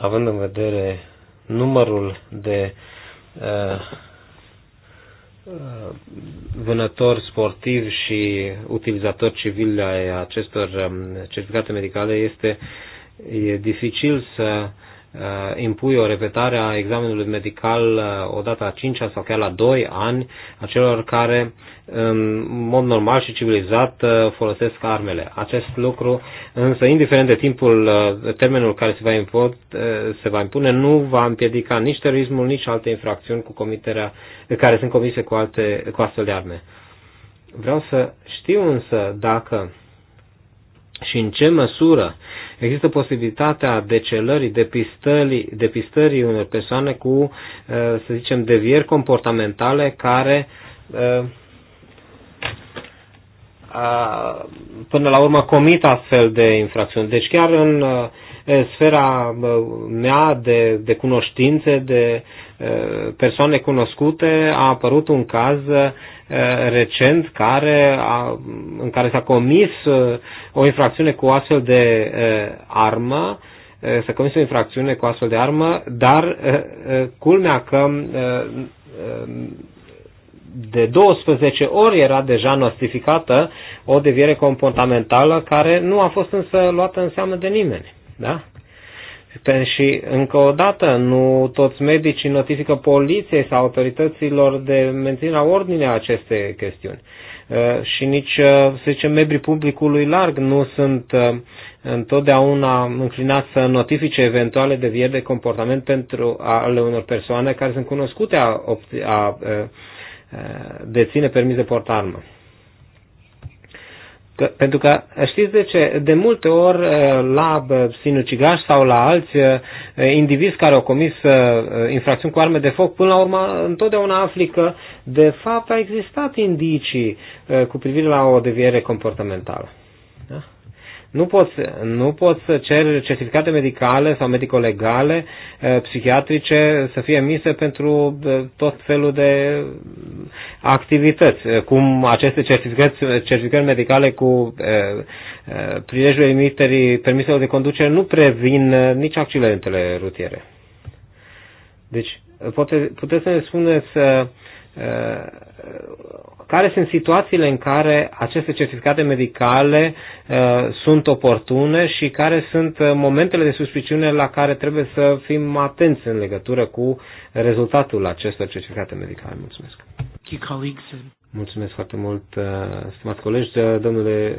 având în vedere numărul de uh, vânători sportivi și utilizatori civili ai acestor um, certificate medicale este e dificil să Uh, impui o repetare a examenului medical uh, odată la 5 sau chiar la 2 ani a celor care în mod normal și civilizat uh, folosesc armele. Acest lucru, însă, indiferent de timpul, termenul care se va, import, se va impune, nu va împiedica nici terorismul, nici alte infracțiuni cu comiterea, care sunt comise cu, alte, cu astfel de arme. Vreau să știu însă dacă și în ce măsură Există posibilitatea decelării, depistării, depistării unor persoane cu, uh, să zicem, devieri comportamentale care uh, până la urmă comit astfel de infracțiuni. Deci chiar în uh, sfera mea de, de cunoștințe, de persoane cunoscute, a apărut un caz recent care a, în care s-a comis o infracțiune cu astfel de armă, s-a comis o infracțiune cu astfel de armă, dar culmea că de 12 ori era deja notificată o deviere comportamentală care nu a fost însă luată în seamă de nimeni. Da? Și încă o dată, nu toți medicii notifică poliției sau autorităților de menținerea ordinei aceste chestiuni. Și nici, să zicem, membrii publicului larg nu sunt întotdeauna înclinați să notifice eventuale devieri de comportament pentru ale unor persoane care sunt cunoscute a, a, a deține permis de portarmă. Că, pentru că știți de ce? De multe ori uh, la sinucigași sau la alți uh, indivizi care au comis uh, infracțiuni cu arme de foc, până la urmă întotdeauna afli că de fapt a existat indicii cu privire la o deviere comportamentală. Nu poți, nu poți să ceri certificate medicale sau medico-legale, eh, psihiatrice, să fie emise pentru eh, tot felul de activități, eh, cum aceste certificate, certificate medicale cu prilejul emiterii permiselor de conducere nu previn nici accidentele rutiere. Deci, puteți să ne spuneți care sunt situațiile în care aceste certificate medicale uh, sunt oportune și care sunt uh, momentele de suspiciune la care trebuie să fim atenți în legătură cu rezultatul acestor certificate medicale. Mulțumesc! Mulțumesc foarte mult, uh, stimați colegi. Uh, domnule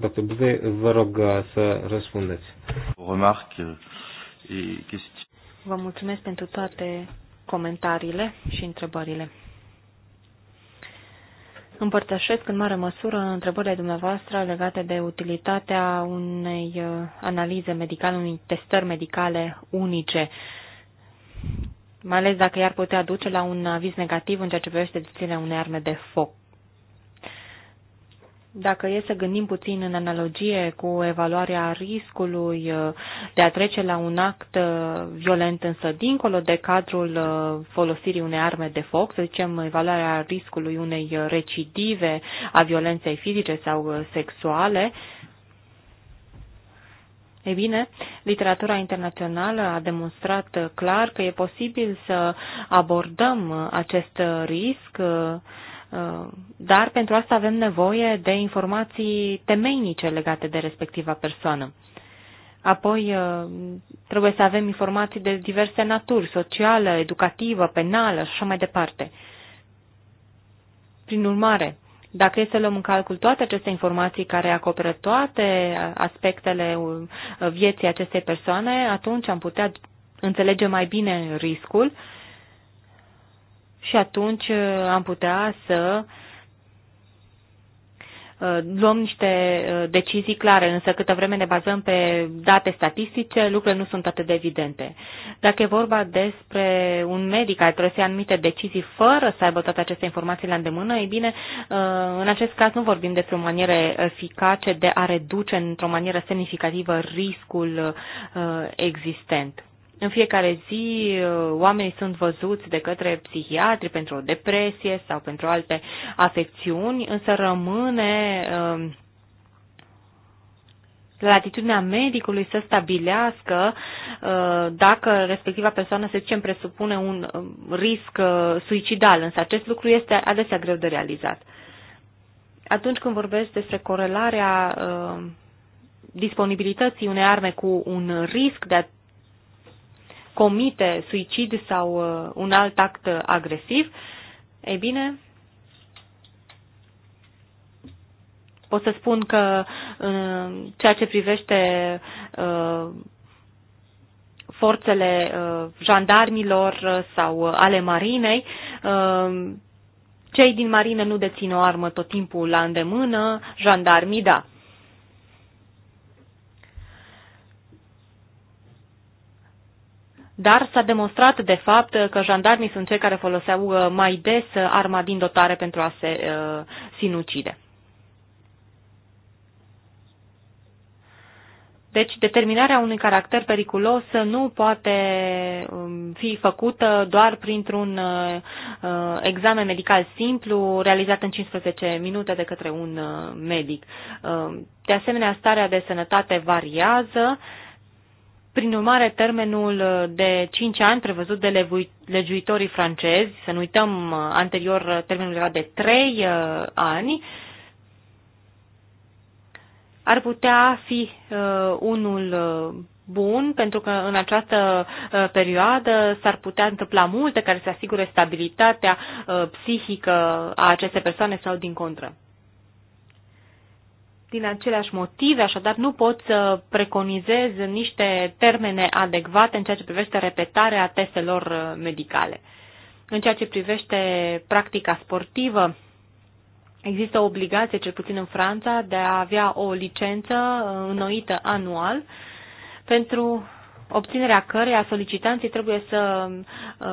dr. Buve, vă rog să răspundeți. Vă mulțumesc pentru toate comentariile și întrebările împărtășesc în mare măsură întrebările dumneavoastră legate de utilitatea unei uh, analize medicale, unei testări medicale unice, mai ales dacă i-ar putea duce la un aviz negativ în ceea ce privește deținerea unei arme de foc. Dacă e să gândim puțin în analogie cu evaluarea riscului uh, de a trece la un act uh, violent, însă dincolo de cadrul uh, folosirii unei arme de foc, să zicem evaluarea riscului unei recidive a violenței fizice sau sexuale, ei bine, literatura internațională a demonstrat clar că e posibil să abordăm acest risc Uh, dar pentru asta avem nevoie de informații temeinice legate de respectiva persoană. Apoi uh, trebuie să avem informații de diverse naturi, socială, educativă, penală și așa mai departe. Prin urmare, dacă e să luăm în calcul toate aceste informații care acoperă toate aspectele uh, vieții acestei persoane, atunci am putea înțelege mai bine riscul și atunci uh, am putea să uh, luăm niște uh, decizii clare, însă câtă vreme ne bazăm pe date statistice, lucrurile nu sunt atât de evidente. Dacă e vorba despre un medic care trebuie să ia anumite decizii fără să aibă toate aceste informații la îndemână, e bine, în acest caz nu vorbim despre o manieră eficace de a reduce într-o manieră semnificativă riscul existent. În fiecare zi oamenii sunt văzuți de către psihiatri pentru o depresie sau pentru alte afecțiuni, însă rămâne la um, latitudinea medicului să stabilească uh, dacă respectiva persoană, să zicem, presupune un um, risc uh, suicidal, însă acest lucru este adesea greu de realizat. Atunci când vorbesc despre corelarea uh, disponibilității unei arme cu un risc de a comite suicid sau uh, un alt act agresiv, e bine, pot să spun că în ceea ce privește uh, forțele uh, jandarmilor sau ale marinei, cei din marină nu dețin o armă tot timpul la îndemână, jandarmii da. dar s-a demonstrat de fapt că jandarmii sunt cei care foloseau uh, mai des uh, arma din dotare pentru a se uh, sinucide. Deci, determinarea unui caracter periculos nu poate um, fi făcută doar printr-un uh, examen medical simplu realizat în 15 minute de către un medic. De asemenea, starea de sănătate variază prin urmare, termenul uh, de 5 ani prevăzut de legiuitorii francezi, să nu uităm, uh, anterior uh, termenul era de 3 ani, ar putea fi unul bun, pentru că în această perioadă s-ar putea întâmpla multe care să asigure stabilitatea psihică a acestei persoane sau din contră din aceleași motive, așadar nu pot să preconizez niște termene adecvate în ceea ce privește repetarea testelor uh, medicale. În ceea ce privește practica sportivă, există o obligație, cel puțin în Franța, de a avea o licență uh, înnoită anual pentru obținerea căreia solicitanții trebuie să uh,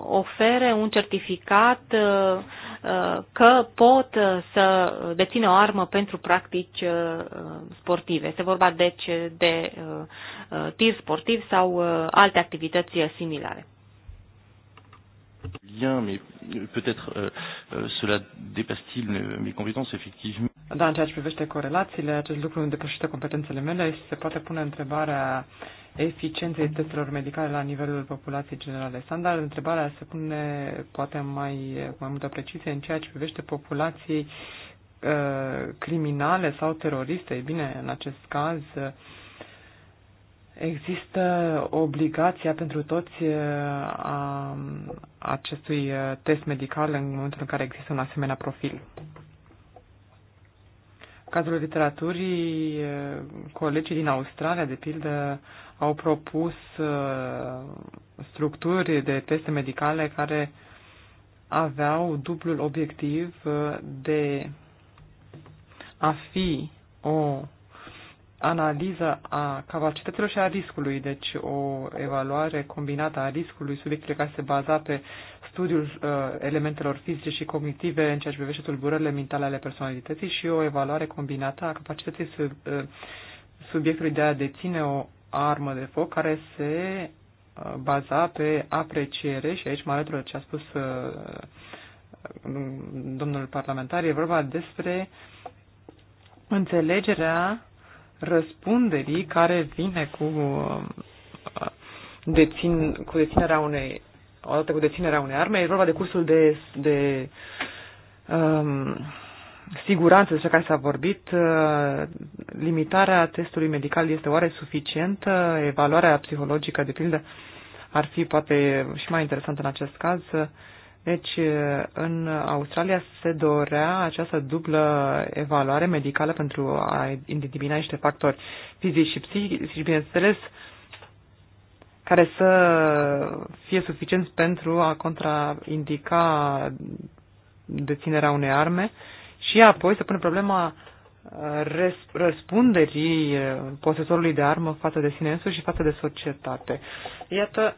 ofere un certificat uh, uh că pot uh, să dețină o armă pentru practici uh, sportive. Se vorba deci de uh, uh, tir sportiv sau uh, alte activități similare lien, mais peut-être euh, euh cela dépasse-t-il mes compétences, effectivement. Da, în ceea ce privește corelațiile, acest lucru nu depășește competențele mele și se poate pune întrebarea eficienței testelor medicale la nivelul populației generale standard. Întrebarea se pune poate mai, mai multă precizie în ceea ce privește populației uh, criminale sau teroriste. E bine, în acest caz, uh, Există obligația pentru toți uh, a acestui uh, test medical în momentul în care există un asemenea profil. În cazul literaturii, uh, colegii din Australia, de pildă, au propus structuri de teste medicale care aveau dublul obiectiv de a fi o analiza a capacităților și a riscului, deci o evaluare combinată a riscului, subiectele care se baza pe studiul uh, elementelor fizice și cognitive în ceea ce privește tulburările mentale ale personalității și o evaluare combinată a capacității sub, uh, subiectului de a deține o armă de foc care se uh, baza pe apreciere și aici mă alătură ce a spus uh, domnul parlamentar, e vorba despre înțelegerea răspunderii care vine cu, uh, dețin, cu deținerea unei odată cu deținerea unei arme, e vorba de cursul de, de um, siguranță despre care s-a vorbit, uh, limitarea testului medical este oare suficientă? Evaluarea psihologică, de pildă, ar fi poate și mai interesantă în acest caz. Deci, uh, în Australia se dorea această dublă evaluare medicală pentru a identifica niște factori fizici și psihici și, bineînțeles, care să fie suficient pentru a contraindica deținerea unei arme și apoi să pune problema uh, răspunderii uh, posesorului de armă față de sine însuși și față de societate. Iată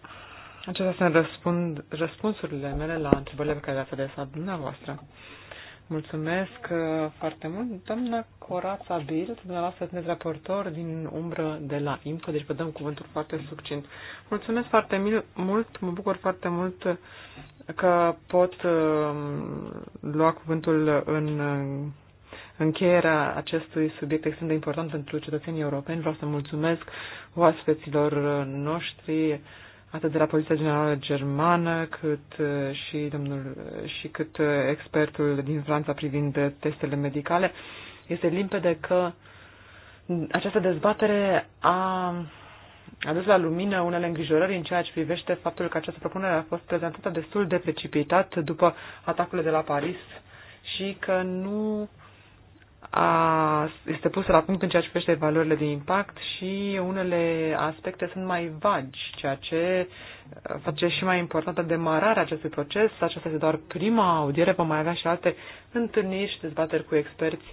Acestea sunt răspund, răspunsurile mele la întrebările pe care le-ați adresat dumneavoastră. Mulțumesc uh, foarte mult. Doamna Corața Bild, dumneavoastră sunteți raportor din umbră de la IMCO, deci vă dăm cuvântul foarte succint. Mulțumesc foarte mult, mă bucur foarte mult că pot uh, lua cuvântul în uh, încheierea acestui subiect extrem de important pentru cetățenii europeni. Vreau să mulțumesc oaspeților noștri, atât de la Poliția Generală Germană, cât și, domnul, și cât expertul din Franța privind testele medicale, este limpede că această dezbatere a adus la lumină unele îngrijorări în ceea ce privește faptul că această propunere a fost prezentată destul de precipitat după atacurile de la Paris și că nu uh, a, este pusă la punct în ceea ce privește valorile de impact și unele aspecte sunt mai vagi, ceea ce face și mai importantă demararea acestui proces. Aceasta este doar prima audiere, vom mai avea și alte întâlniri și dezbateri cu experți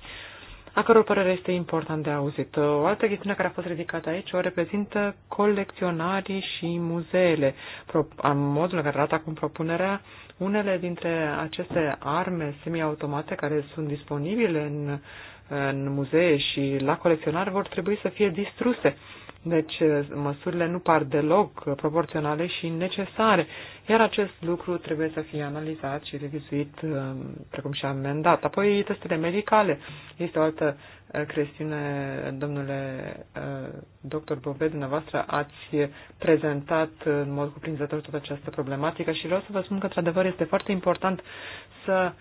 a căror părere este important de auzit. O altă chestiune care a fost ridicată aici o reprezintă colecționarii și muzeele. În modul în care arată acum propunerea, unele dintre aceste arme semiautomate care sunt disponibile în, în muzee și la colecționar vor trebui să fie distruse deci eh, măsurile nu par deloc proporționale și necesare, iar acest lucru trebuie să fie analizat și revizuit, eh, precum și amendat. Apoi testele medicale este o altă eh, chestiune, domnule doctor Bove, dumneavoastră ați prezentat în mod cuprinzător toată această problematică și vreau să vă spun că, într-adevăr, este foarte important să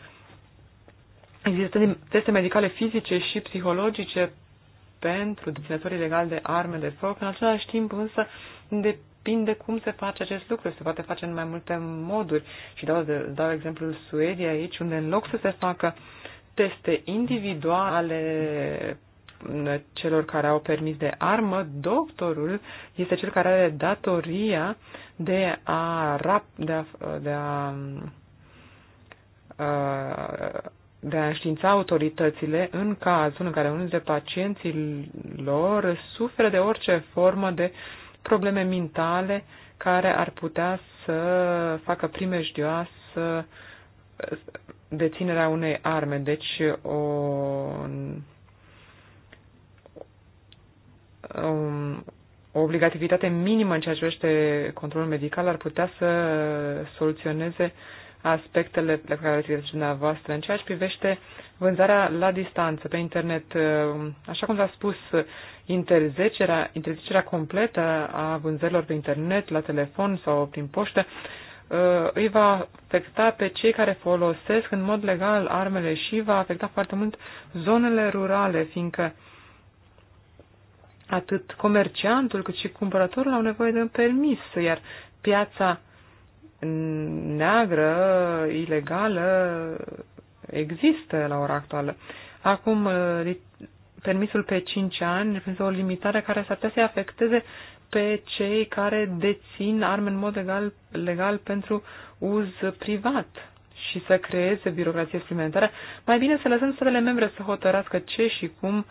Există teste medicale fizice și psihologice pentru deținătorii legali de arme de foc, în același timp însă depinde cum se face acest lucru. Se poate face în mai multe moduri și dau, dau exemplul Suedia aici, unde în loc să se facă teste individuale celor care au permis de armă, doctorul este cel care are datoria de a, rap, de a, de a, a uh, de a știința autoritățile în cazul în care unul dintre pacienții lor suferă de orice formă de probleme mentale care ar putea să facă primejdioasă deținerea unei arme. Deci o, um, o, obligativitate minimă în ceea ce privește controlul medical ar putea să soluționeze uh, aspectele pe care le țineți dumneavoastră în ceea ce privește vânzarea la distanță, pe internet. Uh, așa cum v a spus, interzicerea, interzicerea completă a vânzărilor pe internet, la telefon sau prin poștă, uh, îi va afecta pe cei care folosesc în mod legal armele și va afecta foarte mult zonele rurale, fiindcă atât comerciantul cât și cumpărătorul au nevoie de un permis, iar piața neagră, ilegală, există la ora actuală. Acum, eh, permisul pe 5 ani reprezintă o limitare care s-ar putea să afecteze pe cei care dețin arme în mod legal, legal pentru uz privat și să creeze birocrație suplimentară, mai bine să lăsăm statele membre să hotărască ce și cum uh,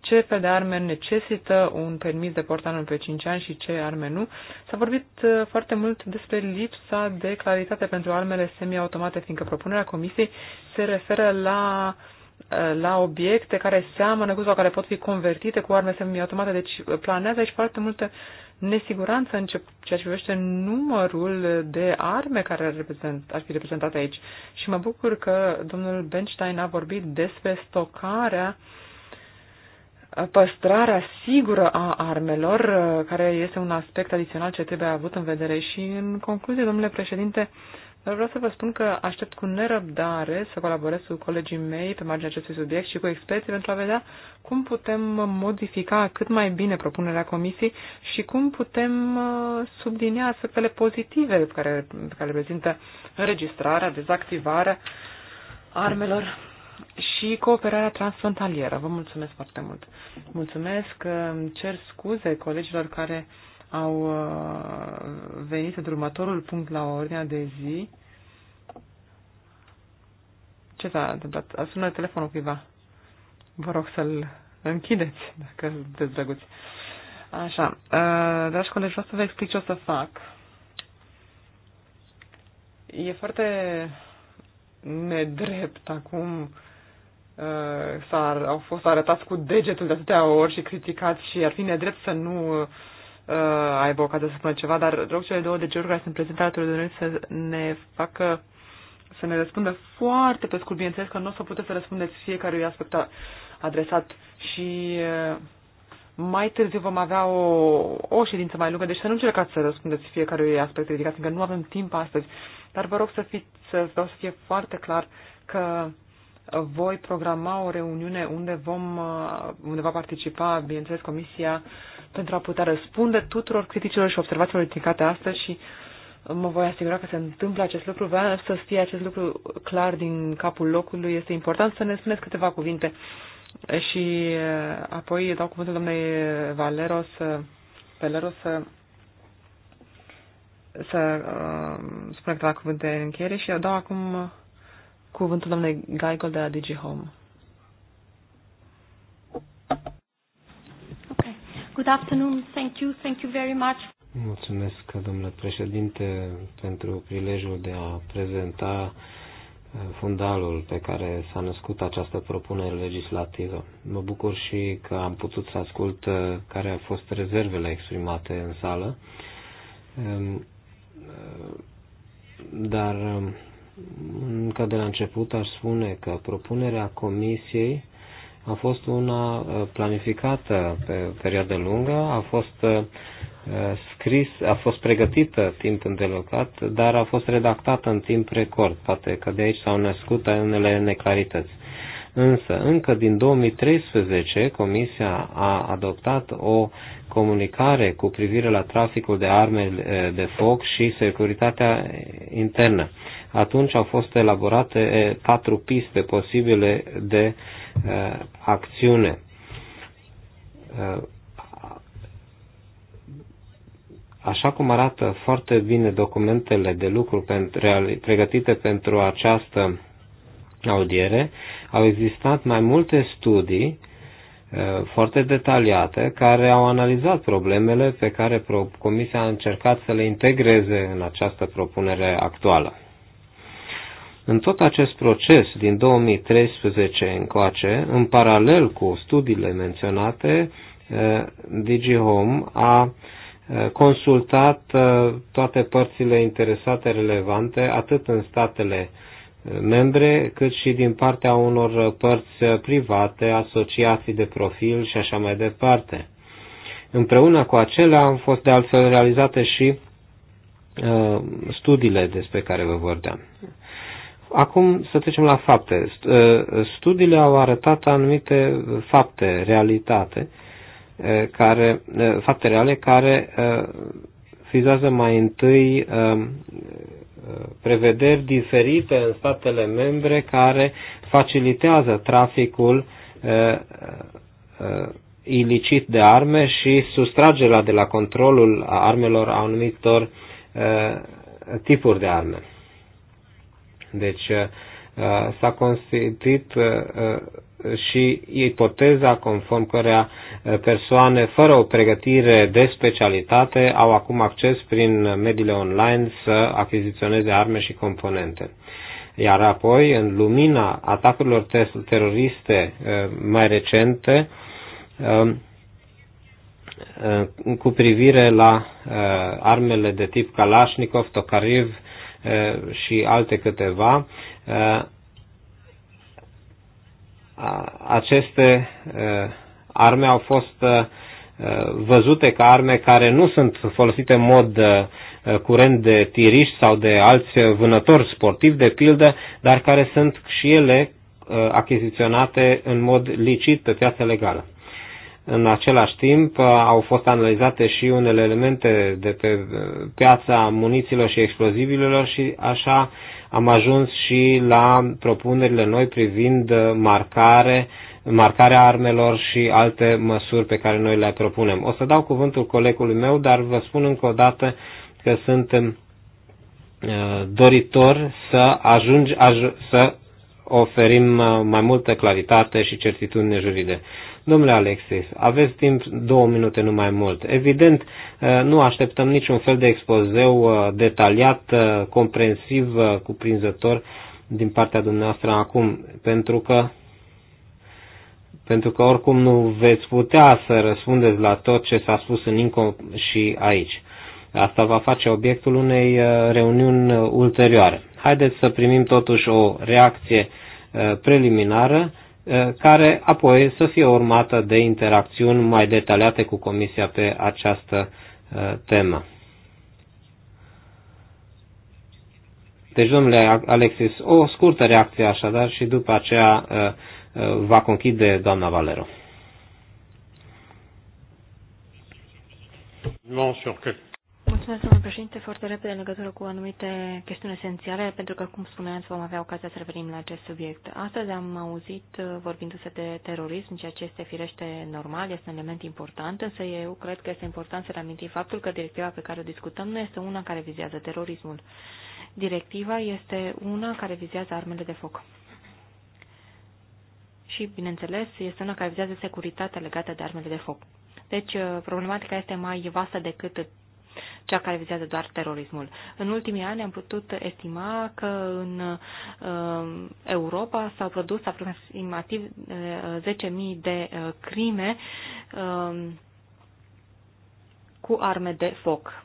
ce fel de arme necesită un permis de port anul pe 5 ani și ce arme nu. S-a vorbit uh, foarte mult despre lipsa de claritate pentru armele semiautomate, fiindcă propunerea comisiei se referă la uh, la obiecte care seamănă cu sau care pot fi convertite cu arme semiautomate. Deci uh, planează aici foarte multă nesiguranță în ceea ce privește numărul de arme care ar, reprezent, ar fi reprezentate aici. Și mă bucur că domnul Benstein a vorbit despre stocarea uh, păstrarea sigură a armelor, uh, care este un aspect adițional ce trebuie avut în vedere. Și în concluzie, domnule președinte, dar vreau să vă spun că aștept cu nerăbdare să colaborez cu colegii mei pe marginea acestui subiect și cu experții pentru a vedea cum putem modifica cât mai bine propunerea comisiei și cum putem uh, sublinia aspectele pozitive pe care, pe care prezintă înregistrarea, dezactivarea armelor și cooperarea transfrontalieră. Vă mulțumesc foarte mult. Mulțumesc, cer scuze colegilor care au uh, venit în următorul punct la ordinea de zi. Ce s-a întâmplat? A sunat telefonul cuiva. Vă rog să-l închideți, <laughs> dacă sunteți drăguți. Așa, uh, dragi colegi, vreau să vă explic ce o să fac. E foarte nedrept acum Uh, s-ar, au fost arătați cu degetul de atâtea ori și criticați și ar fi nedrept să nu uh, aibă ocazia să spună ceva, dar rog cele două degeruri care sunt prezente alături de noi să ne facă să ne răspundă foarte pe scurt, bineînțeles că nu o să puteți să răspundeți fiecare aspect adresat și uh, mai târziu vom avea o, o ședință mai lungă, deci să nu încercați să răspundeți fiecare aspect ridicat, fiindcă nu avem timp astăzi, dar vă rog să, fiți, să, vreau să fie foarte clar că voi programa o reuniune unde vom, uh, unde va participa, bineînțeles, Comisia pentru a putea răspunde tuturor criticilor și observațiilor ridicate astăzi și mă voi asigura că se întâmplă acest lucru. Vreau să fie acest lucru clar din capul locului. Este important să ne spuneți câteva cuvinte și uh, apoi dau cuvântul doamnei Valero să, Valero să să uh, spună câteva cuvinte în încheiere și eu dau acum cuvântul domnului Gaigol de la DigiHome. Okay. Good afternoon. Thank you. Thank you very much. Mulțumesc, domnule președinte, pentru prilejul de a prezenta uh, fundalul pe care s-a născut această propunere legislativă. Mă bucur și că am putut să ascult uh, care au fost rezervele exprimate în sală, um, uh, dar um, încă de la început aș spune că propunerea Comisiei a fost una uh, planificată pe perioadă lungă, a fost uh, scris, a fost pregătită timp îndelocat, dar a fost redactată în timp record. Poate că de aici s-au născut unele neclarități. Însă, încă din 2013, Comisia a adoptat o comunicare cu privire la traficul de arme uh, de foc și securitatea internă atunci au fost elaborate patru piste posibile de uh, acțiune. Uh, așa cum arată foarte bine documentele de lucru pentru, pregătite pentru această audiere, au existat mai multe studii foarte detaliate care au analizat problemele pe care Comisia a încercat să le integreze în această propunere actuală. În tot acest proces din 2013 încoace, în paralel cu studiile menționate, eh, DigiHome a eh, consultat eh, toate părțile interesate relevante, atât în statele membre, cât și din partea unor părți private, asociații de profil și așa mai departe. Împreună cu acelea au fost de altfel realizate și studiile despre care vă vorbeam. Acum să trecem la fapte. Uh, studiile au arătat anumite fapte, realitate, uh, care, uh, fapte reale care vizează mai întâi um, prevederi diferite în statele membre care facilitează traficul ilicit de arme și sustragerea de la controlul armelor a anumitor tipuri de arme. Deci uh, s-a constituit uh, uh, și ipoteza conform cărea persoane fără o pregătire de specialitate au acum acces prin mediile online să achiziționeze arme și componente. Iar apoi, în lumina atacurilor teroriste mai recente, um, cu privire la armele de tip Kalashnikov, Tokariv și alte câteva, aceste arme au fost văzute ca arme care nu sunt folosite în mod curent de tiriști sau de alți vânători sportivi, de pildă, dar care sunt și ele achiziționate în mod licit pe piața legală. În același timp uh, au fost analizate și unele elemente de pe uh, piața munițiilor și explozibililor și așa am ajuns și la propunerile noi privind uh, marcare, marcarea armelor și alte măsuri pe care noi le propunem. O să dau cuvântul colegului meu, dar vă spun încă o dată că suntem doritor să ajungi, aj, să oferim mai multă claritate și certitudine juridică. Domnule Alexis, aveți timp două minute, nu mai mult. Evident, uh, nu așteptăm niciun fel de expozeu uh, detaliat, uh, comprensiv, cuprinzător din partea dumneavoastră acum, pentru că pentru că oricum nu veți putea să răspundeți la tot ce s-a spus în INCO și aici. Asta va face obiectul unei reuniuni ulterioare. Haideți să primim totuși o reacție preliminară Eh, care apoi să fie urmată de interacțiuni mai detaliate cu Comisia pe această eh, temă. Deci, domnule Alexis, o scurtă reacție așadar și după aceea eh, va conchide doamna Valero. Mulțumesc, domnule președinte, foarte repede în legătură cu anumite chestiuni esențiale, pentru că, cum spuneați, vom avea ocazia să revenim la acest subiect. Astăzi am auzit uh, vorbindu-se de terorism, ceea ce este firește normal, este un element important, însă eu cred că este important să reamintim faptul că directiva pe care o discutăm nu este una care vizează terorismul. Directiva este una care vizează armele de foc. Și, bineînțeles, este una care vizează securitatea legată de armele de foc. Deci, uh, problematica este mai vastă decât cea care vizează doar terorismul. În ultimii ani am putut estima că în uh, Europa s-au produs aproximativ uh, 10.000 de uh, crime uh, cu arme de foc.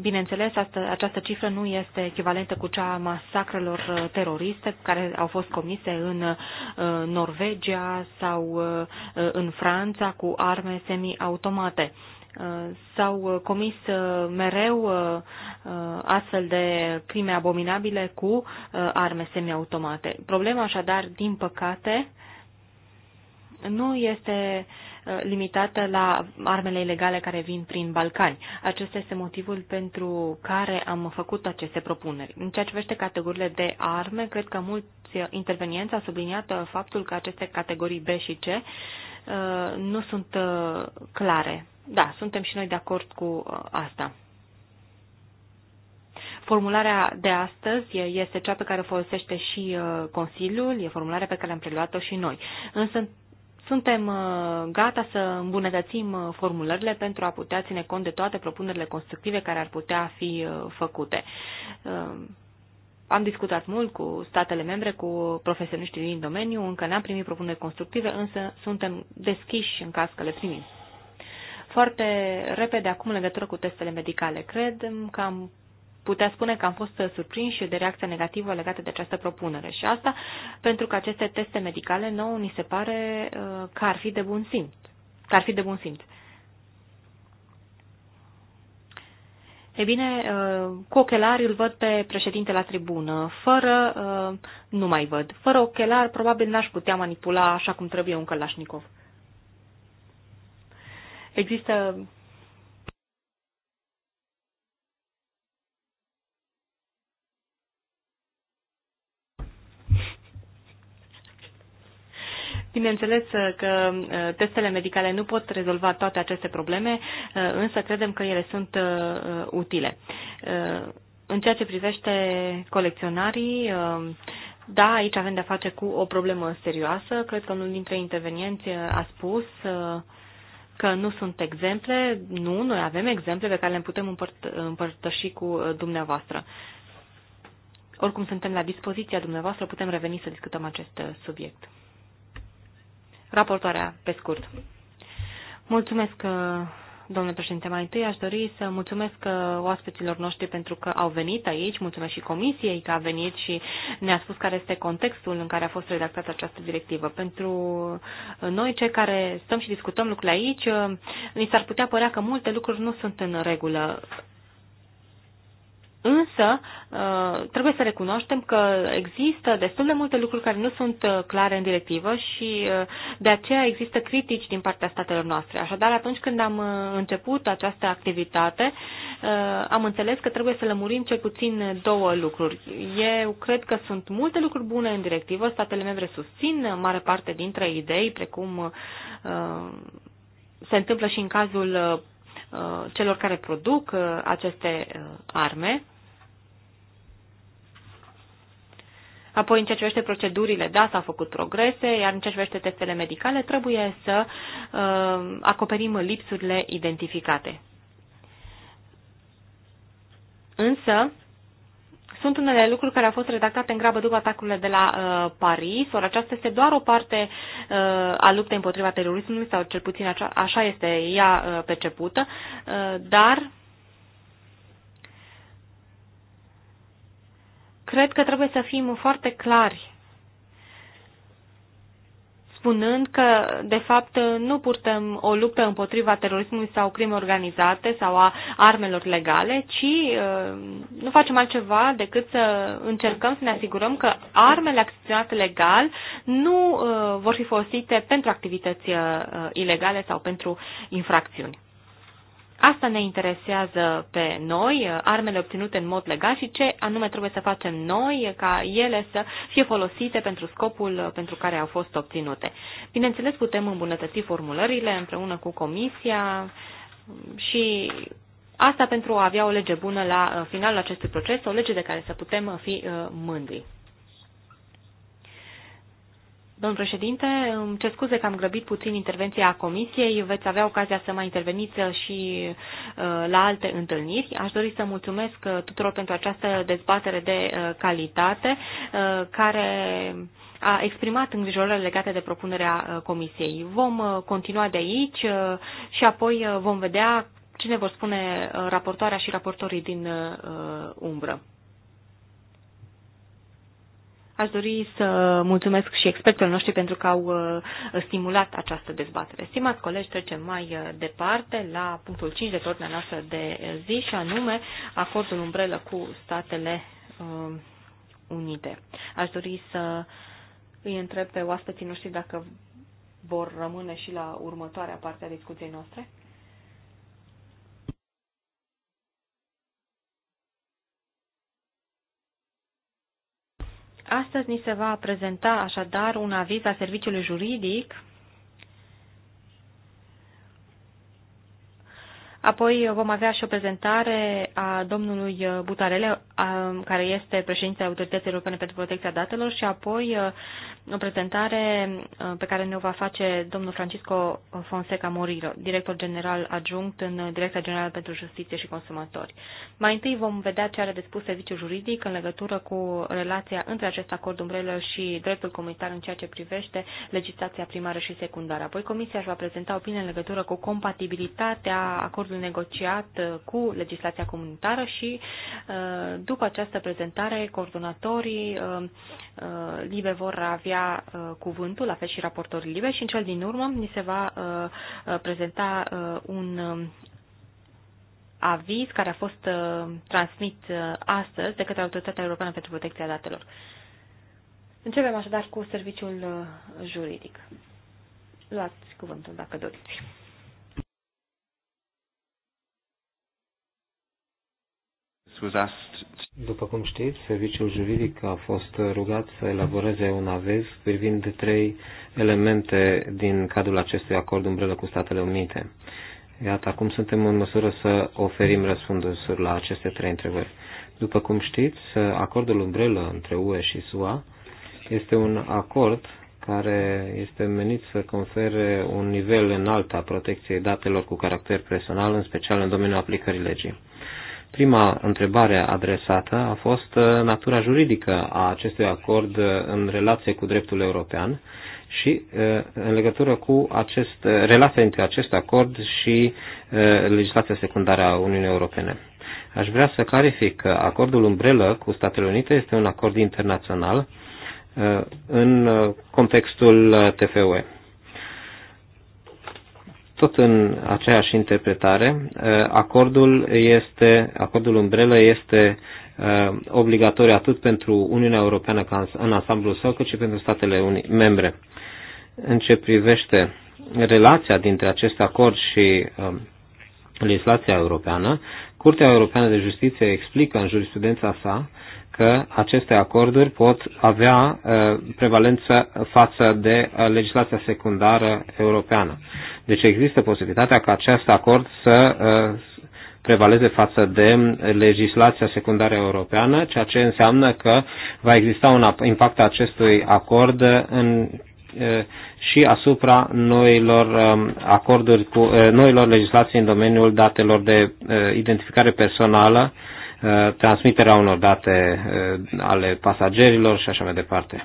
Bineînțeles, asta, această cifră nu este echivalentă cu cea a masacrelor uh, teroriste care au fost comise în uh, Norvegia sau uh, în Franța cu arme semiautomate. Uh, Uh, s-au uh, comis uh, mereu astfel de crime abominabile cu arme semiautomate. Problema așadar, din păcate, nu este limitată la armele ilegale care vin prin Balcani. Acesta este motivul pentru care am făcut aceste propuneri. În ceea ce vește categoriile de arme, cred că mulți intervenienți au subliniat faptul că aceste categorii B și C nu sunt clare da, suntem și noi de acord cu uh, asta. Formularea de astăzi este cea pe care o folosește și uh, Consiliul, e formularea pe care am preluat-o și noi. Însă suntem uh, gata să îmbunătățim formulările pentru a putea ține cont de toate propunerile constructive care ar putea fi făcute. Am discutat mult cu statele membre, cu profesioniștii din domeniu, încă n-am primit propuneri constructive, însă suntem deschiși în caz că le primim foarte repede acum în legătură cu testele medicale. Cred că am putea spune că am fost surprinși de reacția negativă legată de această propunere și asta pentru că aceste teste medicale nou ni se pare uh, că ar fi de bun simț. Că ar fi de bun simț. E bine, uh, cu ochelari îl văd pe președinte la tribună. Fără, uh, nu mai văd. Fără ochelari, probabil n-aș putea manipula așa cum trebuie un călașnicov. Există Bineînțeles că uh, testele medicale nu pot rezolva toate aceste probleme, uh, însă credem că ele sunt uh, utile. În ceea ce privește colecționarii, da, aici avem de-a face cu o problemă serioasă. Cred că unul dintre intervenienți a spus că nu sunt exemple. Nu, noi avem exemple pe care le putem împărt- împărtăși cu uh, dumneavoastră. Oricum suntem la dispoziția dumneavoastră, putem reveni să discutăm acest uh, subiect. Raportoarea, pe scurt. Mulțumesc, uh, domnule președinte. Mai întâi aș dori să mulțumesc uh, oaspeților noștri pentru că au venit aici, mulțumesc și comisiei că a venit și ne-a spus care este contextul în care a fost redactată această directivă. Pentru noi, cei care stăm și discutăm lucrurile aici, ni uh, s-ar putea părea că multe lucruri nu sunt în regulă. Însă, uh, trebuie să recunoaștem că există destul de multe lucruri care nu sunt uh, clare în directivă și uh, de aceea există critici din partea statelor noastre. Așadar, atunci când am început această activitate, am înțeles că trebuie să lămurim cel puțin două lucruri. Eu cred că sunt multe lucruri bune în directivă, statele membre susțin mare parte dintre idei, precum se întâmplă și în cazul Uh, celor care produc uh, aceste uh, arme. Apoi, în ceea ce privește procedurile, da, s-au făcut progrese, iar în ceea ce privește testele medicale, trebuie să uh, acoperim lipsurile identificate. Însă, sunt unele lucruri care au fost redactate în grabă după atacurile de la uh, Paris, ori aceasta este doar o parte uh, a luptei împotriva terorismului, sau cel puțin așa, așa este ea uh, percepută, uh, dar cred că trebuie să fim foarte clari spunând că, de fapt, nu purtăm o luptă împotriva terorismului sau crime organizate sau a armelor legale, ci uh, nu facem altceva decât să încercăm să ne asigurăm că armele acționate legal nu uh, vor fi folosite pentru activități uh, ilegale sau pentru infracțiuni. Asta ne interesează pe noi, armele obținute în mod legal și ce anume trebuie să facem noi ca ele să fie folosite pentru scopul pentru care au fost obținute. Bineînțeles, putem îmbunătăți formulările împreună cu Comisia și asta pentru a avea o lege bună la uh, finalul acestui proces, o lege de care să putem uh, fi uh, mândri. Domnul președinte, îmi cer scuze că am grăbit puțin intervenția a comisiei. Veți avea ocazia să mai interveniți și uh, la alte întâlniri. Aș dori să mulțumesc uh, tuturor pentru această dezbatere de uh, calitate care a exprimat îngrijorările legate de propunerea comisiei. Vom continua de aici și apoi vom vedea ce ne vor spune raportoarea și raportorii din umbră. Aș dori să mulțumesc și expertelor noștri pentru că au uh, stimulat această dezbatere. Stimați colegi, trecem mai uh, departe la punctul 5 de ordinea noastră de zi și anume acordul umbrelă cu Statele uh, Unite. Aș dori să îi întreb pe oaspeții noștri dacă vor rămâne și la următoarea parte a discuției noastre. Astăzi ni se va prezenta așadar un aviz a serviciului juridic Apoi vom avea și o prezentare a domnului Butarele, care este președintele Autorității Europene pentru Protecția Datelor, și apoi o prezentare pe care ne-o va face domnul Francisco Fonseca Moriro, director general adjunct în Direcția Generală pentru Justiție și Consumatori. Mai întâi vom vedea ce are de spus serviciul juridic în legătură cu relația între acest acord umbrelă și dreptul comunitar în ceea ce privește legislația primară și secundară. Apoi Comisia își va prezenta opinie în legătură cu compatibilitatea acordului negociat uh, cu legislația comunitară și uh, după această prezentare, coordonatorii uh, libe vor avea cuvântul, la fel și raportorii libe și în cel din urmă ni se va prezenta un um, aviz care a fost transmit astăzi de către Autoritatea Europeană pentru Protecția Datelor. Începem așadar cu serviciul juridic. Luați cuvântul dacă doriți. was asked după cum știți, serviciul juridic a fost rugat să elaboreze un avez privind trei elemente din cadrul acestui acord umbrelă cu Statele Unite. Iată, acum suntem în măsură să oferim răspunsuri la aceste trei întrebări. După cum știți, acordul umbrelă între UE și SUA este un acord care este menit să confere un nivel înalt a protecției datelor cu caracter personal, în special în domeniul aplicării legii. Prima întrebare adresată a fost uh, natura juridică a acestui acord uh, în relație cu dreptul european și uh, în legătură cu acest, relația între acest acord și legislația secundară a Uniunii Europene. Aș vrea să clarific că acordul umbrelă cu Statele Unite este un acord internațional în contextul TFUE tot în aceeași interpretare, uh, acordul, este, acordul umbrelă este uh, obligatoriu atât pentru Uniunea Europeană ca în ansamblul său, cât și pentru statele unii, membre. În ce privește relația dintre acest acord și um, legislația europeană, Curtea Europeană de Justiție explică în jurisprudența sa că aceste acorduri pot avea prevalență față de legislația secundară europeană. Deci există posibilitatea ca acest acord să prevaleze față de legislația secundară europeană, ceea ce înseamnă că va exista un impact acestui acord în și asupra noilor acorduri cu noilor legislații în domeniul datelor de identificare personală Eh, transmiterea unor date eh, ale pasagerilor și așa mai departe.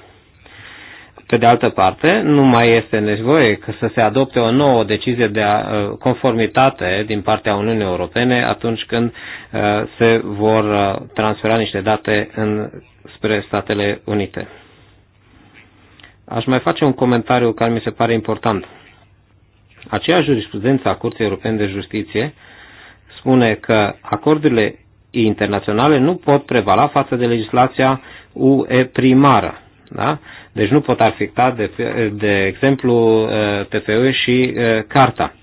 Pe de altă parte, nu mai este nevoie că să se adopte o nouă decizie de eh, conformitate din partea Uniunii Europene atunci când se vor transfera niște date în, spre Statele Unite. Aș mai face un comentariu care mi se pare important. Aceeași jurisprudență a Curții Europene de Justiție spune că acordurile internaționale nu pot prevala față de legislația UE primară. Da? Deci nu pot afecta, de, de exemplu, uh, TFUE și uh, Carta.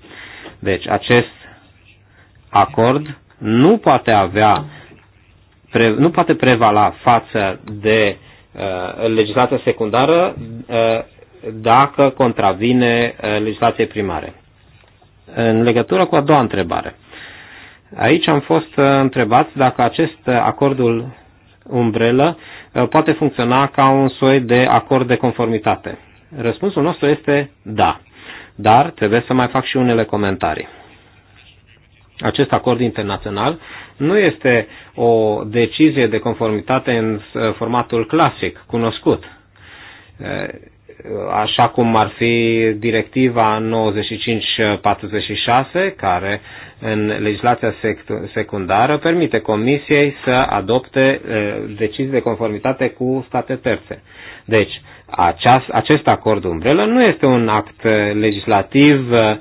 Deci acest acord nu poate avea, pre, nu poate prevala față de uh, legislația secundară uh, dacă contravine uh, legislației primare. În legătură cu a doua întrebare, Aici am fost uh, întrebați dacă acest acordul umbrelă uh, poate funcționa ca un soi de acord de conformitate. Răspunsul nostru este da, dar trebuie să mai fac și unele comentarii. Acest acord internațional nu este o decizie de conformitate în uh, formatul clasic, cunoscut, așa cum ar fi directiva 9546, care în legislația secundară permite Comisiei să adopte eh, decizii de conformitate cu state terțe. Deci, aceast, acest acord umbrelă nu este un act eh, legislativ eh,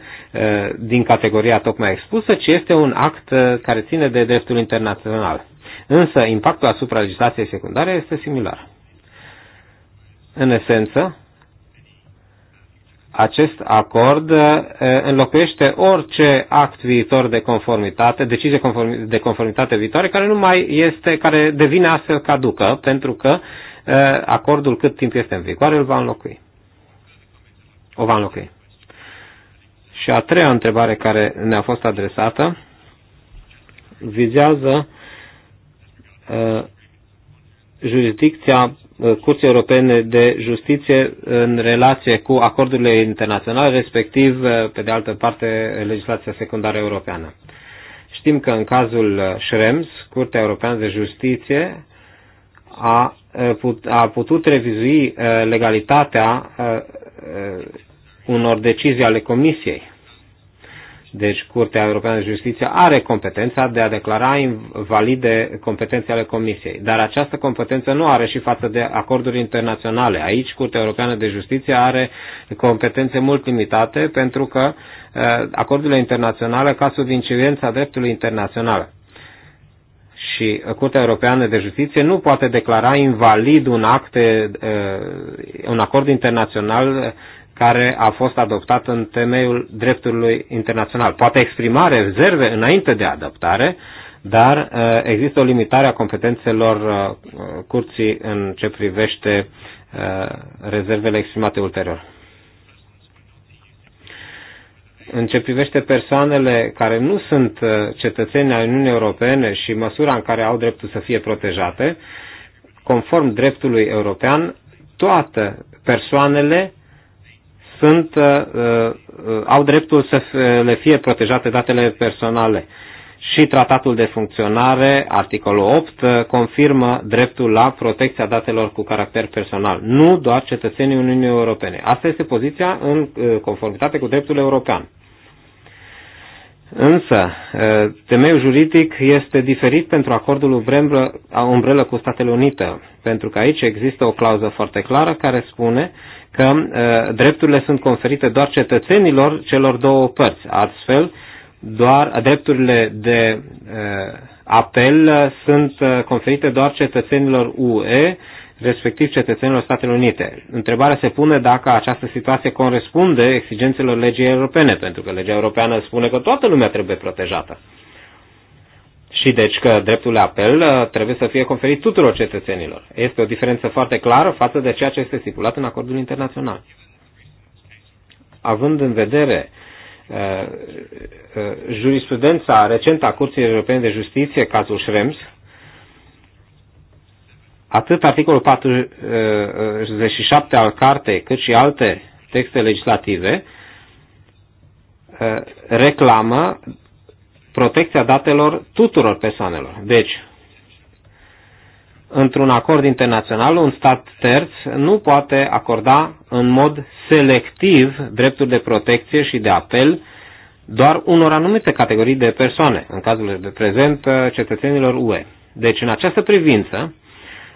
din categoria tocmai expusă, ci este un act care ține de dreptul internațional. Însă, impactul asupra legislației secundare este similar. În esență, acest acord uh, înlocuiește orice act viitor de conformitate, decizie de conformitate viitoare, care nu mai este, care devine astfel caducă, pentru că uh, acordul cât timp este în vigoare îl va înlocui. O va înlocui. Și a treia întrebare care ne-a fost adresată vizează uh, jurisdicția Uh, Curții Europene de Justiție în relație cu acordurile internaționale, respectiv, uh, pe de altă parte, legislația secundară europeană. Știm că în cazul uh, Schrems, Curtea Europeană de Justiție a, put, a putut revizui legalitatea unor decizii ale Comisiei. Deci Curtea Europeană de Justiție are competența de a declara invalide competențe ale Comisiei, dar această competență nu are și față de acorduri internaționale. Aici Curtea Europeană de Justiție are competențe mult limitate pentru că eh, acordurile internaționale ca sub incidența dreptului internațional. Și Curtea Europeană de Justiție nu poate declara invalid un act, eh, un acord internațional care a fost adoptat în temeiul dreptului internațional. Poate exprima rezerve înainte de adoptare, dar uh, există o limitare a competențelor uh, curții în ce privește uh, rezervele exprimate ulterior. În ce privește persoanele care nu sunt cetățeni ai Uniunii Europene și măsura în care au dreptul să fie protejate, conform dreptului european, toate persoanele sunt, uh, uh, au dreptul să le fie protejate datele personale. Și tratatul de funcționare, articolul 8, uh, confirmă dreptul la protecția datelor cu caracter personal, nu doar cetățenii Uniunii Europene. Asta este poziția în conformitate cu dreptul european. Însă, temeiul juridic este diferit pentru acordul umbrelă, cu Statele Unite, pentru că aici există o clauză foarte clară care spune că uh, drepturile sunt conferite doar cetățenilor celor două părți. Astfel, doar drepturile de uh, apel uh, sunt conferite doar cetățenilor UE, respectiv cetățenilor Statelor Unite. Întrebarea se pune dacă această situație corespunde exigențelor legii europene, pentru că legea europeană spune că toată lumea trebuie protejată. Și deci că dreptul de apel uh, trebuie să fie conferit tuturor cetățenilor. Este o diferență foarte clară față de ceea ce este stipulat în acordul internațional. Având în vedere uh, uh, jurisprudența recentă a Curții Europene de Justiție, cazul Schrems, atât articolul 47 al cartei, cât și alte texte legislative uh, reclamă protecția datelor tuturor persoanelor. Deci, într-un acord internațional, un stat terț nu poate acorda în mod selectiv drepturi de protecție și de apel doar unor anumite categorii de persoane, în cazul de prezent cetățenilor UE. Deci, în această privință,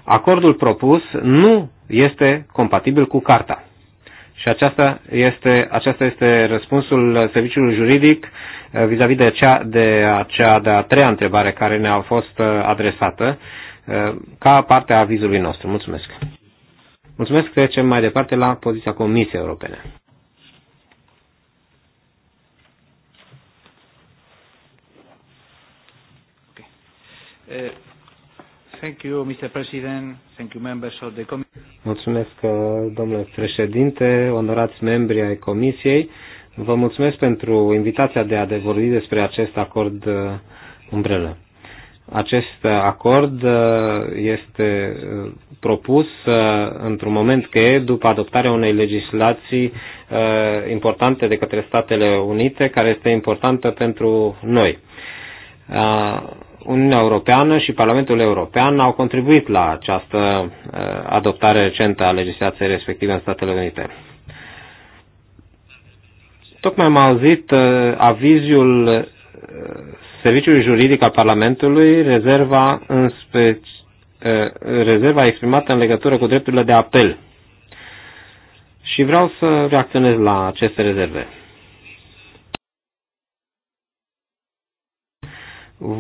acordul propus nu este compatibil cu Carta. Și aceasta este, aceasta este răspunsul serviciului juridic vis-a-vis -vis de, cea, de acea de-a treia întrebare care ne-a fost uh, adresată uh, ca parte a avizului nostru. Mulțumesc. Mulțumesc. Trecem mai departe la poziția Comisiei Europene. Uh, thank you, Mr. President. Thank you, members of the Mulțumesc, domnule președinte, onorați membri ai Comisiei. Vă mulțumesc pentru invitația de a vorbi despre acest acord uh, umbrelă. Acest acord uh, este uh, propus într-un moment cheie după adoptarea unei legislații importante de către Statele Unite, care este importantă pentru noi. Uniunea Europeană și Parlamentul European au contribuit la această adoptare recentă a legislației respective în Statele Unite. Tocmai am auzit uh, avizul uh, Serviciului Juridic al Parlamentului, rezerva, în speci, uh, rezerva exprimată în legătură cu drepturile de apel. Și vreau să reacționez la aceste rezerve.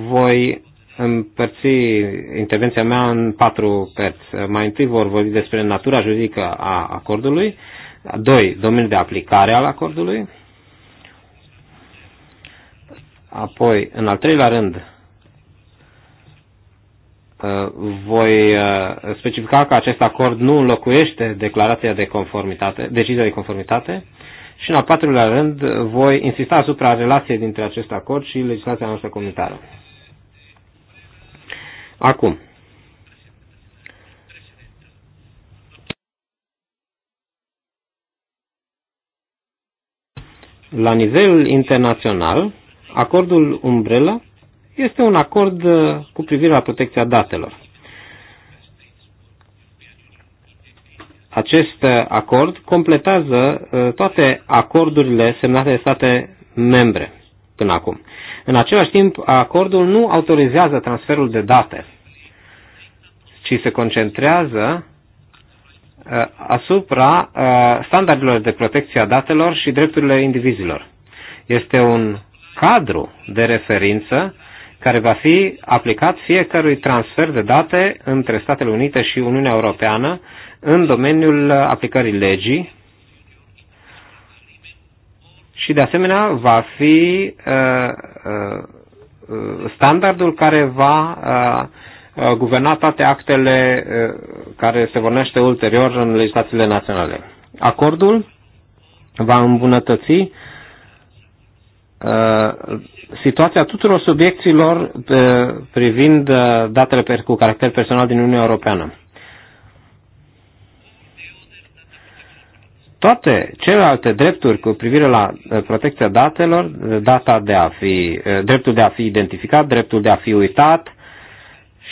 Voi împărți intervenția mea în patru părți. Mai întâi vor vorbi despre natura juridică a acordului, doi, domeniul de aplicare al acordului, Apoi, în al treilea rând, uh, voi uh, specifica că acest acord nu înlocuiește declarația de conformitate, decizia de conformitate și în al patrulea rând voi insista asupra relației dintre acest acord și legislația noastră comunitară. Acum, la nivel internațional, Acordul umbrelă este un acord uh, cu privire la protecția datelor. Acest uh, acord completează uh, toate acordurile semnate de state membre până acum. În același timp, acordul nu autorizează transferul de date, ci se concentrează asupra standardelor de protecție a datelor și drepturile indivizilor. Este un cadru de referință care va fi aplicat fiecărui transfer de date între Statele Unite și Uniunea Europeană în domeniul aplicării legii și de asemenea va fi uh, uh, standardul care va uh, guverna toate actele care se vor ulterior în legislațiile naționale. Acordul va îmbunătăți Uh, situația tuturor subiecților uh, privind uh, datele cu caracter personal din Uniunea Europeană. toate celelalte drepturi cu privire la protecția datelor, data de a fi, dreptul de a fi identificat, dreptul de a fi uitat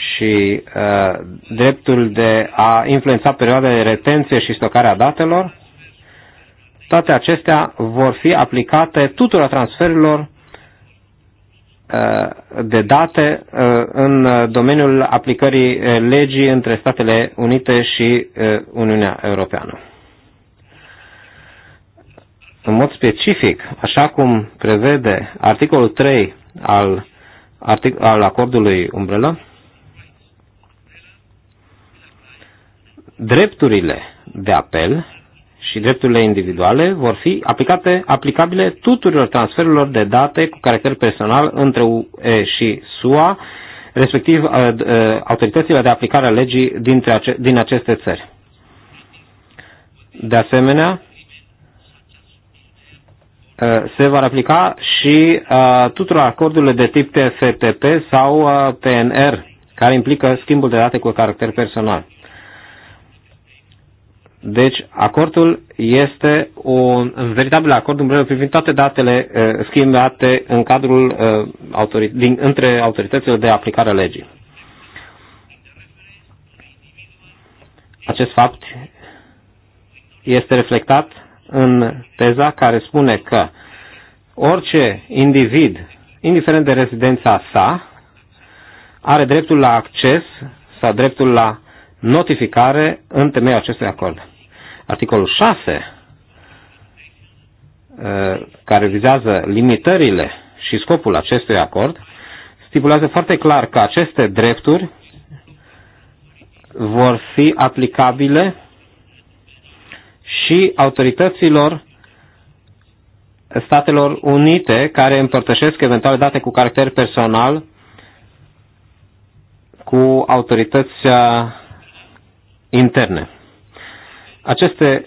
și uh, dreptul de a influența perioada de retenție și stocarea datelor, toate acestea vor fi aplicate tuturor transferurilor uh, de date uh, în domeniul aplicării uh, legii între Statele Unite și Uniunea Europeană. În mod specific, așa cum prevede articolul 3 al, artic, al acordului Umbrella, drepturile de apel și drepturile individuale vor fi aplicate, aplicabile tuturor transferurilor de date cu caracter personal între UE și SUA, respectiv uh, uh, autoritățile de aplicare a legii dintre ace- din aceste țări. De asemenea, uh, se va aplica și tuturor acordurile de tip TFTP sau PNR, care implică schimbul de date cu caracter personal. Deci, acordul este un, un veritabil acord umbrelă privind toate datele uh, schimbate în cadrul uh, autori- din, între autoritățile de aplicare a legii. Acest fapt este reflectat în teza care spune că orice individ, indiferent de rezidența sa, are dreptul la acces sau dreptul la notificare în temeiul acestui acord. Articolul 6, eh, care vizează limitările și scopul acestui acord, stipulează foarte clar că aceste drepturi vor fi aplicabile și autorităților Statelor Unite care împărtășesc eventuale date cu caracter personal cu autorități eh, interne. Aceste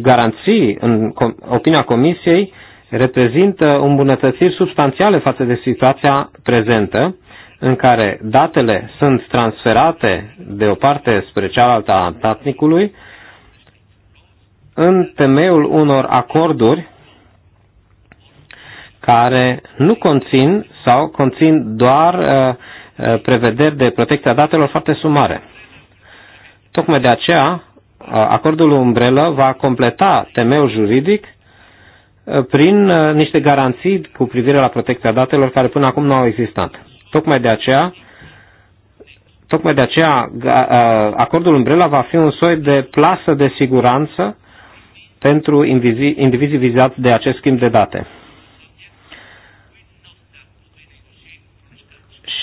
garanții, în opinia Comisiei, reprezintă îmbunătățiri substanțiale față de situația prezentă, în care datele sunt transferate de o parte spre cealaltă a tatnicului, în temeiul unor acorduri care nu conțin sau conțin doar uh, uh prevederi de protecția datelor foarte sumare. Tocmai de aceea acordul umbrelă va completa temeul juridic prin niște garanții cu privire la protecția datelor care până acum nu au existat. Tocmai de aceea, tocmai de aceea acordul umbrela va fi un soi de plasă de siguranță pentru indivizii vizați de acest schimb de date.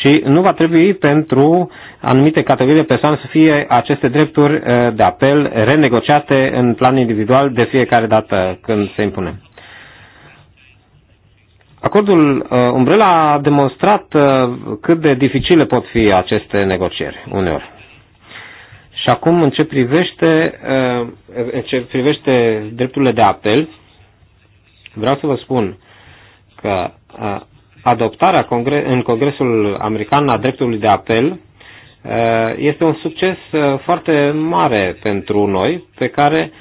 și nu va trebui pentru anumite categorii de persoane să fie aceste drepturi eh, de apel renegociate în plan individual de fiecare dată când se impune. Acordul uh, eh, Umbrella a demonstrat uh, cât de dificile pot fi aceste negocieri uneori. Și acum, în ce privește, uh, în ce privește drepturile de apel, vreau să vă spun că adoptarea în Congresul American a dreptului de apel uh, este un succes uh, foarte mare pentru noi, pe care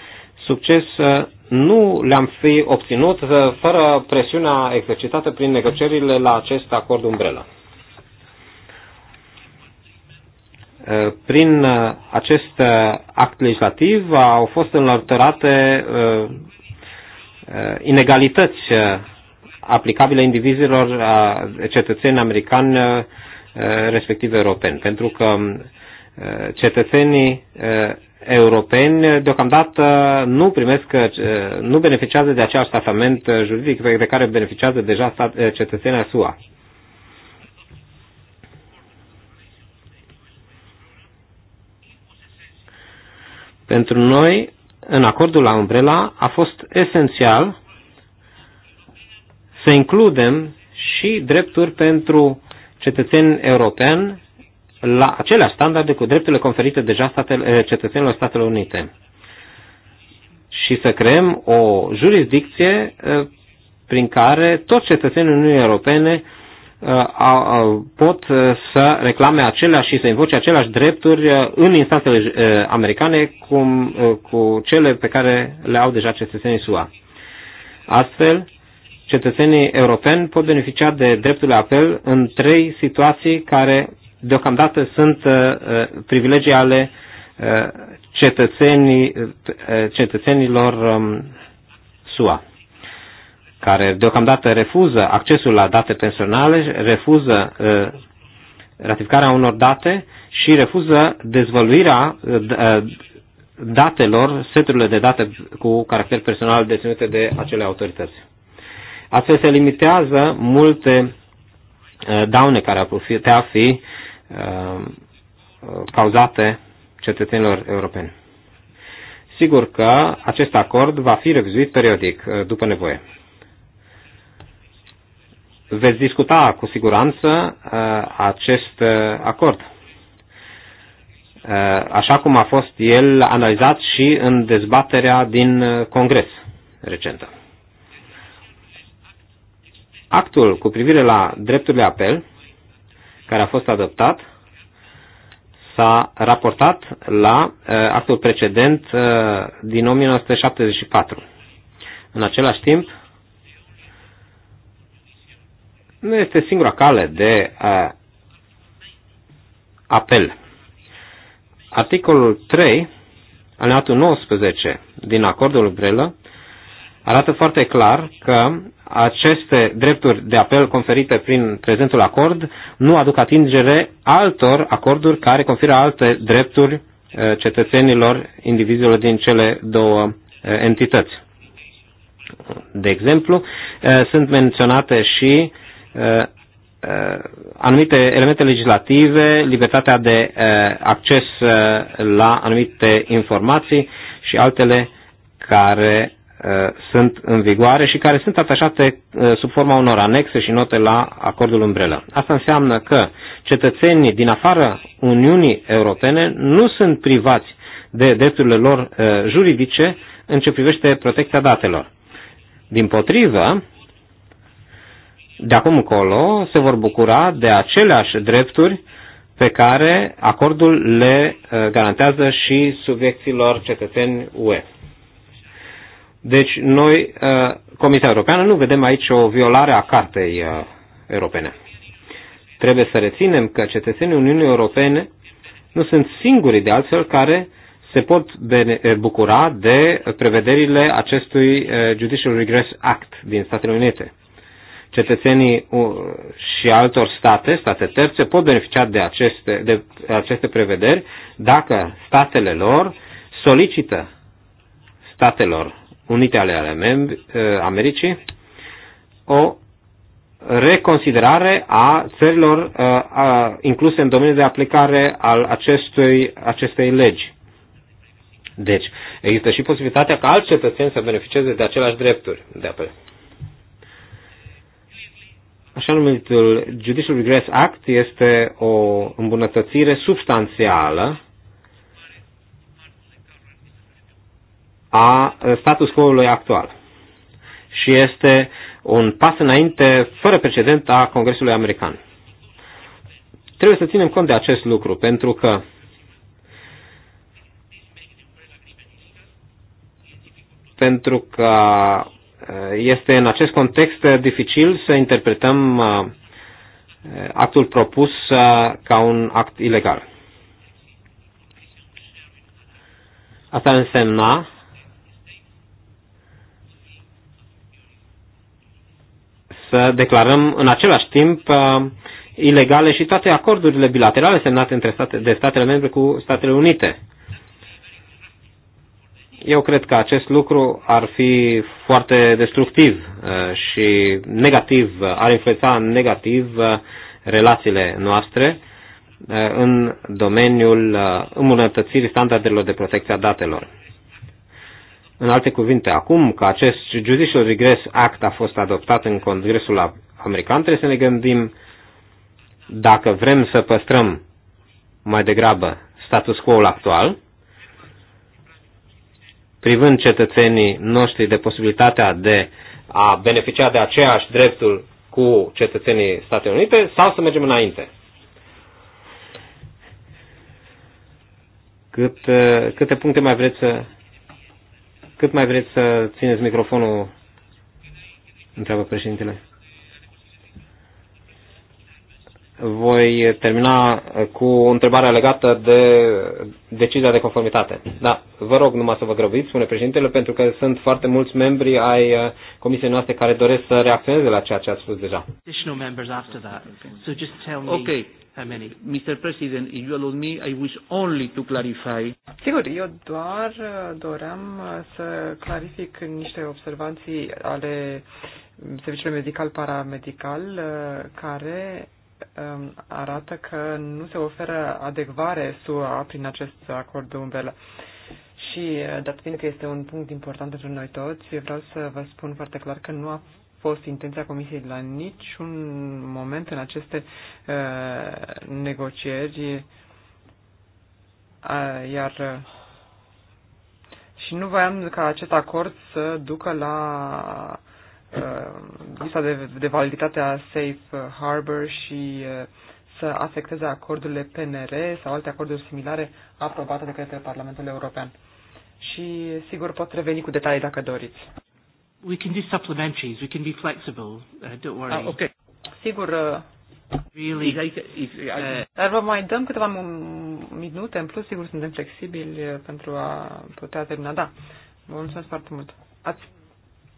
succes uh, nu le-am fi obținut fără presiunea exercitată prin negocierile la acest acord umbrelă. Prin acest act legislativ au fost înlăturate inegalități aplicabile indivizilor cetățeni americani, respectiv europeni. Pentru că cetățenii europeni deocamdată nu primesc, nu beneficiază de același tratament juridic de care beneficiază deja cetățenia SUA. Pentru noi, în acordul la Umbrella, a fost esențial să includem și drepturi pentru cetățeni europeni la aceleași standarde cu drepturile conferite deja eh, cetățenilor Statelor Unite și să creăm o jurisdicție eh, prin care toți cetățenii Uniunii Europene eh, pot să reclame aceleași și să invoce aceleași drepturi în instanțele americane cum, cu cele pe care le au deja cetățenii SUA. Astfel, cetățenii europeni pot beneficia de dreptul la apel în trei situații care deocamdată sunt uh, uh, privilegii ale uh, cetățenii, cetățenilor um, SUA care deocamdată refuză accesul la date personale, refuză ratificarea unor date și refuză dezvăluirea datelor, seturile de date cu caracter personal deținute de acele autorități. Astfel se limitează multe uh, daune care ar putea fi uh, uh, cauzate cetățenilor europeni. Sigur că acest acord va fi revizuit periodic, după nevoie. Veți discuta cu siguranță acest acord, așa cum a fost el analizat și în dezbaterea din Congres recentă. Actul cu privire la dreptul de apel, care a fost adoptat, s-a raportat la uh, actul precedent uh, din 1974. În același timp, nu este singura cale de uh, apel. Articolul 3, alineatul 19 din acordul Brelă, arată foarte clar că aceste drepturi de apel conferite prin prezentul acord nu aduc atingere altor acorduri care conferă alte drepturi eh, cetățenilor, indivizilor din cele două eh, entități. De exemplu, eh, sunt menționate și anumite elemente legislative, libertatea de acces la anumite informații și altele care Uh, sunt în vigoare și care sunt atașate uh, sub forma unor anexe și note la acordul umbrelă. Asta înseamnă că cetățenii din afara Uniunii Europene nu sunt privați de drepturile lor uh, juridice în ce privește protecția datelor. Din potrivă, de acum încolo se vor bucura de aceleași drepturi pe care acordul le garantează și subiecților cetățeni UE. Deci noi, uh, Comisia Europeană, nu vedem aici o violare a cartei uh, europene. Trebuie să reținem că cetățenii Uniunii Europene nu sunt singurii de altfel care se pot eh, bucura de prevederile acestui eh, Judicial Regress Act din Statele Unite. Cetățenii uh, și altor state, state terțe, pot beneficia de aceste, de aceste prevederi dacă statele lor solicită statelor Unite ale eh, Americii o reconsiderare a țărilor eh, incluse în domeniul de aplicare al acestui, acestei legi. Deci, există și posibilitatea ca alți cetățeni să beneficieze de aceleași drepturi de apel. Așa numitul Judicial Regress Act este o îmbunătățire substanțială a status quo-ului actual. Și este un pas înainte fără precedent a Congresului American. Trebuie să ținem cont de acest lucru, pentru că pentru că este în acest context dificil să interpretăm actul propus ca un act ilegal. Asta însemna să declarăm în același timp uh, ilegale și toate acordurile bilaterale semnate între state, de statele membre cu Statele Unite. Eu cred că acest lucru ar fi foarte destructiv uh, și negativ, uh, ar influența negativ relațiile noastre în domeniul îmbunătățirii standardelor de protecție a datelor. În alte cuvinte, acum că acest Judicial Regress Act a fost adoptat în Congresul American, trebuie să ne gândim dacă vrem să păstrăm mai degrabă status quo-ul actual, privând cetățenii noștri de posibilitatea de a beneficia de aceeași dreptul cu cetățenii Statelor Unite sau să mergem înainte. Cât, câte puncte mai vreți să cât mai vreți să țineți microfonul? Întreabă președintele. Voi termina cu o întrebare legată de decizia de conformitate. Da, vă rog numai să vă grăbiți, spune președintele, pentru că sunt foarte mulți membri ai comisiei noastre care doresc să reacționeze la ceea ce ați spus deja. Ok, many. Mr. President, if you allow me, I wish only to clarify. Sigur, eu doar uh, doream uh, să clarific niște observații ale serviciului medical-paramedical uh, care um, arată că nu se oferă adecvare SUA prin acest acord de umbrelă. Și, dat fiind că este un punct important pentru noi toți, vreau să vă spun foarte clar că nu a fost intenția Comisiei la niciun moment în aceste uh, negocieri, uh, iar uh, și nu voiam ca acest acord să ducă la uh, lista de, de validitate a Safe Harbor și uh, să afecteze acordurile PNR sau alte acorduri similare aprobate de către Parlamentul European. Și sigur pot reveni cu detalii dacă doriți. We can do supplementaries. We can be flexible. Uh, don't worry. Ah, okay. Sigur. Uh, really? Uh, dar vă mai dăm câteva minute în plus. Sigur, suntem flexibili uh, pentru a putea termina. Da. Vă mulțumesc foarte mult. Ați,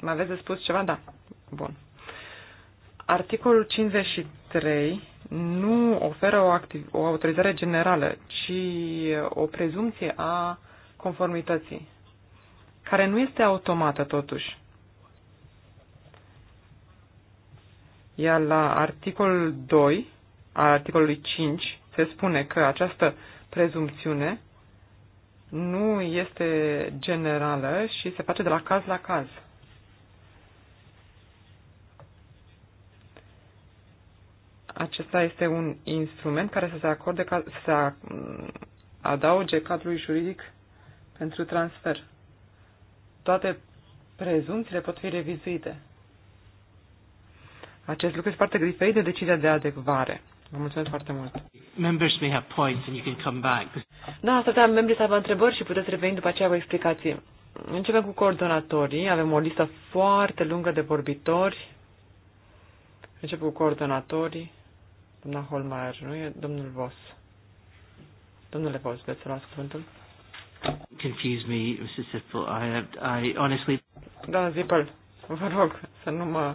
mai aveți de spus ceva? Da. Bun. Articolul 53 nu oferă o, activ- o autorizare generală, ci uh, o prezumție a conformității, care nu este automată totuși. Iar la articolul 2, al articolului 5, se spune că această prezumțiune nu este generală și se face de la caz la caz. Acesta este un instrument care să se acorde, să se adauge cadrului juridic pentru transfer. Toate prezumțiile pot fi revizuite. Acest lucru este foarte diferit de decizia de adecvare. Vă mulțumesc foarte mult. Members may have points and you can come back. Da, am da, membrii să aibă întrebări și puteți reveni după aceea cu explicații. Începem cu coordonatorii. Avem o listă foarte lungă de vorbitori. Începem cu coordonatorii. Doamna Holmeier, nu e? Domnul Vos. Domnule Vos, veți să luați cuvântul? Confuse me, Mrs. Zippel. I, I honestly... Doamna Zippel, vă rog să nu mă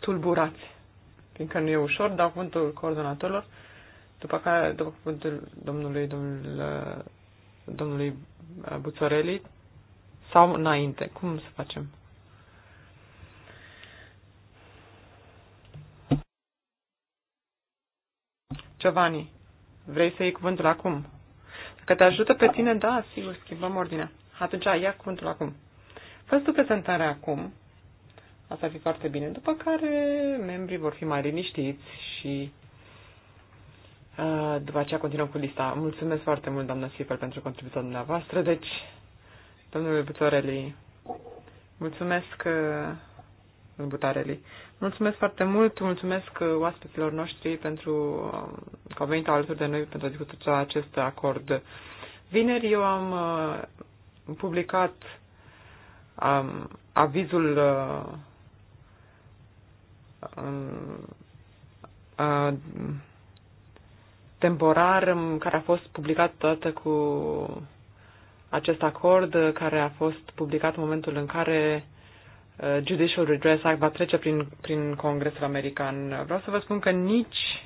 tulburați, fiindcă nu e ușor, dau cuvântul coordonatorilor, după care după cuvântul domnului, domnul, domnului Buțorelli sau înainte. Cum să facem? Giovanni, vrei să iei cuvântul acum? Dacă te ajută pe tine, da, sigur, schimbăm ordinea. Atunci, ia cuvântul acum. Fă tu prezentarea acum Asta ar fi foarte bine. După care membrii vor fi mai liniștiți și după aceea continuăm cu lista. Mulțumesc foarte mult, doamna Sipel, pentru contribuția dumneavoastră. Deci, domnule Butoreli, mulțumesc, Butoreli, mulțumesc foarte mult, mulțumesc oaspeților noștri pentru că au venit alături de noi pentru a discuta acest acord. Vineri eu am publicat avizul uh, temporar care a fost publicat toată cu acest acord care a fost publicat în momentul în care Judicial Redress Act va trece prin, prin Congresul American. Vreau să vă spun că nici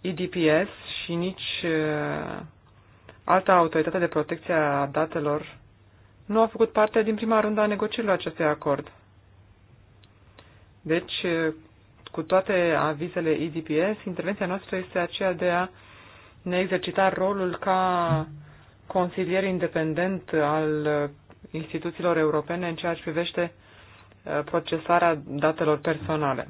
EDPS și nici alta autoritate de protecție a datelor nu a făcut parte din prima rundă a negocierilor acestui acord. Deci, cu toate avizele IDPS, intervenția noastră este aceea de a ne exercita rolul ca consilier independent al instituțiilor europene în ceea ce privește procesarea datelor personale.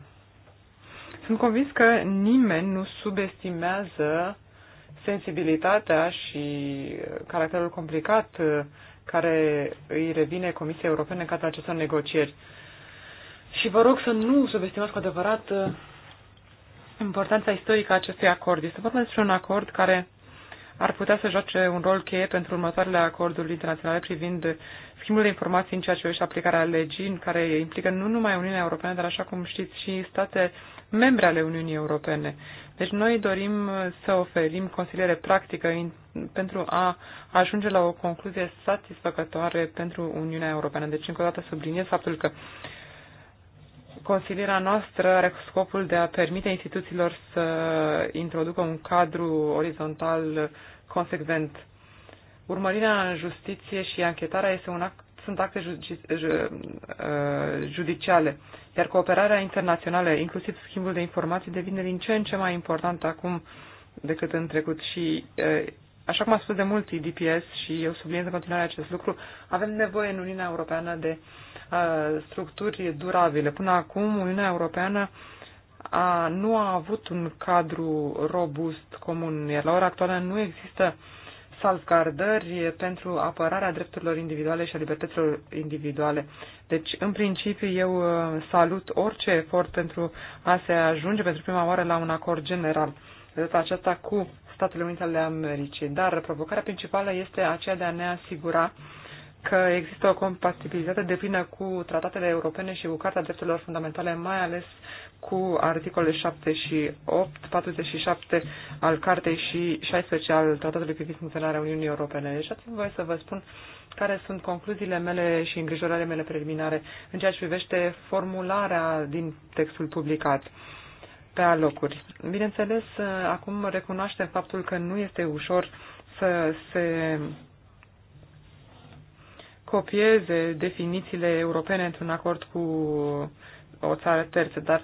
Sunt convins că nimeni nu subestimează sensibilitatea și caracterul complicat care îi revine Comisiei Europene în cadrul acestor negocieri. Și vă rog să nu subestimați cu adevărat uh, importanța istorică a acestui acord. Este vorba despre un acord care ar putea să joace un rol cheie pentru următoarele acorduri internaționale privind schimbul de informații în ceea ce privește aplicarea legii, în care implică nu numai Uniunea Europeană, dar așa cum știți și state membre ale Uniunii Europene. Deci noi dorim să oferim consiliere practică pentru a ajunge la o concluzie satisfăcătoare pentru Uniunea Europeană. Deci încă o dată subliniez faptul că Consilierea noastră are scopul de a permite instituțiilor să introducă un cadru orizontal consecvent. Urmărirea în justiție și anchetarea este un act, sunt acte uh, judiciale, iar cooperarea internațională, inclusiv schimbul de informații, devine din ce în ce mai important acum decât în trecut și uh, Așa cum a spus de mulți DPS și eu subliniez în continuare acest lucru, avem nevoie în Uniunea Europeană de uh, structuri durabile. Până acum, Uniunea Europeană a, nu a avut un cadru robust comun, iar la ora actuală nu există salvgardări pentru apărarea drepturilor individuale și a libertăților individuale. Deci, în principiu, eu uh, salut orice efort pentru a se ajunge pentru prima oară la un acord general de data aceasta cu Statele Unite ale Americii. Dar provocarea principală este aceea de a ne asigura că există o compatibilitate plină cu tratatele europene și cu Carta Drepturilor Fundamentale, mai ales cu articolele 7 și 8, 47 al Cartei și 16 al Tratatului privind funcționarea Uniunii Europene. Deci ați voie să vă spun care sunt concluziile mele și îngrijorările mele preliminare în ceea ce privește formularea din textul publicat pe alocuri. Bineînțeles, acum recunoaștem faptul că nu este ușor să se copieze definițiile europene într-un acord cu o țară terță, dar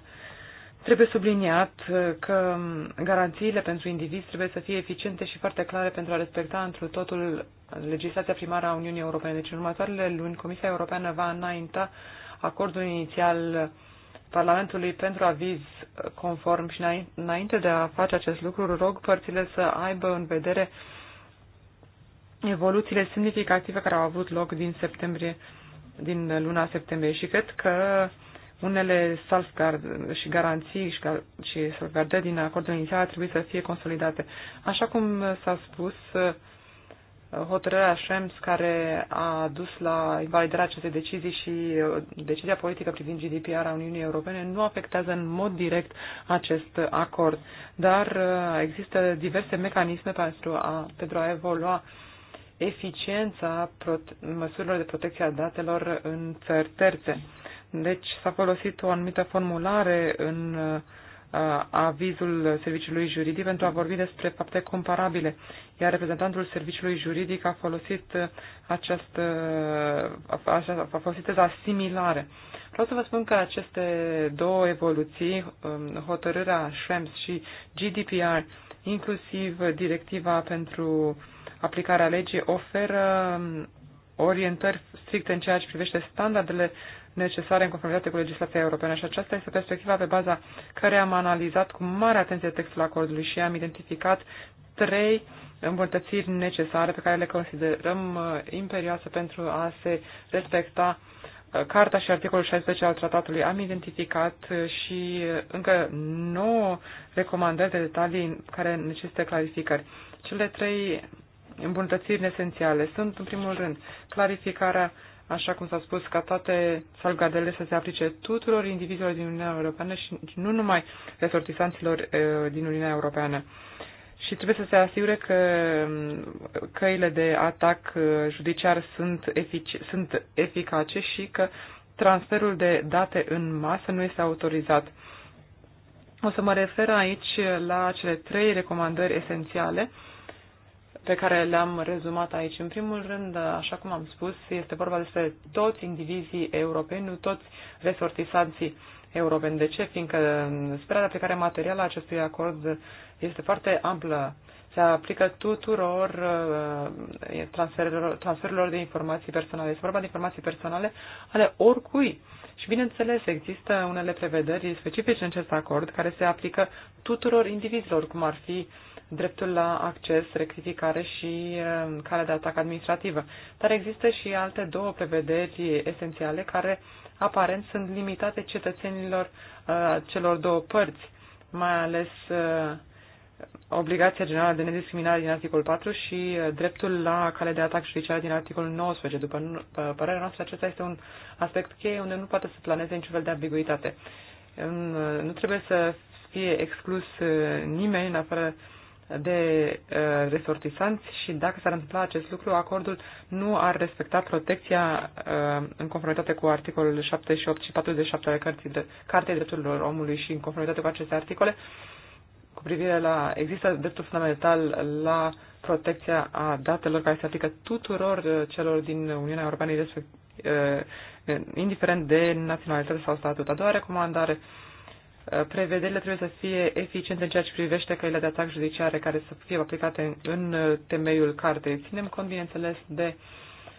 trebuie subliniat că garanțiile pentru indivizi trebuie să fie eficiente și foarte clare pentru a respecta întru totul legislația primară a Uniunii Europene. Deci în următoarele luni Comisia Europeană va înainta acordul inițial uh, Parlamentului pentru aviz uh, conform și înainte de a face acest lucru, rog părțile să aibă în vedere evoluțiile semnificative care au avut loc din septembrie, din luna septembrie și cred că unele salvgard și garanții și, și salvgarde din acordul inițial ar trebui să fie consolidate. Așa cum s-a spus, uh, hotărârea Schrems care a dus la invalidarea acestei decizii și uh, decizia politică privind GDPR a Uniunii Europene nu afectează în mod direct acest acord, dar uh, există diverse mecanisme pentru a, pentru a evolua eficiența măsurilor de protecție a datelor în țări terțe. Deci s-a folosit o anumită formulare în uh, avizul serviciului juridic pentru a vorbi despre fapte comparabile, iar reprezentantul serviciului juridic a folosit uh, această, a, a folosit teza similare. Vreau să vă spun că aceste două evoluții, um, hotărârea Schrems și GDPR, inclusiv directiva pentru aplicarea legii, oferă um, orientări stricte în ceea ce privește standardele necesare în conformitate cu legislația europeană și aceasta este perspectiva pe baza care am analizat cu mare atenție textul acordului și am identificat trei îmbunătățiri necesare pe care le considerăm uh, imperioase pentru a se respecta uh, Carta și articolul 16 al tratatului am identificat uh, și încă nouă recomandări de detalii care necesită clarificări. Cele trei îmbunătățiri esențiale sunt, în primul rând, clarificarea așa cum s-a spus, ca toate salgadele să se aplice tuturor indivizilor din Uniunea Europeană și nu numai resortisanților din Uniunea Europeană. Și trebuie să se asigure că mm, căile de atac judiciar sunt, efici- sunt eficace și că transferul de date în masă nu este autorizat. O să mă refer aici la cele trei recomandări esențiale uh, pe care le-am rezumat aici. În primul rând, așa cum am spus, este vorba despre toți indivizii europeni, nu toți resortisanții europeni. De ce? Fiindcă sperarea de aplicare materială a acestui acord este foarte amplă. Se aplică tuturor uh, transferurilor, transferurilor de informații personale. Este vorba de informații personale ale oricui. Și bineînțeles, există unele prevederi specifice în acest acord care se aplică tuturor indivizilor, cum ar fi uh, dreptul la acces, rectificare și uh, calea de atac administrativă. Dar există și alte două prevederi esențiale care aparent sunt limitate cetățenilor uh, celor două părți, mai ales uh, obligația generală de nediscriminare din articolul 4 și dreptul la cale de atac judiciar din articolul 19. După părerea noastră, acesta este un aspect cheie unde nu poate să planeze niciun fel de ambiguitate. Nu trebuie să fie exclus nimeni în afară de uh, resortisanți și dacă s-ar întâmpla acest lucru, acordul nu ar respecta protecția uh, în conformitate cu articolul 78 și 47 ale Cărții de, Cartei Drepturilor Omului și în conformitate cu aceste articole, cu privire la există dreptul fundamental la protecția a datelor care se aplică tuturor uh, celor din Uniunea Europeană, uh, indiferent de naționalitate sau statut. A doua recomandare uh, prevederile trebuie să fie eficiente în ceea ce privește căile de atac judiciare care să fie aplicate în temeiul cartei. Ținem cont, bineînțeles, de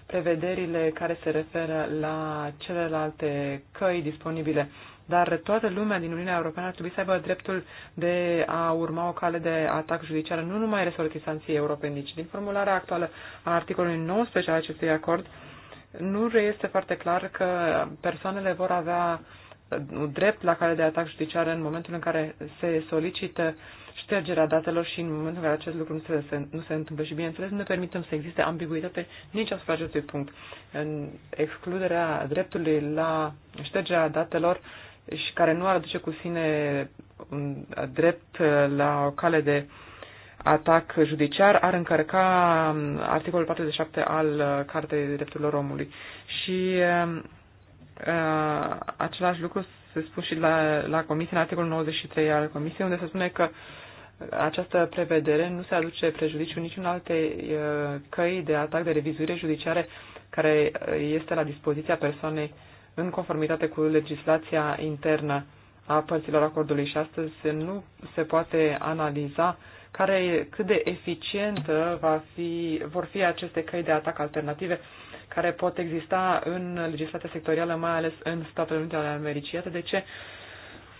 prevederile care se referă la celelalte căi disponibile, dar toată lumea din Uniunea Europeană ar trebui să aibă dreptul de a urma o cale de atac judiciară, nu numai resortisanții europene. nici din formularea actuală a articolului 19 al acestui acord, nu reiese foarte clar că persoanele vor avea uh, un drept la care de atac judiciar în momentul în care se solicită ștergerea datelor și în momentul în care acest lucru nu se, nu se întâmplă. Și bineînțeles nu ne permitem să existe ambiguitate nici asupra acestui punct. În excluderea dreptului la ștergerea datelor și care nu ar aduce cu sine un drept la o cale de atac judiciar ar încărca articolul 47 al Cartei Drepturilor Omului. Și uh, același lucru se spun și la, la comisie, în articolul 93 al comisiei, unde se spune că această prevedere nu se aduce prejudiciu niciun alte uh, căi de atac de revizuire judiciare care este la dispoziția persoanei în conformitate cu legislația internă a părților acordului și astăzi nu se poate analiza uh, care cât de eficientă va fi, vor fi aceste căi de atac alternative care pot exista în legislația sectorială, mai ales în Statele Unite ale Americii. Iată de ce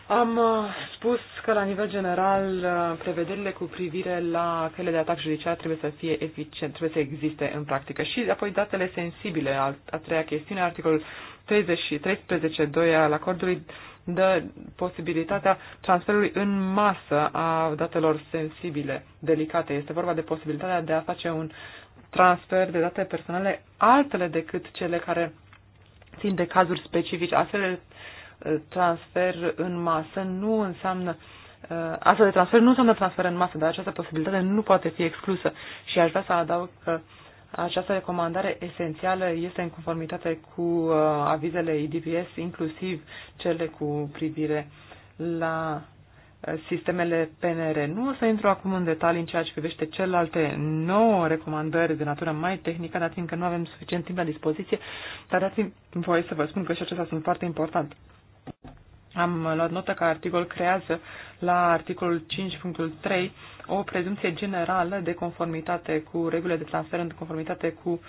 am uh, spus că la nivel general uh, prevederile cu privire la căile de atac judiciar trebuie să fie eficient, trebuie să existe în practică. Și apoi datele sensibile, a, treia chestiune, articolul 13.2 al acordului dă posibilitatea transferului în masă a datelor sensibile, delicate. Este vorba de posibilitatea de a face un transfer de date personale altele decât cele care țin de cazuri specifice. Astfel ă, transfer în masă nu înseamnă ă, Asta de transfer nu înseamnă transfer în masă, dar această posibilitate nu poate fi exclusă. Și aș vrea să adaug că această recomandare esențială este în conformitate cu uh, avizele IDPS, inclusiv cele cu privire la uh, sistemele PNR. Nu o să intru acum în detalii în ceea ce privește celelalte nouă recomandări de natură mai tehnică, dar fiindcă nu avem suficient timp la dispoziție, dar dați-mi voie să vă spun că și acestea sunt foarte importante. Am luat notă că articol creează la articolul 5.3 o prezumție generală de conformitate cu regulile de transfer în conformitate cu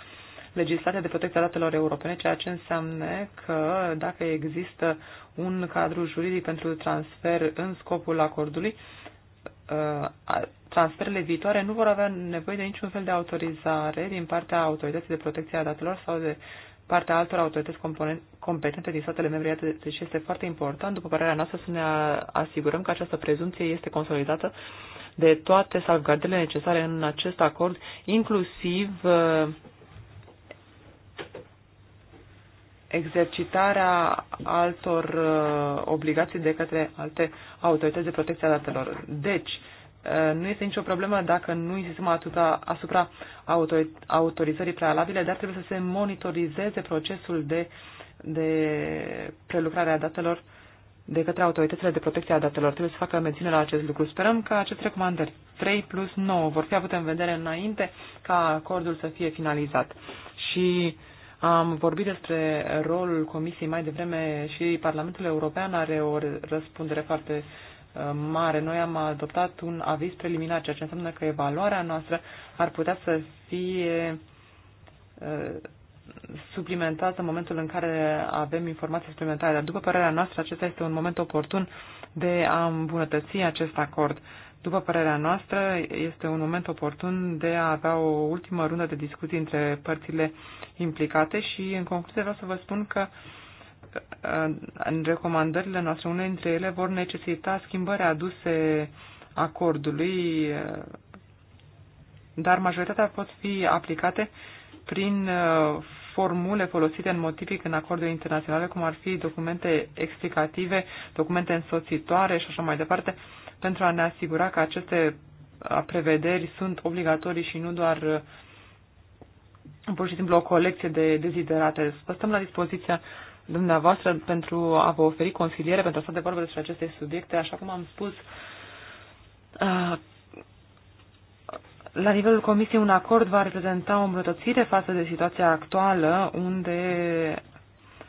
legislația de protecție a datelor europene, ceea ce înseamnă că dacă există un cadru juridic pentru transfer în scopul acordului, uh, transferele viitoare nu vor avea nevoie de niciun fel de autorizare din partea autorității de protecție a datelor sau de partea altor autorități competente din statele membre. Iată, deci este foarte important, după părerea noastră, să ne asigurăm că această prezumție este consolidată de toate salvgardele necesare în acest acord, inclusiv eh, exercitarea altor eh, obligații de către alte autorități de protecție a datelor. Deci, Uh, nu este nicio problemă dacă nu insistăm atâta asupra autorizării prealabile, dar trebuie să se monitorizeze procesul de, de prelucrare a datelor de către autoritățile de protecție a datelor. Trebuie să facă mențiune la acest lucru. Sperăm că aceste recomandări 3 plus 9 vor fi avute în vedere înainte ca acordul să fie finalizat. Și am vorbit despre rolul Comisiei mai devreme și Parlamentul European are o răspundere foarte uh, mare. Noi am adoptat un aviz preliminar, ceea ce înseamnă că evaluarea noastră ar putea să fie uh, suplimentată în momentul în care avem informații suplimentare. Dar după părerea noastră, acesta este un moment oportun de a îmbunătăți acest acord. După părerea noastră, este un moment oportun de a avea o ultimă rundă de discuții între părțile implicate și, în concluzie, vreau să vă spun că uh, în recomandările noastre, unele dintre ele vor necesita schimbări aduse acordului, dar majoritatea pot fi aplicate prin uh, formule folosite în motivic în acorduri internaționale, cum ar fi documente explicative, documente însoțitoare și așa mai departe, pentru a ne asigura că aceste uh, prevederi sunt obligatorii și nu doar uh, pur și simplu o colecție de deziderate. Să stăm la dispoziția dumneavoastră pentru a vă oferi consiliere, pentru a sta de vorbă despre aceste subiecte. Așa cum am spus, uh, la nivelul Comisiei un acord va reprezenta o îmbrătățire față de situația actuală, unde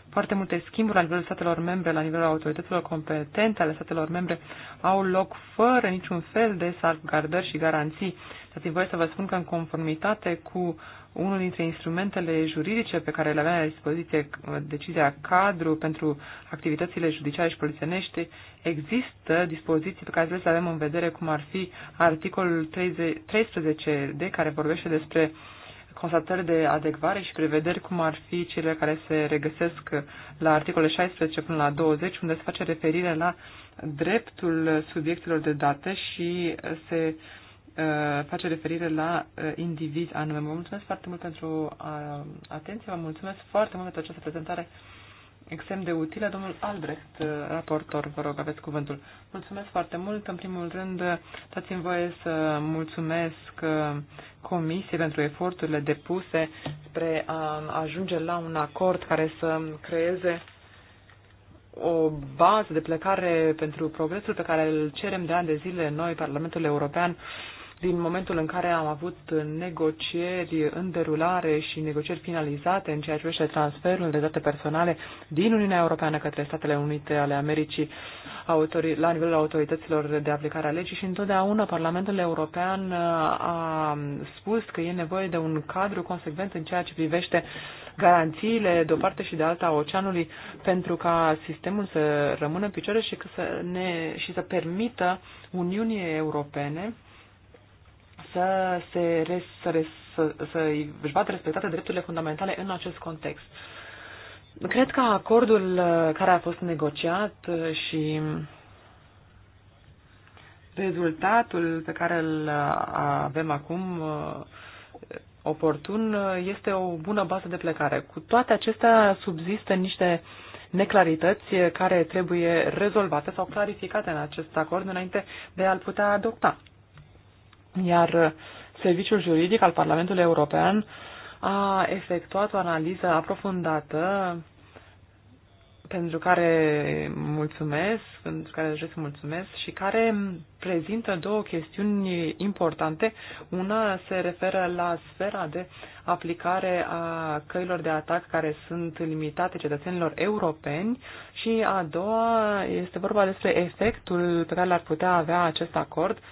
foarte multe schimburi la nivelul statelor membre, la nivelul autorităților competente ale statelor membre, au loc fără niciun fel de salvgardări și garanții. Dați-mi voie să vă spun că în conformitate cu unul dintre instrumentele juridice pe care le avea la dispoziție uh, decizia cadru pentru activitățile judiciare și polițienești, există dispoziții pe care trebuie să le avem în vedere, cum ar fi articolul 13D, care vorbește despre constatări de adecvare și prevederi, cum ar fi cele care se regăsesc la articolul 16 până la 20, unde se face referire la dreptul subiectelor de date și se uh, Uh, face referire la uh, indivizi anume. Vă mulțumesc foarte mult pentru uh, atenție, vă mulțumesc foarte mult pentru această prezentare extrem de utilă. Domnul Albrecht, uh, raportor, vă rog, aveți cuvântul. Mulțumesc foarte mult. În primul rând, uh, dați-mi voie să mulțumesc Comisiei pentru eforturile depuse spre a ajunge la un acord care să creeze o bază de plecare pentru progresul pe care îl cerem de ani de zile noi, Parlamentul European, din momentul în care am avut negocieri în derulare și negocieri finalizate în ceea ce privește transferul de date personale din Uniunea Europeană către Statele Unite ale Americii la nivelul autorităților de aplicare a legii și întotdeauna Parlamentul European uh, a spus că e nevoie de un cadru consecvent în ceea ce privește garanțiile de o parte și de alta a oceanului pentru ca sistemul să rămână în picioare și, că să ne, și să permită Uniunii Europene să, se res, să, res, să, să își bată respectate drepturile fundamentale în acest context. Cred că acordul uh, care a fost negociat uh, și rezultatul pe care îl uh, avem acum oportun este o bună bază de plecare. Cu toate acestea subzistă niște neclarități care trebuie rezolvate sau clarificate în acest acord înainte de a-l putea adopta. Iar uh, Serviciul Juridic al Parlamentului European a efectuat o analiză aprofundată pentru care mulțumesc, pentru care aș să mulțumesc și care prezintă două chestiuni importante. Una se referă la sfera de aplicare a căilor de atac care sunt limitate cetățenilor europeni și a doua este vorba despre efectul pe care l-ar putea avea acest acord uh,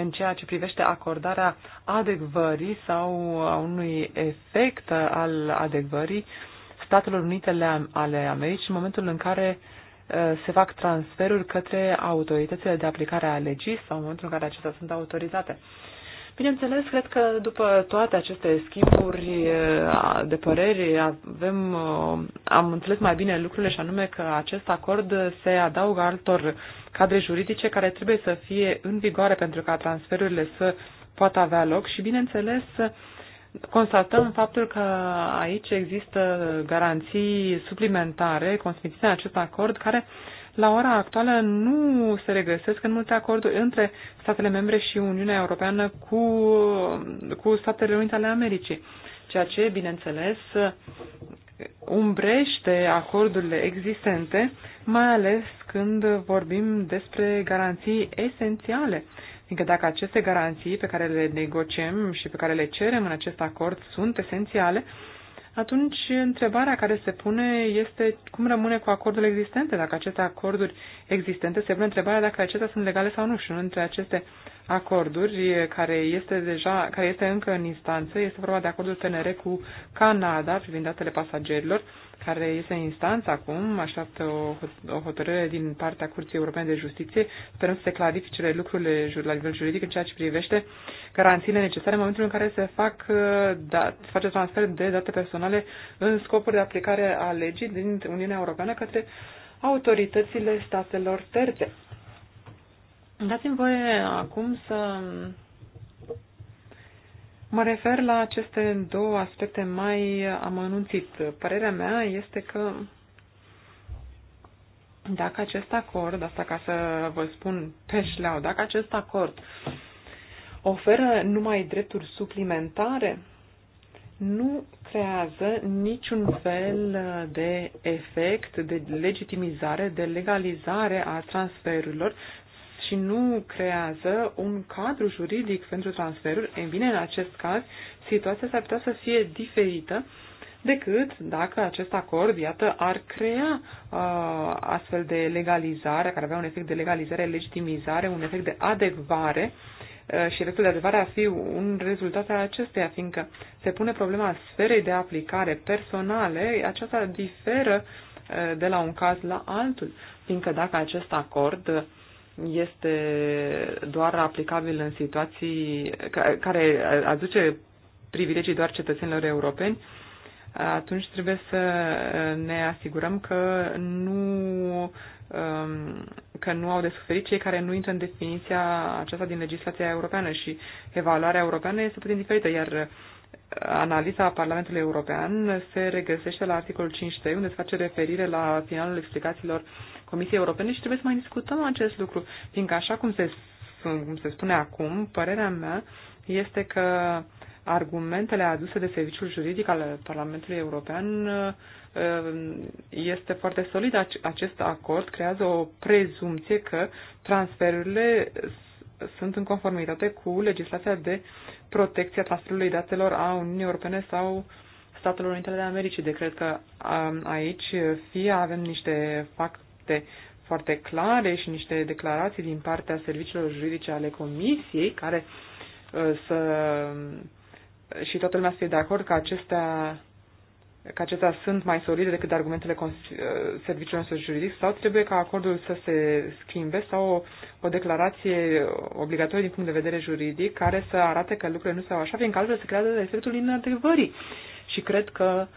în ceea ce privește acordarea adecvării sau a unui efect al adecvării Statelor Unite ale Americii în momentul în care uh, se fac transferuri către autoritățile de aplicare a legii sau în momentul în care acestea sunt autorizate. Bineînțeles, cred că după toate aceste schimburi de păreri avem, am înțeles mai bine lucrurile și anume că acest acord se adaugă altor cadre juridice care trebuie să fie în vigoare pentru ca transferurile să poată avea loc și, bineînțeles, constatăm faptul că aici există garanții suplimentare consfințite în acest acord care uh, la ora actuală nu se regăsesc în multe acorduri între statele membre și Uniunea Europeană cu, cu Statele Unite ale Americii, ceea ce, bineînțeles, umbrește acordurile existente, mai ales când vorbim despre garanții esențiale fiindcă dacă aceste garanții pe care le negociem și pe care le cerem în acest acord sunt esențiale, atunci întrebarea care se pune este cum rămâne cu acordurile existente, dacă aceste acorduri existente, se pune întrebarea dacă acestea sunt legale sau nu și unul dintre aceste acorduri care este deja, care este încă în instanță, este vorba de acordul TNR cu Canada privind datele pasagerilor, care este în instanță acum, așteaptă o, o hotărâre din partea Curții Europene de Justiție. Sperăm să se clarifice lucrurile la nivel juridic în ceea ce privește garanțiile necesare în momentul în care se fac, uh, dat, face transfer de date personale în scopuri de aplicare a legii din Uniunea Europeană către autoritățile statelor terțe. Dați-mi voie acum să Mă refer la aceste două aspecte mai amănunțit. Părerea mea este că dacă acest acord, asta ca să vă spun pe șleau, dacă acest acord oferă numai drepturi suplimentare, nu creează niciun fel de efect de legitimizare, de legalizare a transferurilor și nu creează un cadru juridic pentru transferuri, e bine, în acest caz, situația s-ar putea să fie diferită decât dacă acest acord, iată, ar crea uh, astfel de legalizare, care avea un efect de legalizare, legitimizare, un efect de adecvare uh, și efectul de adecvare ar fi un rezultat al acesteia, fiindcă se pune problema sferei de aplicare personale, aceasta diferă uh, de la un caz la altul, fiindcă dacă acest acord este doar aplicabil în situații care aduce privilegii doar cetățenilor europeni, atunci trebuie să ne asigurăm că nu, um, că nu au de suferit cei care nu intră în definiția aceasta din legislația europeană și evaluarea europeană este puțin diferită, iar analiza Parlamentului European se regăsește la articolul 5.3, unde se face referire la finalul explicațiilor Comisiei Europene și trebuie să mai discutăm acest lucru, fiindcă așa cum se, cum se spune acum, părerea mea este că argumentele aduse de serviciul juridic al Parlamentului European eh, este foarte solid. Acest acord creează o prezumție că transferurile sunt în conformitate cu legislația de protecția transferului datelor a Uniunii Europene sau Statelor Unite ale Americii. De cred că um, aici fie avem niște fapte foarte clare și niște declarații din partea serviciilor juridice ale Comisiei care uh, să și toată lumea să fie de acord că acestea că acestea sunt mai solide decât argumentele uh, serviciului nostru juridic sau trebuie ca acordul să se schimbe sau o, o declarație obligatorie din punct de vedere juridic care să arate că lucrurile nu stau așa, fiindcă altfel se creează efectul inadevării. Și cred că uh,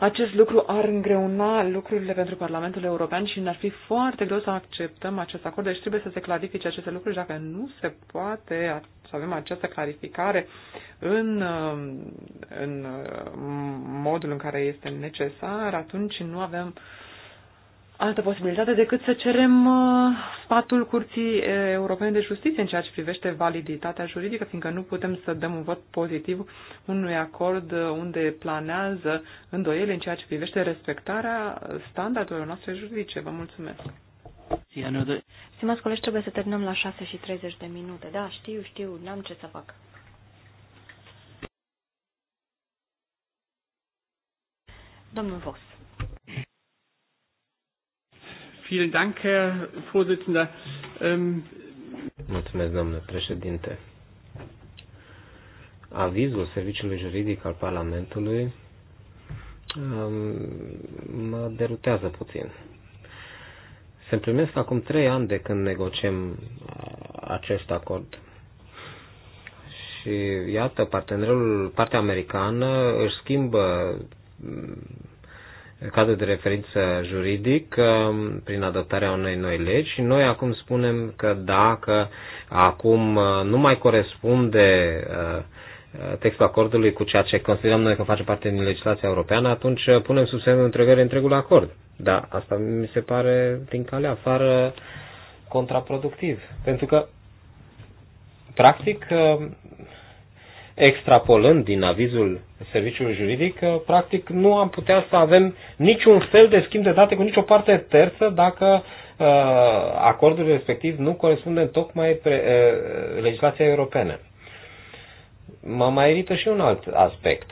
acest lucru ar îngreuna lucrurile pentru Parlamentul European și ne-ar fi foarte greu să acceptăm acest acord, deci trebuie să se clarifice aceste lucruri și dacă nu se poate să avem această clarificare în, în modul în care este necesar, atunci nu avem altă posibilitate decât să cerem uh, sfatul Curții uh, Europene de Justiție în ceea ce privește validitatea juridică, fiindcă nu putem să dăm un vot pozitiv unui acord uh, unde planează îndoiele în ceea ce privește respectarea standardelor noastre juridice. Vă mulțumesc! Stimați colegi, trebuie să terminăm la 6 și 30 de minute. Da, știu, știu, n-am ce să fac. Domnul Vos. Vielen Dank, Herr Vorsitzender. Ähm, Mulțumesc, domnule președinte. Avizul Serviciului Juridic al Parlamentului um, mă derutează puțin. Se primesc acum trei ani de când negociem uh, acest acord. Și iată, partenerul, partea americană își schimbă cadru de referință juridic um, prin adoptarea unei noi legi și noi acum spunem că dacă acum uh, nu mai corespunde uh, uh, textul acordului cu ceea ce considerăm noi că face parte din legislația europeană, atunci punem sub semnul întregării întregul acord. Da, asta mi se pare din calea afară contraproductiv. Pentru că, practic, um, extrapolând din avizul serviciului juridic, uh, practic nu am putea să avem niciun fel de schimb de date cu nicio parte terță dacă uh, acordul respectiv nu corespunde tocmai pre, uh, legislația europeană. Mă mai irită și un alt aspect.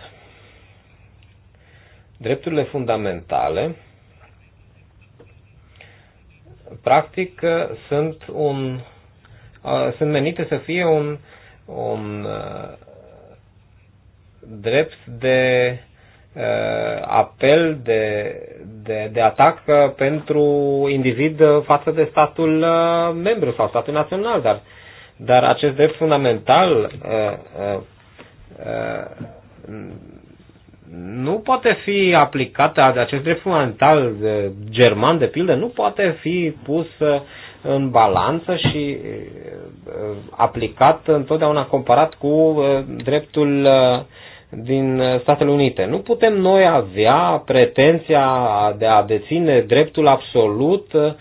Drepturile fundamentale practic sunt un sunt menite să fie un, un drept de uh, apel, de, de, de atac uh, pentru individ uh, față de statul uh, membru sau statul național, dar, dar acest drept fundamental uh, uh, uh, nu poate fi aplicat, acest drept fundamental de, german, de pildă, nu poate fi pus uh, în balanță și aplicat întotdeauna comparat cu dreptul uh, din uh, Statele Unite. Nu putem noi avea pretenția de a deține dreptul absolut uh,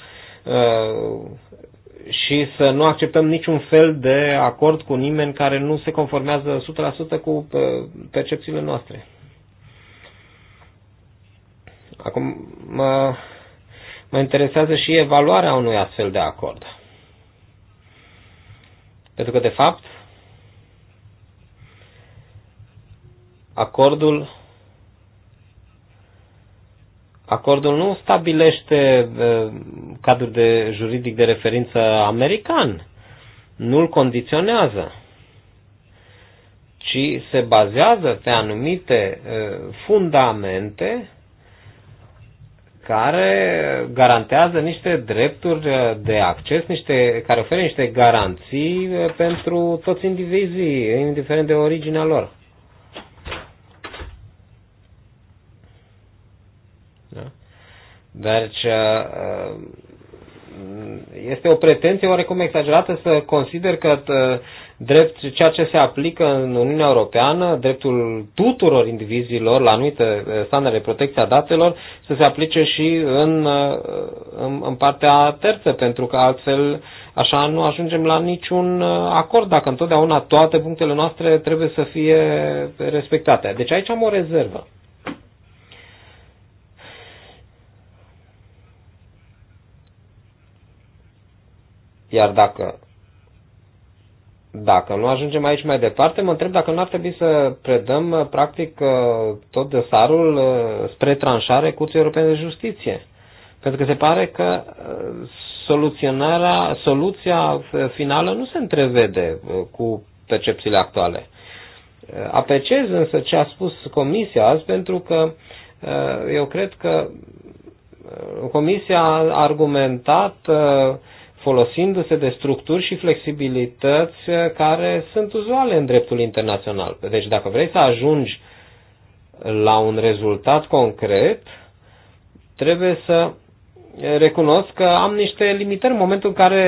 și să nu acceptăm niciun fel de acord cu nimeni care nu se conformează 100% cu uh, percepțiile noastre. Acum mă, mă interesează și evaluarea unui astfel de acord. Pentru că, de fapt, Acordul, acordul nu stabilește eh, cadrul de juridic de referință american, nu-l condiționează, ci se bazează pe anumite eh, fundamente care garantează niște drepturi eh, de acces, niște, care oferă niște garanții pentru toți indivizii, indiferent de originea lor. Deci este o pretenție oarecum exagerată să consider că uh, drept ceea ce se aplică în Uniunea Europeană, dreptul tuturor indivizilor la anumite uh, standarde de protecție a datelor, să se aplice și în, în, în partea terță, pentru că altfel așa nu ajungem la niciun acord, dacă întotdeauna toate punctele noastre trebuie să fie respectate. Deci aici am o rezervă. Iar dacă, dacă nu ajungem aici mai departe, mă întreb dacă nu ar trebui să predăm, uh, practic, uh, tot dosarul uh, spre tranșare Curții Europene de Justiție. Pentru că se pare că soluționarea, soluția finală nu se întrevede cu percepțiile actuale. Apreciez însă ce a spus Comisia azi, pentru că eu cred că Comisia a argumentat folosindu-se de structuri și flexibilități eh, care sunt uzuale în dreptul internațional. Deci dacă vrei să ajungi la un rezultat concret, trebuie să recunosc că am niște limitări în momentul în care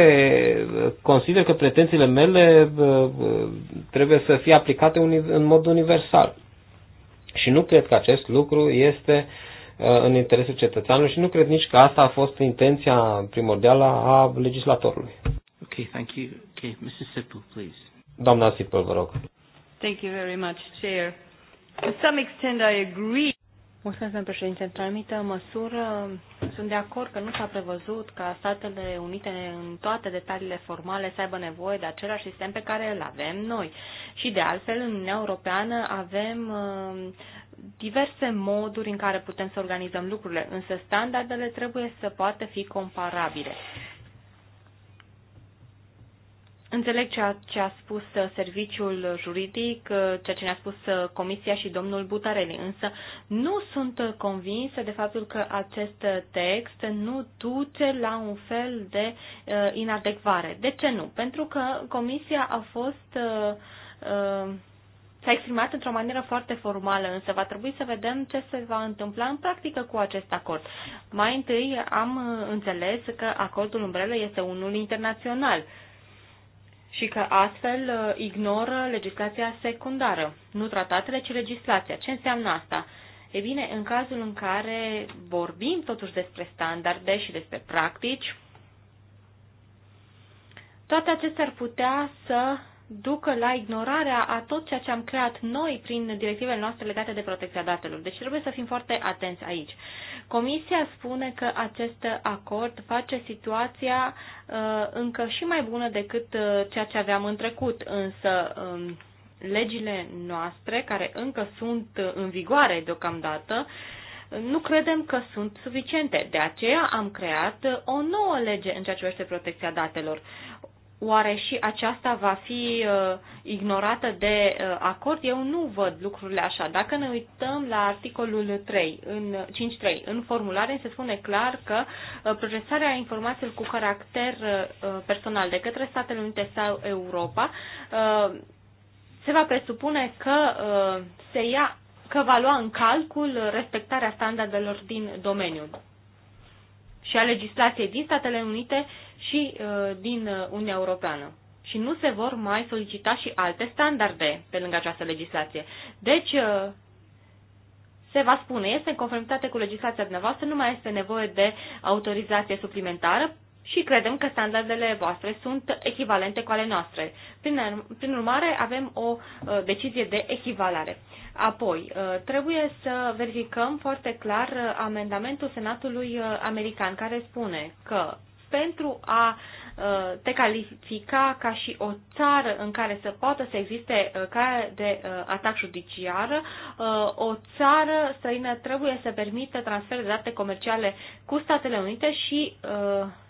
eh, consider că pretențiile mele eh, trebuie să fie aplicate în mod universal. Și nu cred că acest lucru este Uh, în interesul cetățeanului și nu cred nici că asta a fost intenția primordială a legislatorului. Ok, thank you. Okay, Mrs. Sippel, please. Doamna Sippel, vă rog. Thank you very much, Chair. To some extent I agree. Mulțumesc, domnul președinte. Într-o anumită măsură sunt de acord că nu s-a prevăzut ca Statele Unite în toate detaliile formale să aibă nevoie de același sistem pe care îl avem noi. Și de altfel, în Uniunea Europeană avem uh, diverse moduri în care putem să organizăm lucrurile, însă standardele trebuie să poată fi comparabile. Înțeleg ceea ce a spus serviciul juridic, ceea ce ne-a spus comisia și domnul Butareli, însă nu sunt convinsă de faptul că acest text nu duce la un fel de eh, inadecvare. De ce nu? Pentru că comisia a fost uh, S-a exprimat într-o manieră foarte formală, însă va trebui să vedem ce se va întâmpla în practică cu acest acord. Mai întâi am înțeles că acordul umbrelă este unul internațional și că astfel uh, ignoră legislația secundară, nu tratatele, ci legislația. Ce înseamnă asta? E bine, în cazul în care vorbim totuși despre standarde și despre practici, toate acestea ar putea să ducă la ignorarea a tot ceea ce am creat noi prin directivele noastre legate de protecția datelor. Deci trebuie să fim foarte atenți aici. Comisia spune că acest acord face situația uh, încă și mai bună decât uh, ceea ce aveam în trecut, însă um, legile noastre, care încă sunt uh, în vigoare deocamdată, nu credem că sunt suficiente. De aceea am creat uh, o nouă lege în ceea ce privește protecția datelor. Uh, Oare și aceasta va fi uh, ignorată de uh, acord? Eu nu văd lucrurile așa. Dacă ne uităm la articolul 3, în 5.3, în formulare se spune clar că uh, procesarea informațiilor cu caracter uh, uh, personal de către Statele Unite sau Europa uh, se va presupune că uh, se ia că va lua în calcul respectarea standardelor din domeniu și a legislației din Statele Unite uh, și uh, din uh, Uniunea Europeană. Și nu se vor mai solicita și alte standarde pe lângă această legislație. Deci, uh, se va spune, este în conformitate cu legislația dumneavoastră, nu mai este nevoie de autorizație suplimentară și credem că standardele voastre sunt echivalente cu ale noastre. Prin, prin urmare, avem o uh, decizie de echivalare. Apoi, trebuie să verificăm foarte clar amendamentul Senatului American care spune că pentru a uh, te califica ca și o țară în care să poată să existe uh, care de uh, atac judiciar, o țară străină trebuie să permită transfer de date comerciale cu Statele Unite și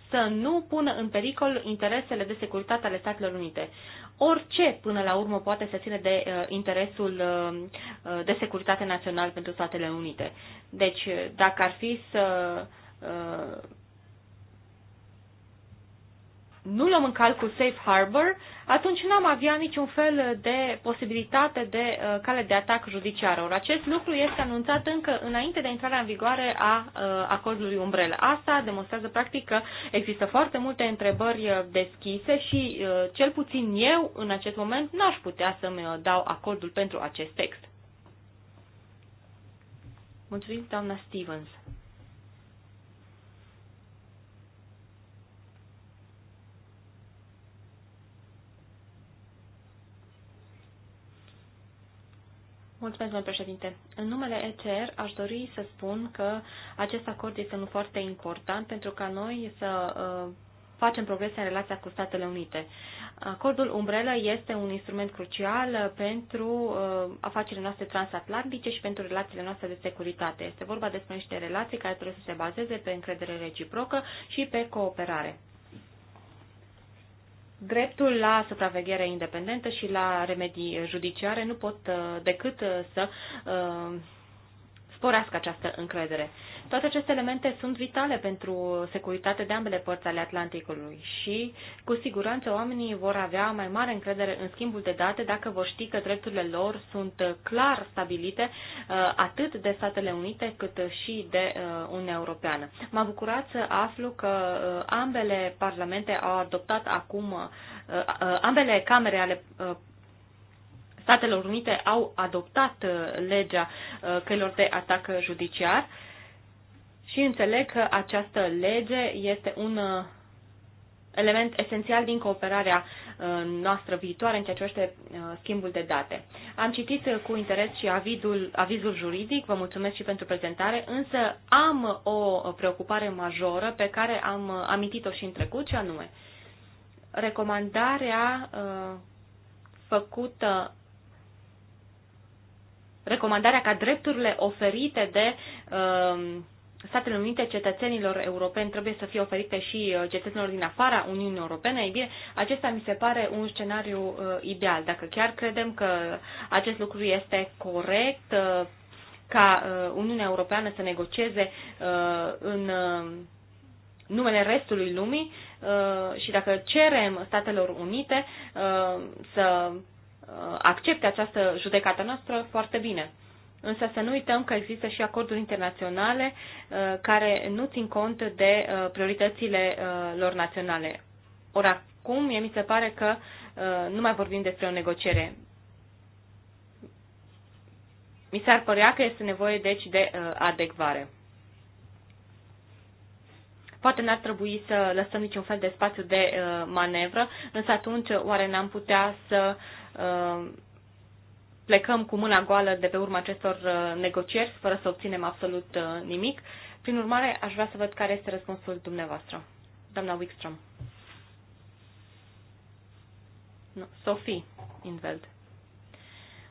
să nu pună în pericol interesele de securitate ale Statelor Unite. Orice, până la urmă, poate să ține de uh, interesul uh, de securitate național pentru Statele Unite. Deci, dacă ar fi să uh, nu luăm în calcul safe harbor, atunci n-am avea niciun fel de posibilitate de uh, cale de atac judiciară. Or, acest lucru este anunțat încă înainte de intrarea în vigoare a uh, acordului umbrelă. Asta demonstrează practic că există foarte multe întrebări uh, deschise și uh, cel puțin eu în acest moment n-aș putea să-mi uh, dau acordul pentru acest text. Mulțumim, doamna Stevens. Mulțumesc, domnule președinte. În numele ECR aș dori să spun că acest acord este unul foarte important pentru ca noi să uh, facem progrese în relația cu Statele Unite. Acordul Umbrella este un instrument crucial pentru uh, afacerile noastre transatlantice și pentru relațiile noastre de securitate. Este vorba despre niște relații care trebuie să se bazeze pe încredere reciprocă și pe cooperare dreptul la supraveghere independentă și la remedii judiciare nu pot uh, decât uh, să uh, sporească această încredere. Toate aceste elemente sunt vitale pentru securitate de ambele părți ale Atlanticului și, cu siguranță, oamenii vor avea mai mare încredere în schimbul de date dacă vor ști că drepturile lor sunt clar stabilite uh, atât de Statele Unite cât și de uh, Uniunea Europeană. M-a bucurat să aflu că uh, ambele parlamente au adoptat acum, ambele camere ale Statele Unite au adoptat uh, legea uh, căilor de atac judiciar și înțeleg că această lege este un uh, element esențial din cooperarea noastră viitoare în ceea ce privește schimbul de date. Am citit cu interes și avidul, avizul juridic, vă mulțumesc și pentru prezentare, însă am o preocupare majoră pe care am amintit-o și în trecut, și anume recomandarea făcută recomandarea ca drepturile oferite de um, Statele Unite cetățenilor europeni trebuie să fie oferite și uh, cetățenilor din afara Uniunii Europene, ei bine, acesta mi se pare un scenariu uh, ideal. Dacă chiar credem că acest lucru este corect, uh, ca uh, Uniunea Europeană să negocieze uh, în uh, numele restului lumii uh, și dacă cerem Statelor Unite uh, să Uh, accepte această judecată noastră foarte bine. Însă să nu uităm că există și acorduri internaționale uh, care nu țin cont de uh, prioritățile lor naționale. Ori acum, mie mi se pare că nu mai vorbim despre o negociere. Mi s-ar părea că este nevoie, deci, de adecvare. Poate n-ar trebui să lăsăm niciun fel de spațiu de manevră, însă atunci oare n-am putea să uh, Uh, plecăm cu mâna goală de pe urma acestor uh, negocieri, fără să obținem absolut uh, nimic. Prin urmare, aș vrea să văd care este răspunsul dumneavoastră. Doamna Wickstrom. No, Sophie Inveld.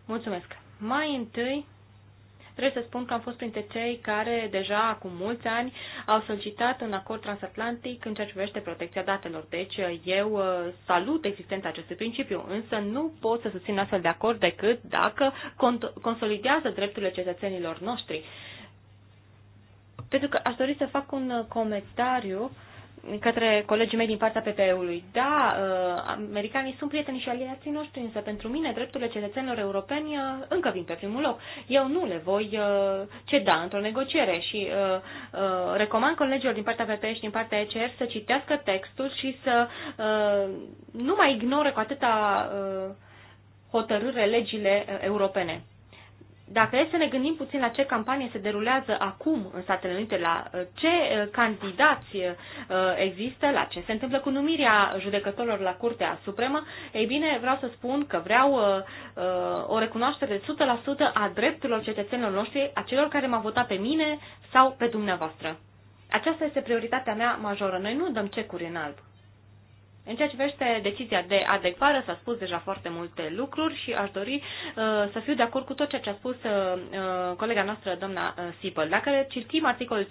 Mulțumesc. Mai întâi, Trebuie să spun că am fost printre cei care deja acum mulți ani au solicitat un acord transatlantic în ceea ce privește protecția datelor. Deci uh, eu uh, salut existența acestui principiu, însă nu pot să susțin astfel de acord decât dacă consolidează drepturile cetățenilor noștri. Pentru că aș dori să fac un uh, comentariu uh, către colegii mei din partea PPE-ului. Da, uh, americanii sunt prietenii și aliații noștri, însă pentru mine drepturile cetățenilor europeni uh, încă vin pe primul loc. Eu nu le voi uh, ceda într-o negociere și recomand colegilor din partea PPE și din partea ECR să citească textul și să nu mai ignore cu atâta hotărâre legile europene. Dacă e să ne gândim puțin la ce campanie se derulează acum în Statele Unite, la uh, ce uh, candidați uh, există, la ce se întâmplă cu numirea judecătorilor la Curtea Supremă, ei bine, vreau să spun că vreau o recunoaștere de 100% a drepturilor cetățenilor noștri, a celor care m-au votat pe mine sau pe dumneavoastră. Aceasta este prioritatea mea majoră. Noi nu dăm cecuri în alb. În ceea ce privește decizia de adecvară, s-a spus deja foarte multe lucruri și aș dori uh, să fiu de acord cu tot ceea ce a spus uh, uh colega noastră, doamna uh, Sipăl. Dacă citim articolul 5.3,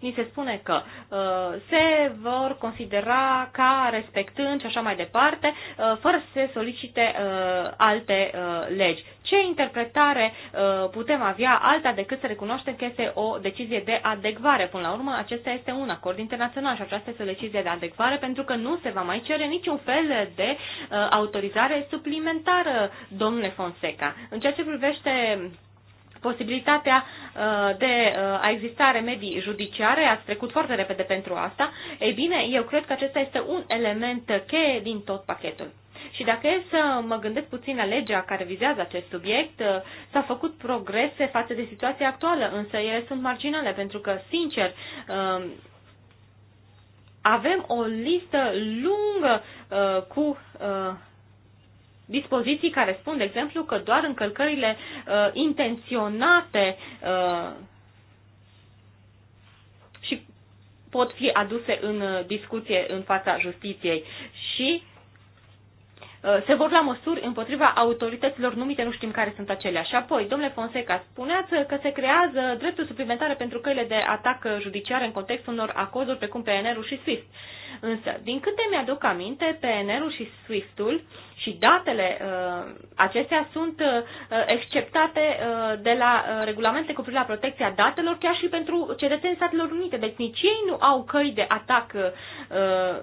ni se spune că uh, se vor considera ca respectând și așa mai departe, uh, fără să se solicite uh, alte uh, legi. Ce interpretare uh, putem avea alta decât să recunoaștem că este o decizie de adecvare? Până la urmă, acesta este un acord internațional și aceasta este o decizie de adecvare pentru că nu se va mai cere niciun fel de uh, autorizare suplimentară, domnule Fonseca. În ceea ce privește posibilitatea uh, de a exista remedii judiciare, ați trecut foarte repede pentru asta, ei bine, eu cred că acesta este un element cheie din tot pachetul. Și dacă e să mă gândesc puțin la legea care vizează acest subiect, uh, s a făcut progrese față de situația actuală, însă ele sunt marginale, pentru că, sincer, um, avem o listă lungă uh, cu uh, dispoziții care spun, de exemplu, că doar încălcările intenționate și pot fi aduse în discuție în fața justiției și Uh, se vor lua măsuri împotriva autorităților numite, nu știm care sunt acelea. Și apoi, domnule Fonseca, spuneați că se creează drepturi suplimentare pentru căile de atac judiciare în contextul unor acorduri precum PNR-ul și SWIFT. Însă, din câte mi-aduc aminte, PNR-ul și SWIFT-ul și datele uh, acestea sunt uh, exceptate uh, de la uh, regulamente cu privire la protecția datelor, chiar și pentru cetățenii Statelor Unite. Deci nici ei nu au căi de atac uh,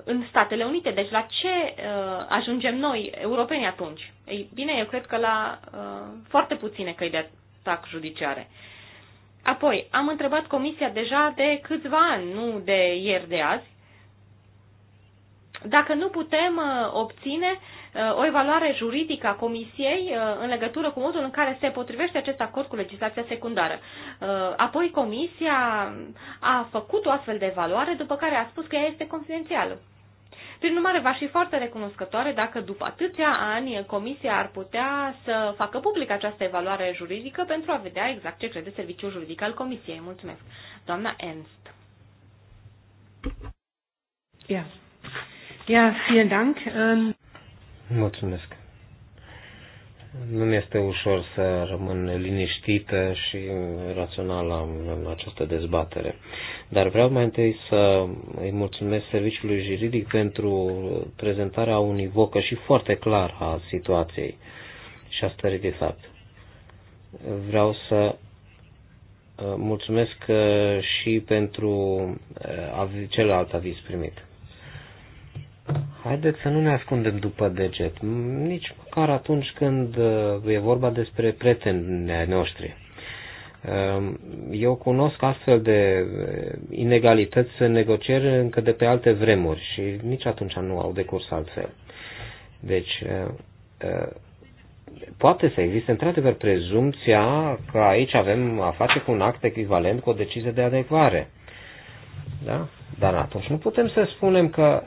în Statele Unite. Deci la ce uh, ajungem noi, europeni, atunci? Ei bine, eu cred că la uh, foarte puține căi de atac judiciare. Apoi, am întrebat Comisia deja de câțiva ani, nu de ieri de azi, dacă nu putem uh, obține uh, o evaluare juridică a Comisiei uh, în legătură cu modul în care se potrivește acest acord cu legislația secundară. Apoi Comisia a făcut o astfel de evaluare, după care a spus că ea este confidențială. Prin urmare, va fi foarte recunoscătoare dacă după atâția ani Comisia ar putea să facă publică această evaluare juridică pentru a vedea exact ce crede Serviciul Juridic al Comisiei. Mulțumesc. Doamna Ernst. Yeah. Ja, vielen Dank. Ähm, mulțumesc. Nu mi este ușor să rămân liniștită și rațională în această dezbatere. Dar vreau mai întâi să îi mulțumesc serviciului juridic pentru prezentarea univocă și foarte clară a situației și a stării de fapt. Vreau să uh, mulțumesc uh, și pentru uh, celălalt aviz primit. Haideți să nu ne ascundem după deget, nici măcar atunci când uh, e vorba despre prietenii noștri. Uh, eu cunosc astfel de uh, inegalități în negocieri încă de pe alte vremuri și nici atunci nu au decurs altfel. Deci, poate să existe într-adevăr prezumția că aici avem a face cu un act echivalent cu o decizie de adecvare. Da? Dar atunci nu putem să spunem că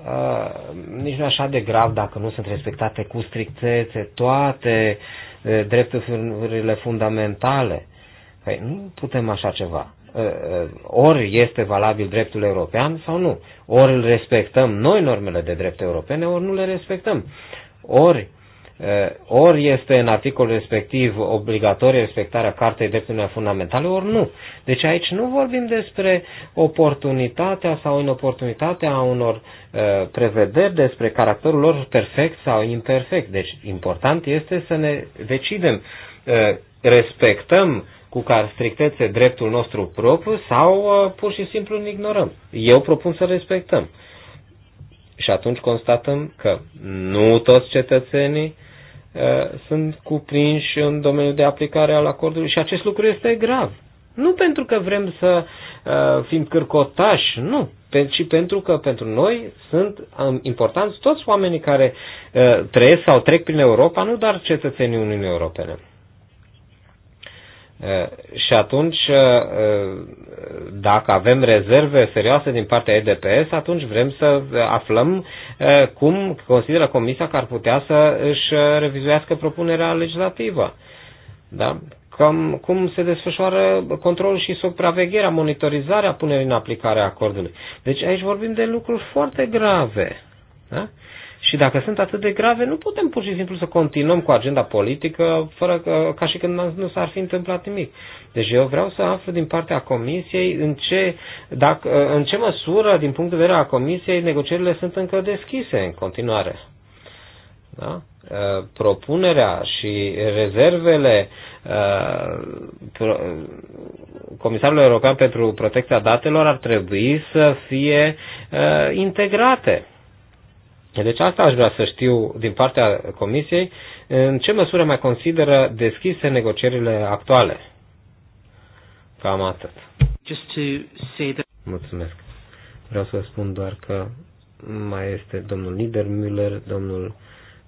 uh, nici nu așa de grav dacă nu sunt respectate cu strictețe toate uh, drepturile fundamentale. Păi nu putem așa ceva. Uh, uh, ori este valabil dreptul european sau nu. Ori îl respectăm noi normele de drept europene, ori nu le respectăm. Ori Eh, ori este în articolul respectiv obligatorie respectarea Cartei Drepturilor Fundamentale, ori nu. Deci aici nu vorbim despre oportunitatea sau inoportunitatea unor eh, prevederi despre caracterul lor perfect sau imperfect. Deci important este să ne decidem, eh, respectăm cu care strictețe dreptul nostru propriu sau pur și simplu îl ignorăm. Eu propun să respectăm. Și atunci constatăm că nu toți cetățenii uh, Eh, sunt cuprinși în domeniul de aplicare al acordului și acest lucru este grav. Nu pentru că vrem să eh, fim cârcotași, nu, ci pentru că pentru noi sunt importanți toți oamenii care eh, trăiesc sau trec prin Europa, nu doar cetățenii Uniunii Europene. Eh, și atunci, eh, eh, dacă avem rezerve serioase din partea EDPS, atunci vrem să aflăm cum consideră Comisia că ar putea să își revizuiască propunerea legislativă. Da? Cam cum se desfășoară controlul și supravegherea, monitorizarea punerii în aplicare a acordului. Deci aici vorbim de lucruri foarte grave. Da? Și dacă sunt atât de grave, nu putem pur și simplu să continuăm cu agenda politică fără că, ca și când nu s-ar fi întâmplat nimic. Deci eu vreau să aflu din partea Comisiei în ce, dacă, în ce măsură, din punct de vedere al Comisiei, negocierile sunt încă deschise în continuare. Da? Ă, propunerea și rezervele ă, Comisarului European pentru Protecția Datelor ar trebui să fie ă, integrate deci asta aș vrea să știu din partea Comisiei, în ce măsură mai consideră deschise negocierile actuale. Cam atât. Just to say that... Mulțumesc. Vreau să spun doar că mai este domnul Niedermüller, domnul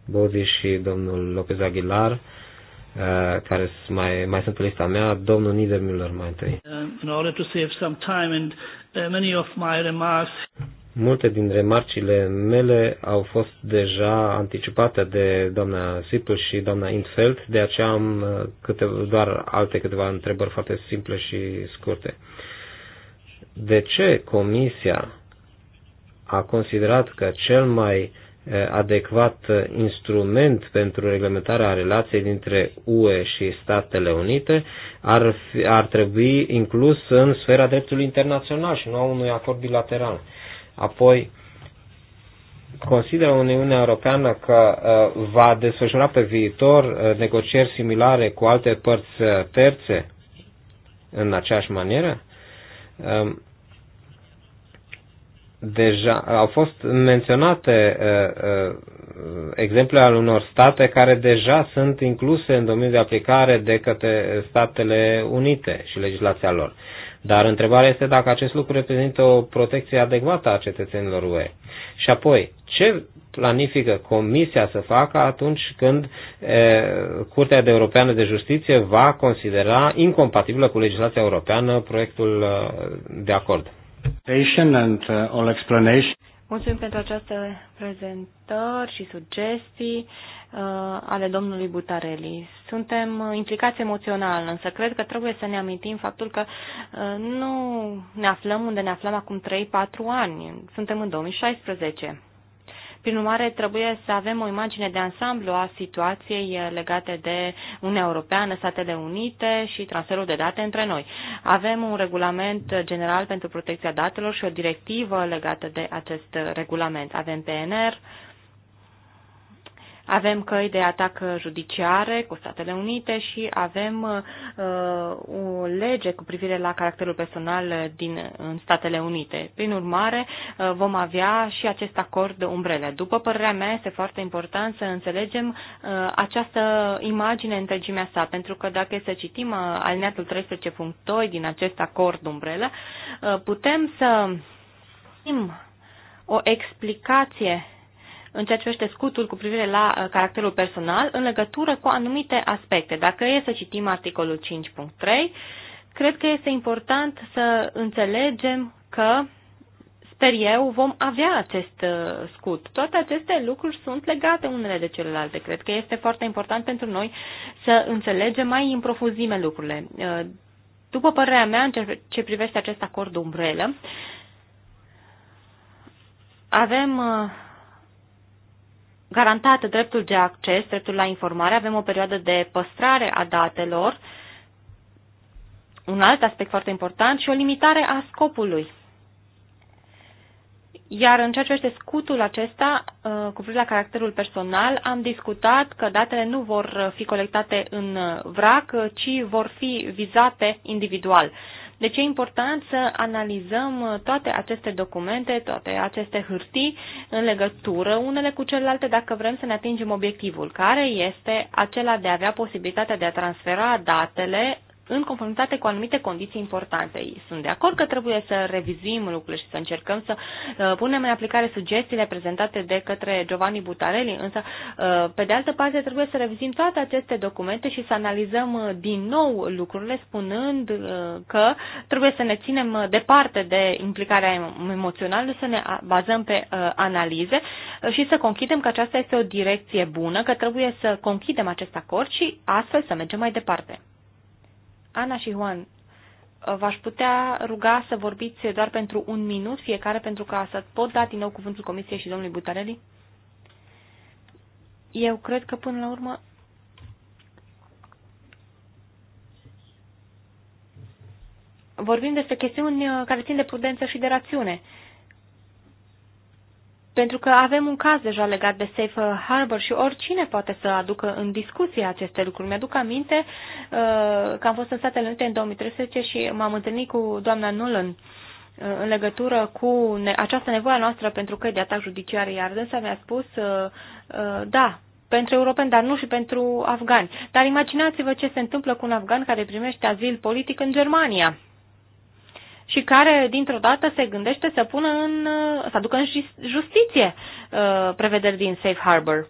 Bozi și domnul Lopez Aguilar, uh, care mai, mai sunt pe lista mea, domnul Niedermüller mai întâi. Uh, in order to save some time and uh, many of my remarks Multe din remarcile mele au fost deja anticipate de doamna Sipul și doamna Intfeld, de aceea am uh, câte, doar alte câteva întrebări foarte simple și scurte. De ce Comisia a considerat că cel mai uh, adecvat uh, instrument pentru reglementarea relației dintre UE și Statele Unite ar, fi, ar trebui inclus în sfera dreptului internațional și nu a unui acord bilateral? Apoi, consideră Uniunea Europeană că uh, va desfășura pe viitor uh, negocieri similare cu alte părți uh, terțe în aceeași manieră? Um, deja au fost menționate exemple al unor state care deja sunt incluse în domeniul de aplicare de către Statele Unite și legislația lor. Dar întrebarea este dacă acest lucru reprezintă o protecție adecvată a cetățenilor UE. Și apoi, ce planifică Comisia să facă atunci când e, Curtea de Europeană de Justiție va considera incompatibilă cu legislația europeană proiectul de acord? Mulțumim pentru această prezentări și sugestii uh, ale domnului Butarelli. Suntem implicați emoțional, însă cred că trebuie să ne amintim faptul că uh, nu ne aflăm unde ne aflăm acum 3-4 ani. Suntem în 2016. Prin urmare, trebuie să avem o imagine de ansamblu a situației legate de Uniunea Europeană, Statele Unite și transferul de date între noi. Avem un regulament general pentru protecția datelor și o directivă legată de acest regulament. Avem PNR, avem căi de atac judiciare cu Statele Unite și avem uh, o lege cu privire la caracterul personal din în Statele Unite. Prin urmare, uh, vom avea și acest acord umbrele. După părerea mea, este foarte important să înțelegem uh, această imagine întregimea sa, pentru că dacă să citim uh, alineatul 13.2 din acest acord umbrele, uh, putem să o explicație în ceea ce privește scutul cu privire la uh, caracterul personal în legătură cu anumite aspecte. Dacă e să citim articolul 5.3, cred că este important să înțelegem că sper eu, vom avea acest uh, scut. Toate aceste lucruri sunt legate unele de celelalte. Cred că este foarte important pentru noi să înțelegem mai în profuzime lucrurile. Uh, după părerea mea, în ce privește acest acord umbrelă, avem garantat dreptul de acces, dreptul la informare, avem o perioadă de păstrare a datelor, un alt aspect foarte important și o limitare a scopului. Iar în ceea ce este scutul acesta, uh, cu privire la caracterul personal, am discutat că datele nu vor fi colectate în vrac, ci vor fi vizate individual. Deci e important să analizăm uh, toate aceste documente, toate aceste hârtii în legătură unele cu celelalte dacă vrem să ne atingem obiectivul, care este acela de a avea posibilitatea de a transfera datele în conformitate cu anumite condiții importante. Sunt de acord că trebuie să revizuim lucrurile și să încercăm să uh, punem în aplicare sugestiile prezentate de către Giovanni Butarelli, însă, uh, pe de altă parte, trebuie să revizim toate aceste documente și să analizăm uh, din nou lucrurile, spunând că trebuie să ne ținem departe de implicarea emoțională, să ne bazăm pe analize și să conchidem că aceasta este o direcție bună, că trebuie să conchidem acest acord și astfel să mergem mai departe. Ana și Juan, uh, v-aș putea ruga să vorbiți doar pentru un minut fiecare, pentru ca să pot da din nou cuvântul Comisiei și domnului Butarelli? Eu cred că până la urmă vorbim despre chestiuni uh, care țin de prudență și de rațiune. Pentru că avem un caz deja legat de Safe Harbor și oricine poate să aducă în discuție aceste lucruri. Mi-aduc aminte uh, că am fost în Statele Unite în 2013 și m-am întâlnit cu doamna Nolan uh, în legătură cu ne- această nevoie noastră pentru căi de atac judiciar, iar dânsa mi-a spus, uh, da, pentru europeni, dar nu și pentru afgani. Dar imaginați-vă ce se întâmplă cu un afgan care primește azil politic în Germania și care dintr-o dată se gândește să pună în, să aducă în justiție uh, prevederi din Safe Harbor.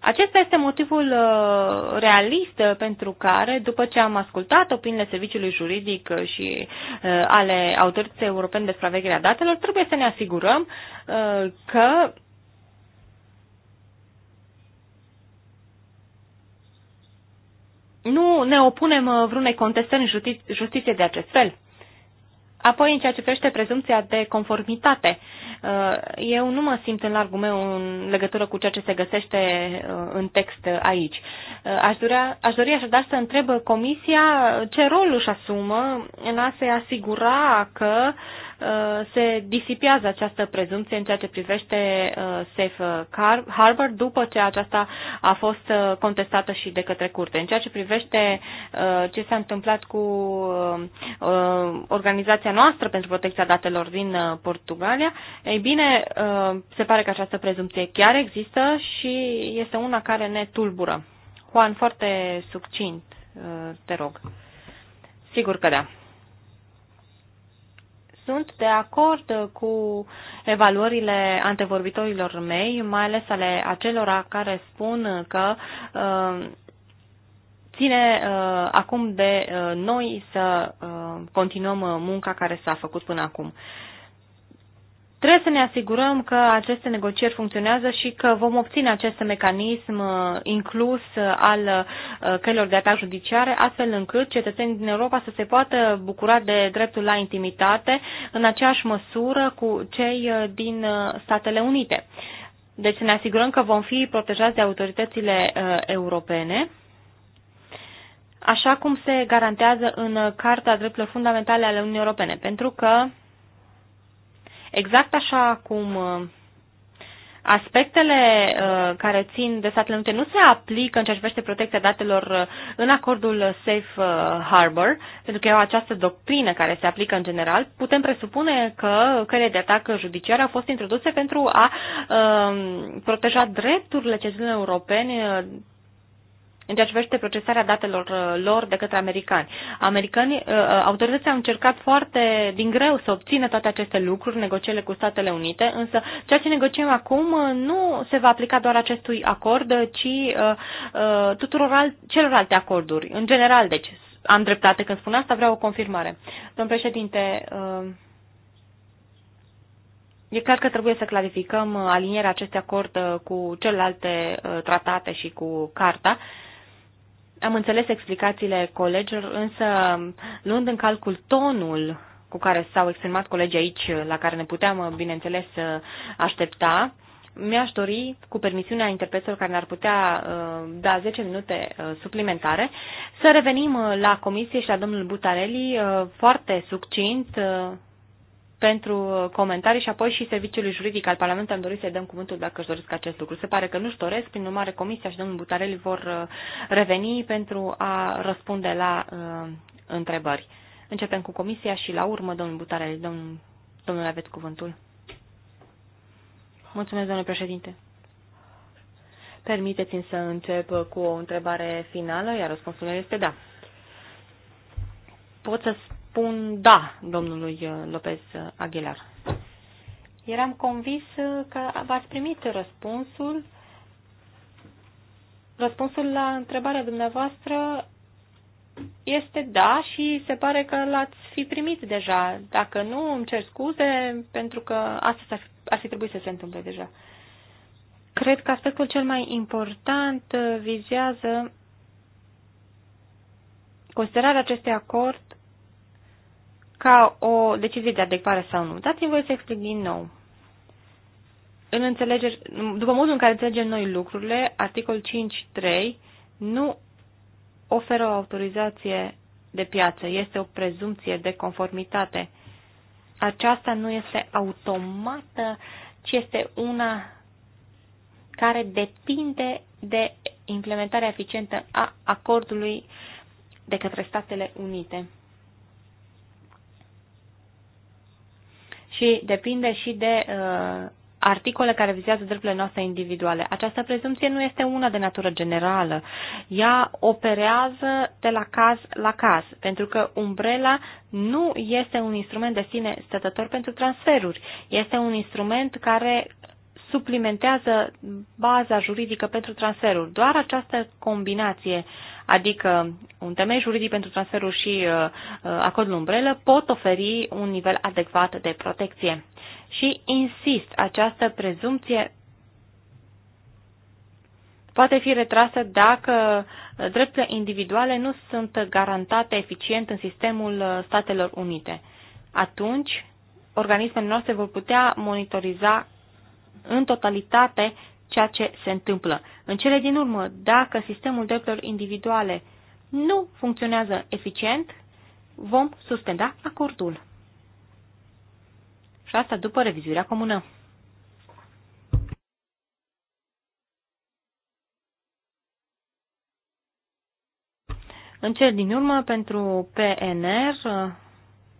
Acesta este motivul uh, realist pentru care, după ce am ascultat opiniile serviciului juridic și uh, ale autorității europene de supraveghere a datelor, trebuie să ne asigurăm că nu ne opunem vreunei contestări în justiție de acest fel. Apoi, în ceea ce privește prezumția de conformitate, uh, eu nu mă simt în largul meu în legătură cu ceea ce se găsește uh, în text aici. Uh, aș, durea, aș dori așadar să întreb Comisia ce rol își asumă în a se asigura că uh, Uh, se disipează această prezumție în ceea ce privește uh, Safe uh, Harbor după ce aceasta a fost contestată și de către curte. În ceea ce privește ce s-a întâmplat cu organizația noastră pentru protecția datelor din Portugalia, ei bine, se pare că această prezumție chiar există și este una care ne tulbură. Juan, foarte succint, te rog. Sigur că da sunt de acord cu evaluările antevorbitorilor mei, mai ales ale acelora care spun că uh, ține uh, acum de uh, noi să continuăm munca care s-a făcut până acum. Trebuie să ne asigurăm că aceste negocieri funcționează și că vom obține acest mecanism uh, inclus uh, al uh, căilor de atac judiciare, astfel încât cetățenii din Europa să se poată bucura de dreptul la intimitate în aceeași măsură cu cei din Statele Unite. Deci să ne asigurăm că vom fi protejați de autoritățile europene așa cum se garantează în Carta Drepturilor Fundamentale ale Uniunii Europene, pentru că Exact așa cum uh, aspectele uh, care țin de Statele Unite nu se aplică în ceea ce privește protecția datelor uh, în acordul Safe Harbor, pentru că e o această doctrină care se aplică în general, putem presupune că căile de atac judiciare au fost introduse pentru a proteja drepturile cetățenilor europeni în ceea ce privește procesarea datelor uh, lor de către americani. Americanii, uh, uh, autoritățile au încercat foarte din greu să obțină toate aceste lucruri, negocierile cu Statele Unite, însă ceea ce negociem acum nu se va aplica doar acestui acord, ci tuturor alt, celorlalte acorduri. În general, deci, am dreptate când spun asta, vreau o confirmare. Domn președinte, E clar că trebuie să clarificăm alinierea acestui acord cu celelalte tratate și cu carta. Am înțeles explicațiile colegilor, însă luând în calcul tonul cu care s-au exprimat colegii aici, la care ne puteam, bineînțeles, aștepta, mi-aș dori, cu permisiunea interpreților care ne-ar putea uh, da 10 minute uh, suplimentare, să revenim uh, la comisie și la domnul Butarelli foarte succint pentru comentarii și apoi și serviciului juridic al Parlamentului am dorit să-i dăm cuvântul dacă își doresc acest lucru. Se pare că nu-și doresc, prin urmare Comisia și domnul Butareli vor uh, reveni pentru a răspunde la uh, întrebări. Începem cu Comisia și la urmă, domnul Butareli, domnul, domnule, aveți cuvântul. Mulțumesc, domnule președinte. Permiteți-mi să încep cu o întrebare finală, iar răspunsul meu este da. Pot să spun da domnului uh, Lopez uh, Aguilar. Eram convins uh, că v-ați primit răspunsul răspunsul la întrebarea dumneavoastră este da și se pare că l-ați fi primit deja. Dacă nu, îmi cer scuze pentru că asta ar fi trebuit să se întâmple deja. Cred că aspectul cel mai important vizează considerarea acestui acord ca o decizie de adecvare sau nu. Dați-mi voi să explic din nou. În înțelegeri, după modul în care înțelegem noi lucrurile, articol 5.3 nu oferă o autorizație de piață, este o prezumție de conformitate. Aceasta nu este automată, ci este una care depinde de implementarea eficientă a acordului de către Statele Unite. și depinde și de uh, articole care vizează drepturile noastre individuale. Această prezumție nu este una de natură generală. Ea operează de la caz la caz, pentru că umbrela nu este un instrument de sine stătător pentru transferuri. Este un instrument care suplimentează baza juridică pentru transferul Doar această combinație, adică un temei juridic pentru transferul și uh, uh, acordul umbrelă, pot oferi un nivel adecvat de protecție. Și insist, această prezumție poate fi retrasă dacă drepturile individuale nu sunt garantate eficient în sistemul uh, Statelor Unite. Atunci, organismele noastre vor putea monitoriza în totalitate ceea ce se întâmplă. În cele din urmă, dacă sistemul drepturilor individuale nu funcționează eficient, vom suspenda acordul. Și asta după revizuirea comună. În cele din urmă, pentru PNR,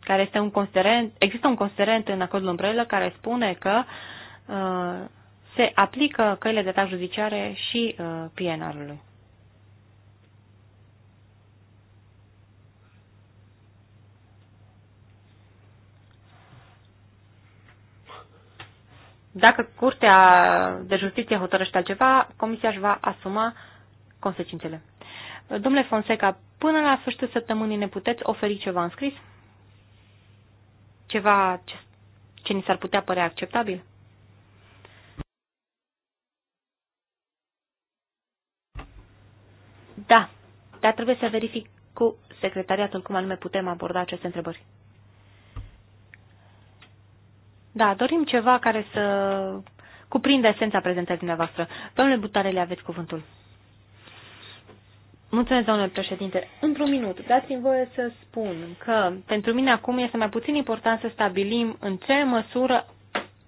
care este un considerent, există un considerent în acordul umbrelă care spune că uh, Uh, se aplică căile de tax judiciare și uh, PNR-ului. Dacă Curtea de Justiție hotărăște altceva, Comisia își va asuma consecințele. Domnule Fonseca, până la sfârșitul săptămânii ne puteți oferi ceva în scris? Ceva ce, ce ni s-ar putea părea acceptabil? Da, dar trebuie să verific cu secretariatul cum anume putem aborda aceste întrebări. Da, dorim ceva care să cuprindă esența prezentării dumneavoastră. Domnule Butarele, aveți cuvântul. Mulțumesc, domnule președinte. Într-un minut, dați-mi voie să spun că pentru mine acum este mai puțin important să stabilim în ce măsură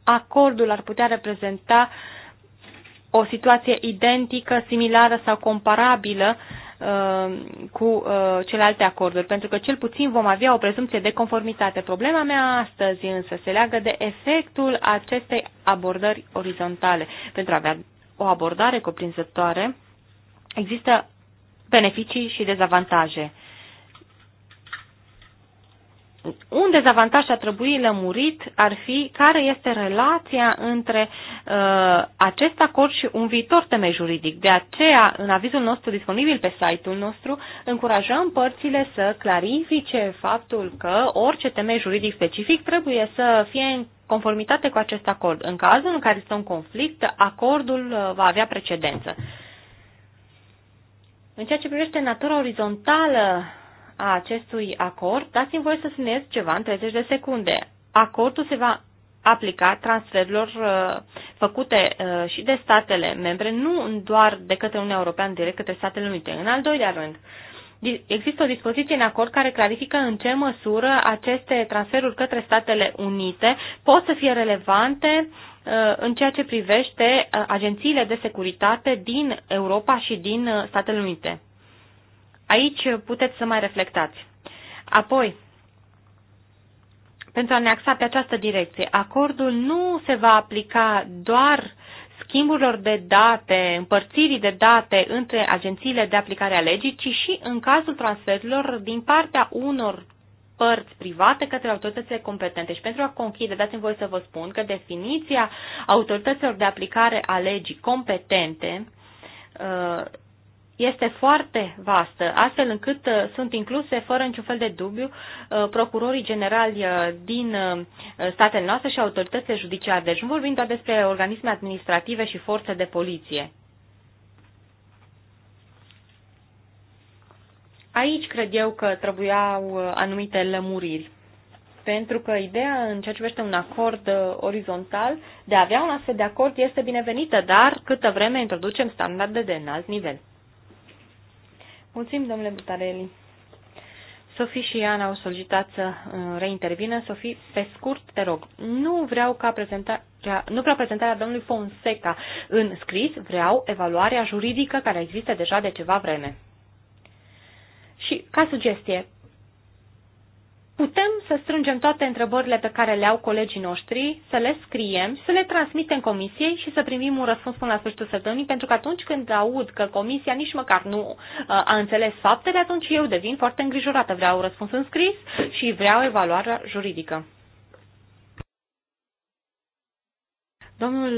acordul ar putea reprezenta uh, o situație identică, similară sau comparabilă uh, cu uh, celelalte acorduri, pentru că cel puțin vom avea o prezumție de conformitate. Problema mea astăzi însă se leagă de efectul acestei abordări orizontale. Pentru a avea o abordare cuprinzătoare, există beneficii și dezavantaje un dezavantaj a trebui lămurit ar fi care este relația între uh, acest acord și un viitor temei juridic. De aceea, în avizul nostru disponibil pe site-ul nostru, încurajăm părțile să clarifice faptul că orice temei juridic specific trebuie să fie în conformitate cu acest acord. În cazul în care este un conflict, acordul uh, va avea precedență. În ceea ce privește natura orizontală a acestui acord, dați-mi voie să subliniez ceva în 30 de secunde. Acordul se va aplica transferurilor uh, făcute uh, și de statele membre, nu doar de către Uniunea Europeană, direct către Statele Unite. În al doilea rând, Există o dispoziție în acord care clarifică în ce măsură aceste transferuri către Statele Unite pot să fie relevante uh, în ceea ce privește agențiile de securitate din Europa și din Statele Unite. Aici puteți să mai reflectați. Apoi, pentru a ne axa pe această direcție, acordul nu se va aplica doar schimburilor de date, împărțirii de date între agențiile de aplicare a legii, ci și în cazul transferurilor din partea unor părți private către autoritățile competente. Și pentru a conchide, dați-mi voi să vă spun că definiția autorităților de aplicare a legii competente uh, este foarte vastă, astfel încât uh, sunt incluse, fără niciun fel de dubiu, uh, procurorii generali uh, din statele noastre și autoritățile judiciare. Deci nu vorbim doar despre organisme administrative și forțe de poliție. Aici cred eu că trebuiau anumite lămuriri. Pentru că ideea în ceea ce privește un acord orizontal, de a avea un astfel de acord este binevenită, dar câtă vreme introducem standarde de înalt nivel. Mulțumim, domnule Butareli. Sofie și Ana au solicitat să uh, reintervină. Sofie, pe scurt, te rog, nu vreau ca prezentarea, nu vreau prezentarea domnului Fonseca în scris, vreau evaluarea juridică care există deja de ceva vreme. Și, ca sugestie, putem să strângem toate întrebările pe care le au colegii noștri, să le scriem, să le transmitem comisiei și să primim un răspuns până la sfârșitul săptămânii, pentru că atunci când aud că comisia nici măcar nu uh, a înțeles faptele, atunci eu devin foarte îngrijorată. Vreau un răspuns în scris și vreau evaluarea juridică. Domnul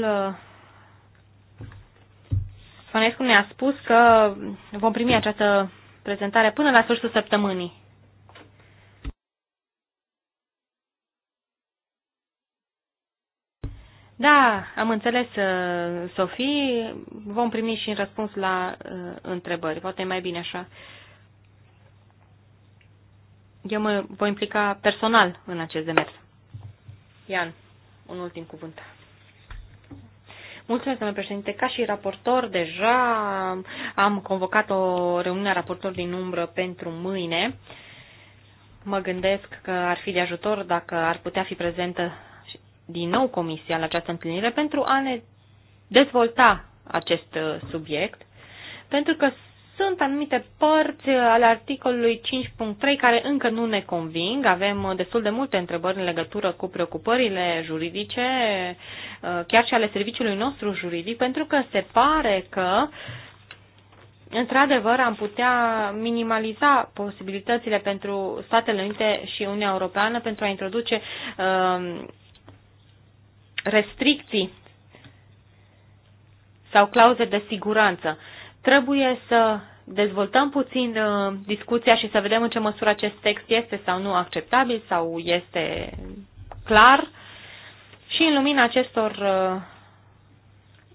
Sfănescu uh, ne-a spus că vom primi această prezentare până la sfârșitul săptămânii. Da, am înțeles, uh, Sofie. Vom primi și în răspuns la uh, întrebări. Poate e mai bine așa. Eu mă voi implica personal în acest demers. Ian, un ultim cuvânt. Mulțumesc, domnule președinte. Ca și raportor, deja am convocat o reuniune a raportorilor din umbră pentru mâine. Mă gândesc că ar fi de ajutor dacă ar putea fi prezentă din nou Comisia la această întâlnire pentru a ne dezvolta acest uh, subiect, pentru că sunt anumite părți uh, ale articolului 5.3 care încă nu ne conving. Avem uh, destul de multe întrebări în legătură cu preocupările juridice, chiar și ale serviciului nostru juridic, pentru că se pare că Într-adevăr, am putea minimaliza posibilitățile pentru Statele Unite și Uniunea Europeană pentru a introduce uh, restricții sau clauze de siguranță. Trebuie să dezvoltăm puțin uh, discuția și să vedem în ce măsură acest text este sau nu acceptabil sau este clar. Și în lumina acestor uh,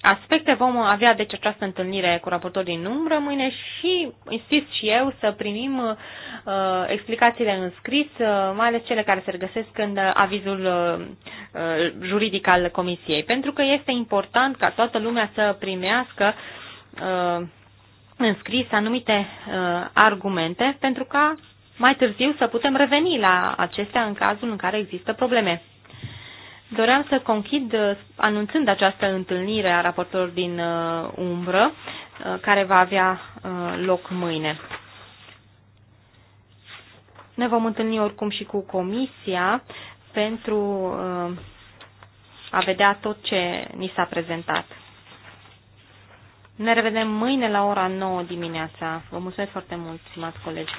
aspecte vom avea deci această întâlnire cu raportorii din umbră mâine și insist și eu să primim uh, explicațiile în scris, uh, mai ales cele care se regăsesc în uh, avizul uh, uh, juridic al comisiei, pentru că este important ca toată lumea să primească uh, în scris anumite uh, argumente pentru ca mai târziu să putem reveni la acestea în cazul în care există probleme. Doream să conchid uh, anunțând această întâlnire a raportorilor din uh, umbră, uh, care va avea loc mâine. Ne vom întâlni oricum și cu comisia pentru a vedea tot ce ni s-a prezentat. Ne revedem mâine la ora 9 dimineața. Vă mulțumesc foarte mult, stimați colegi.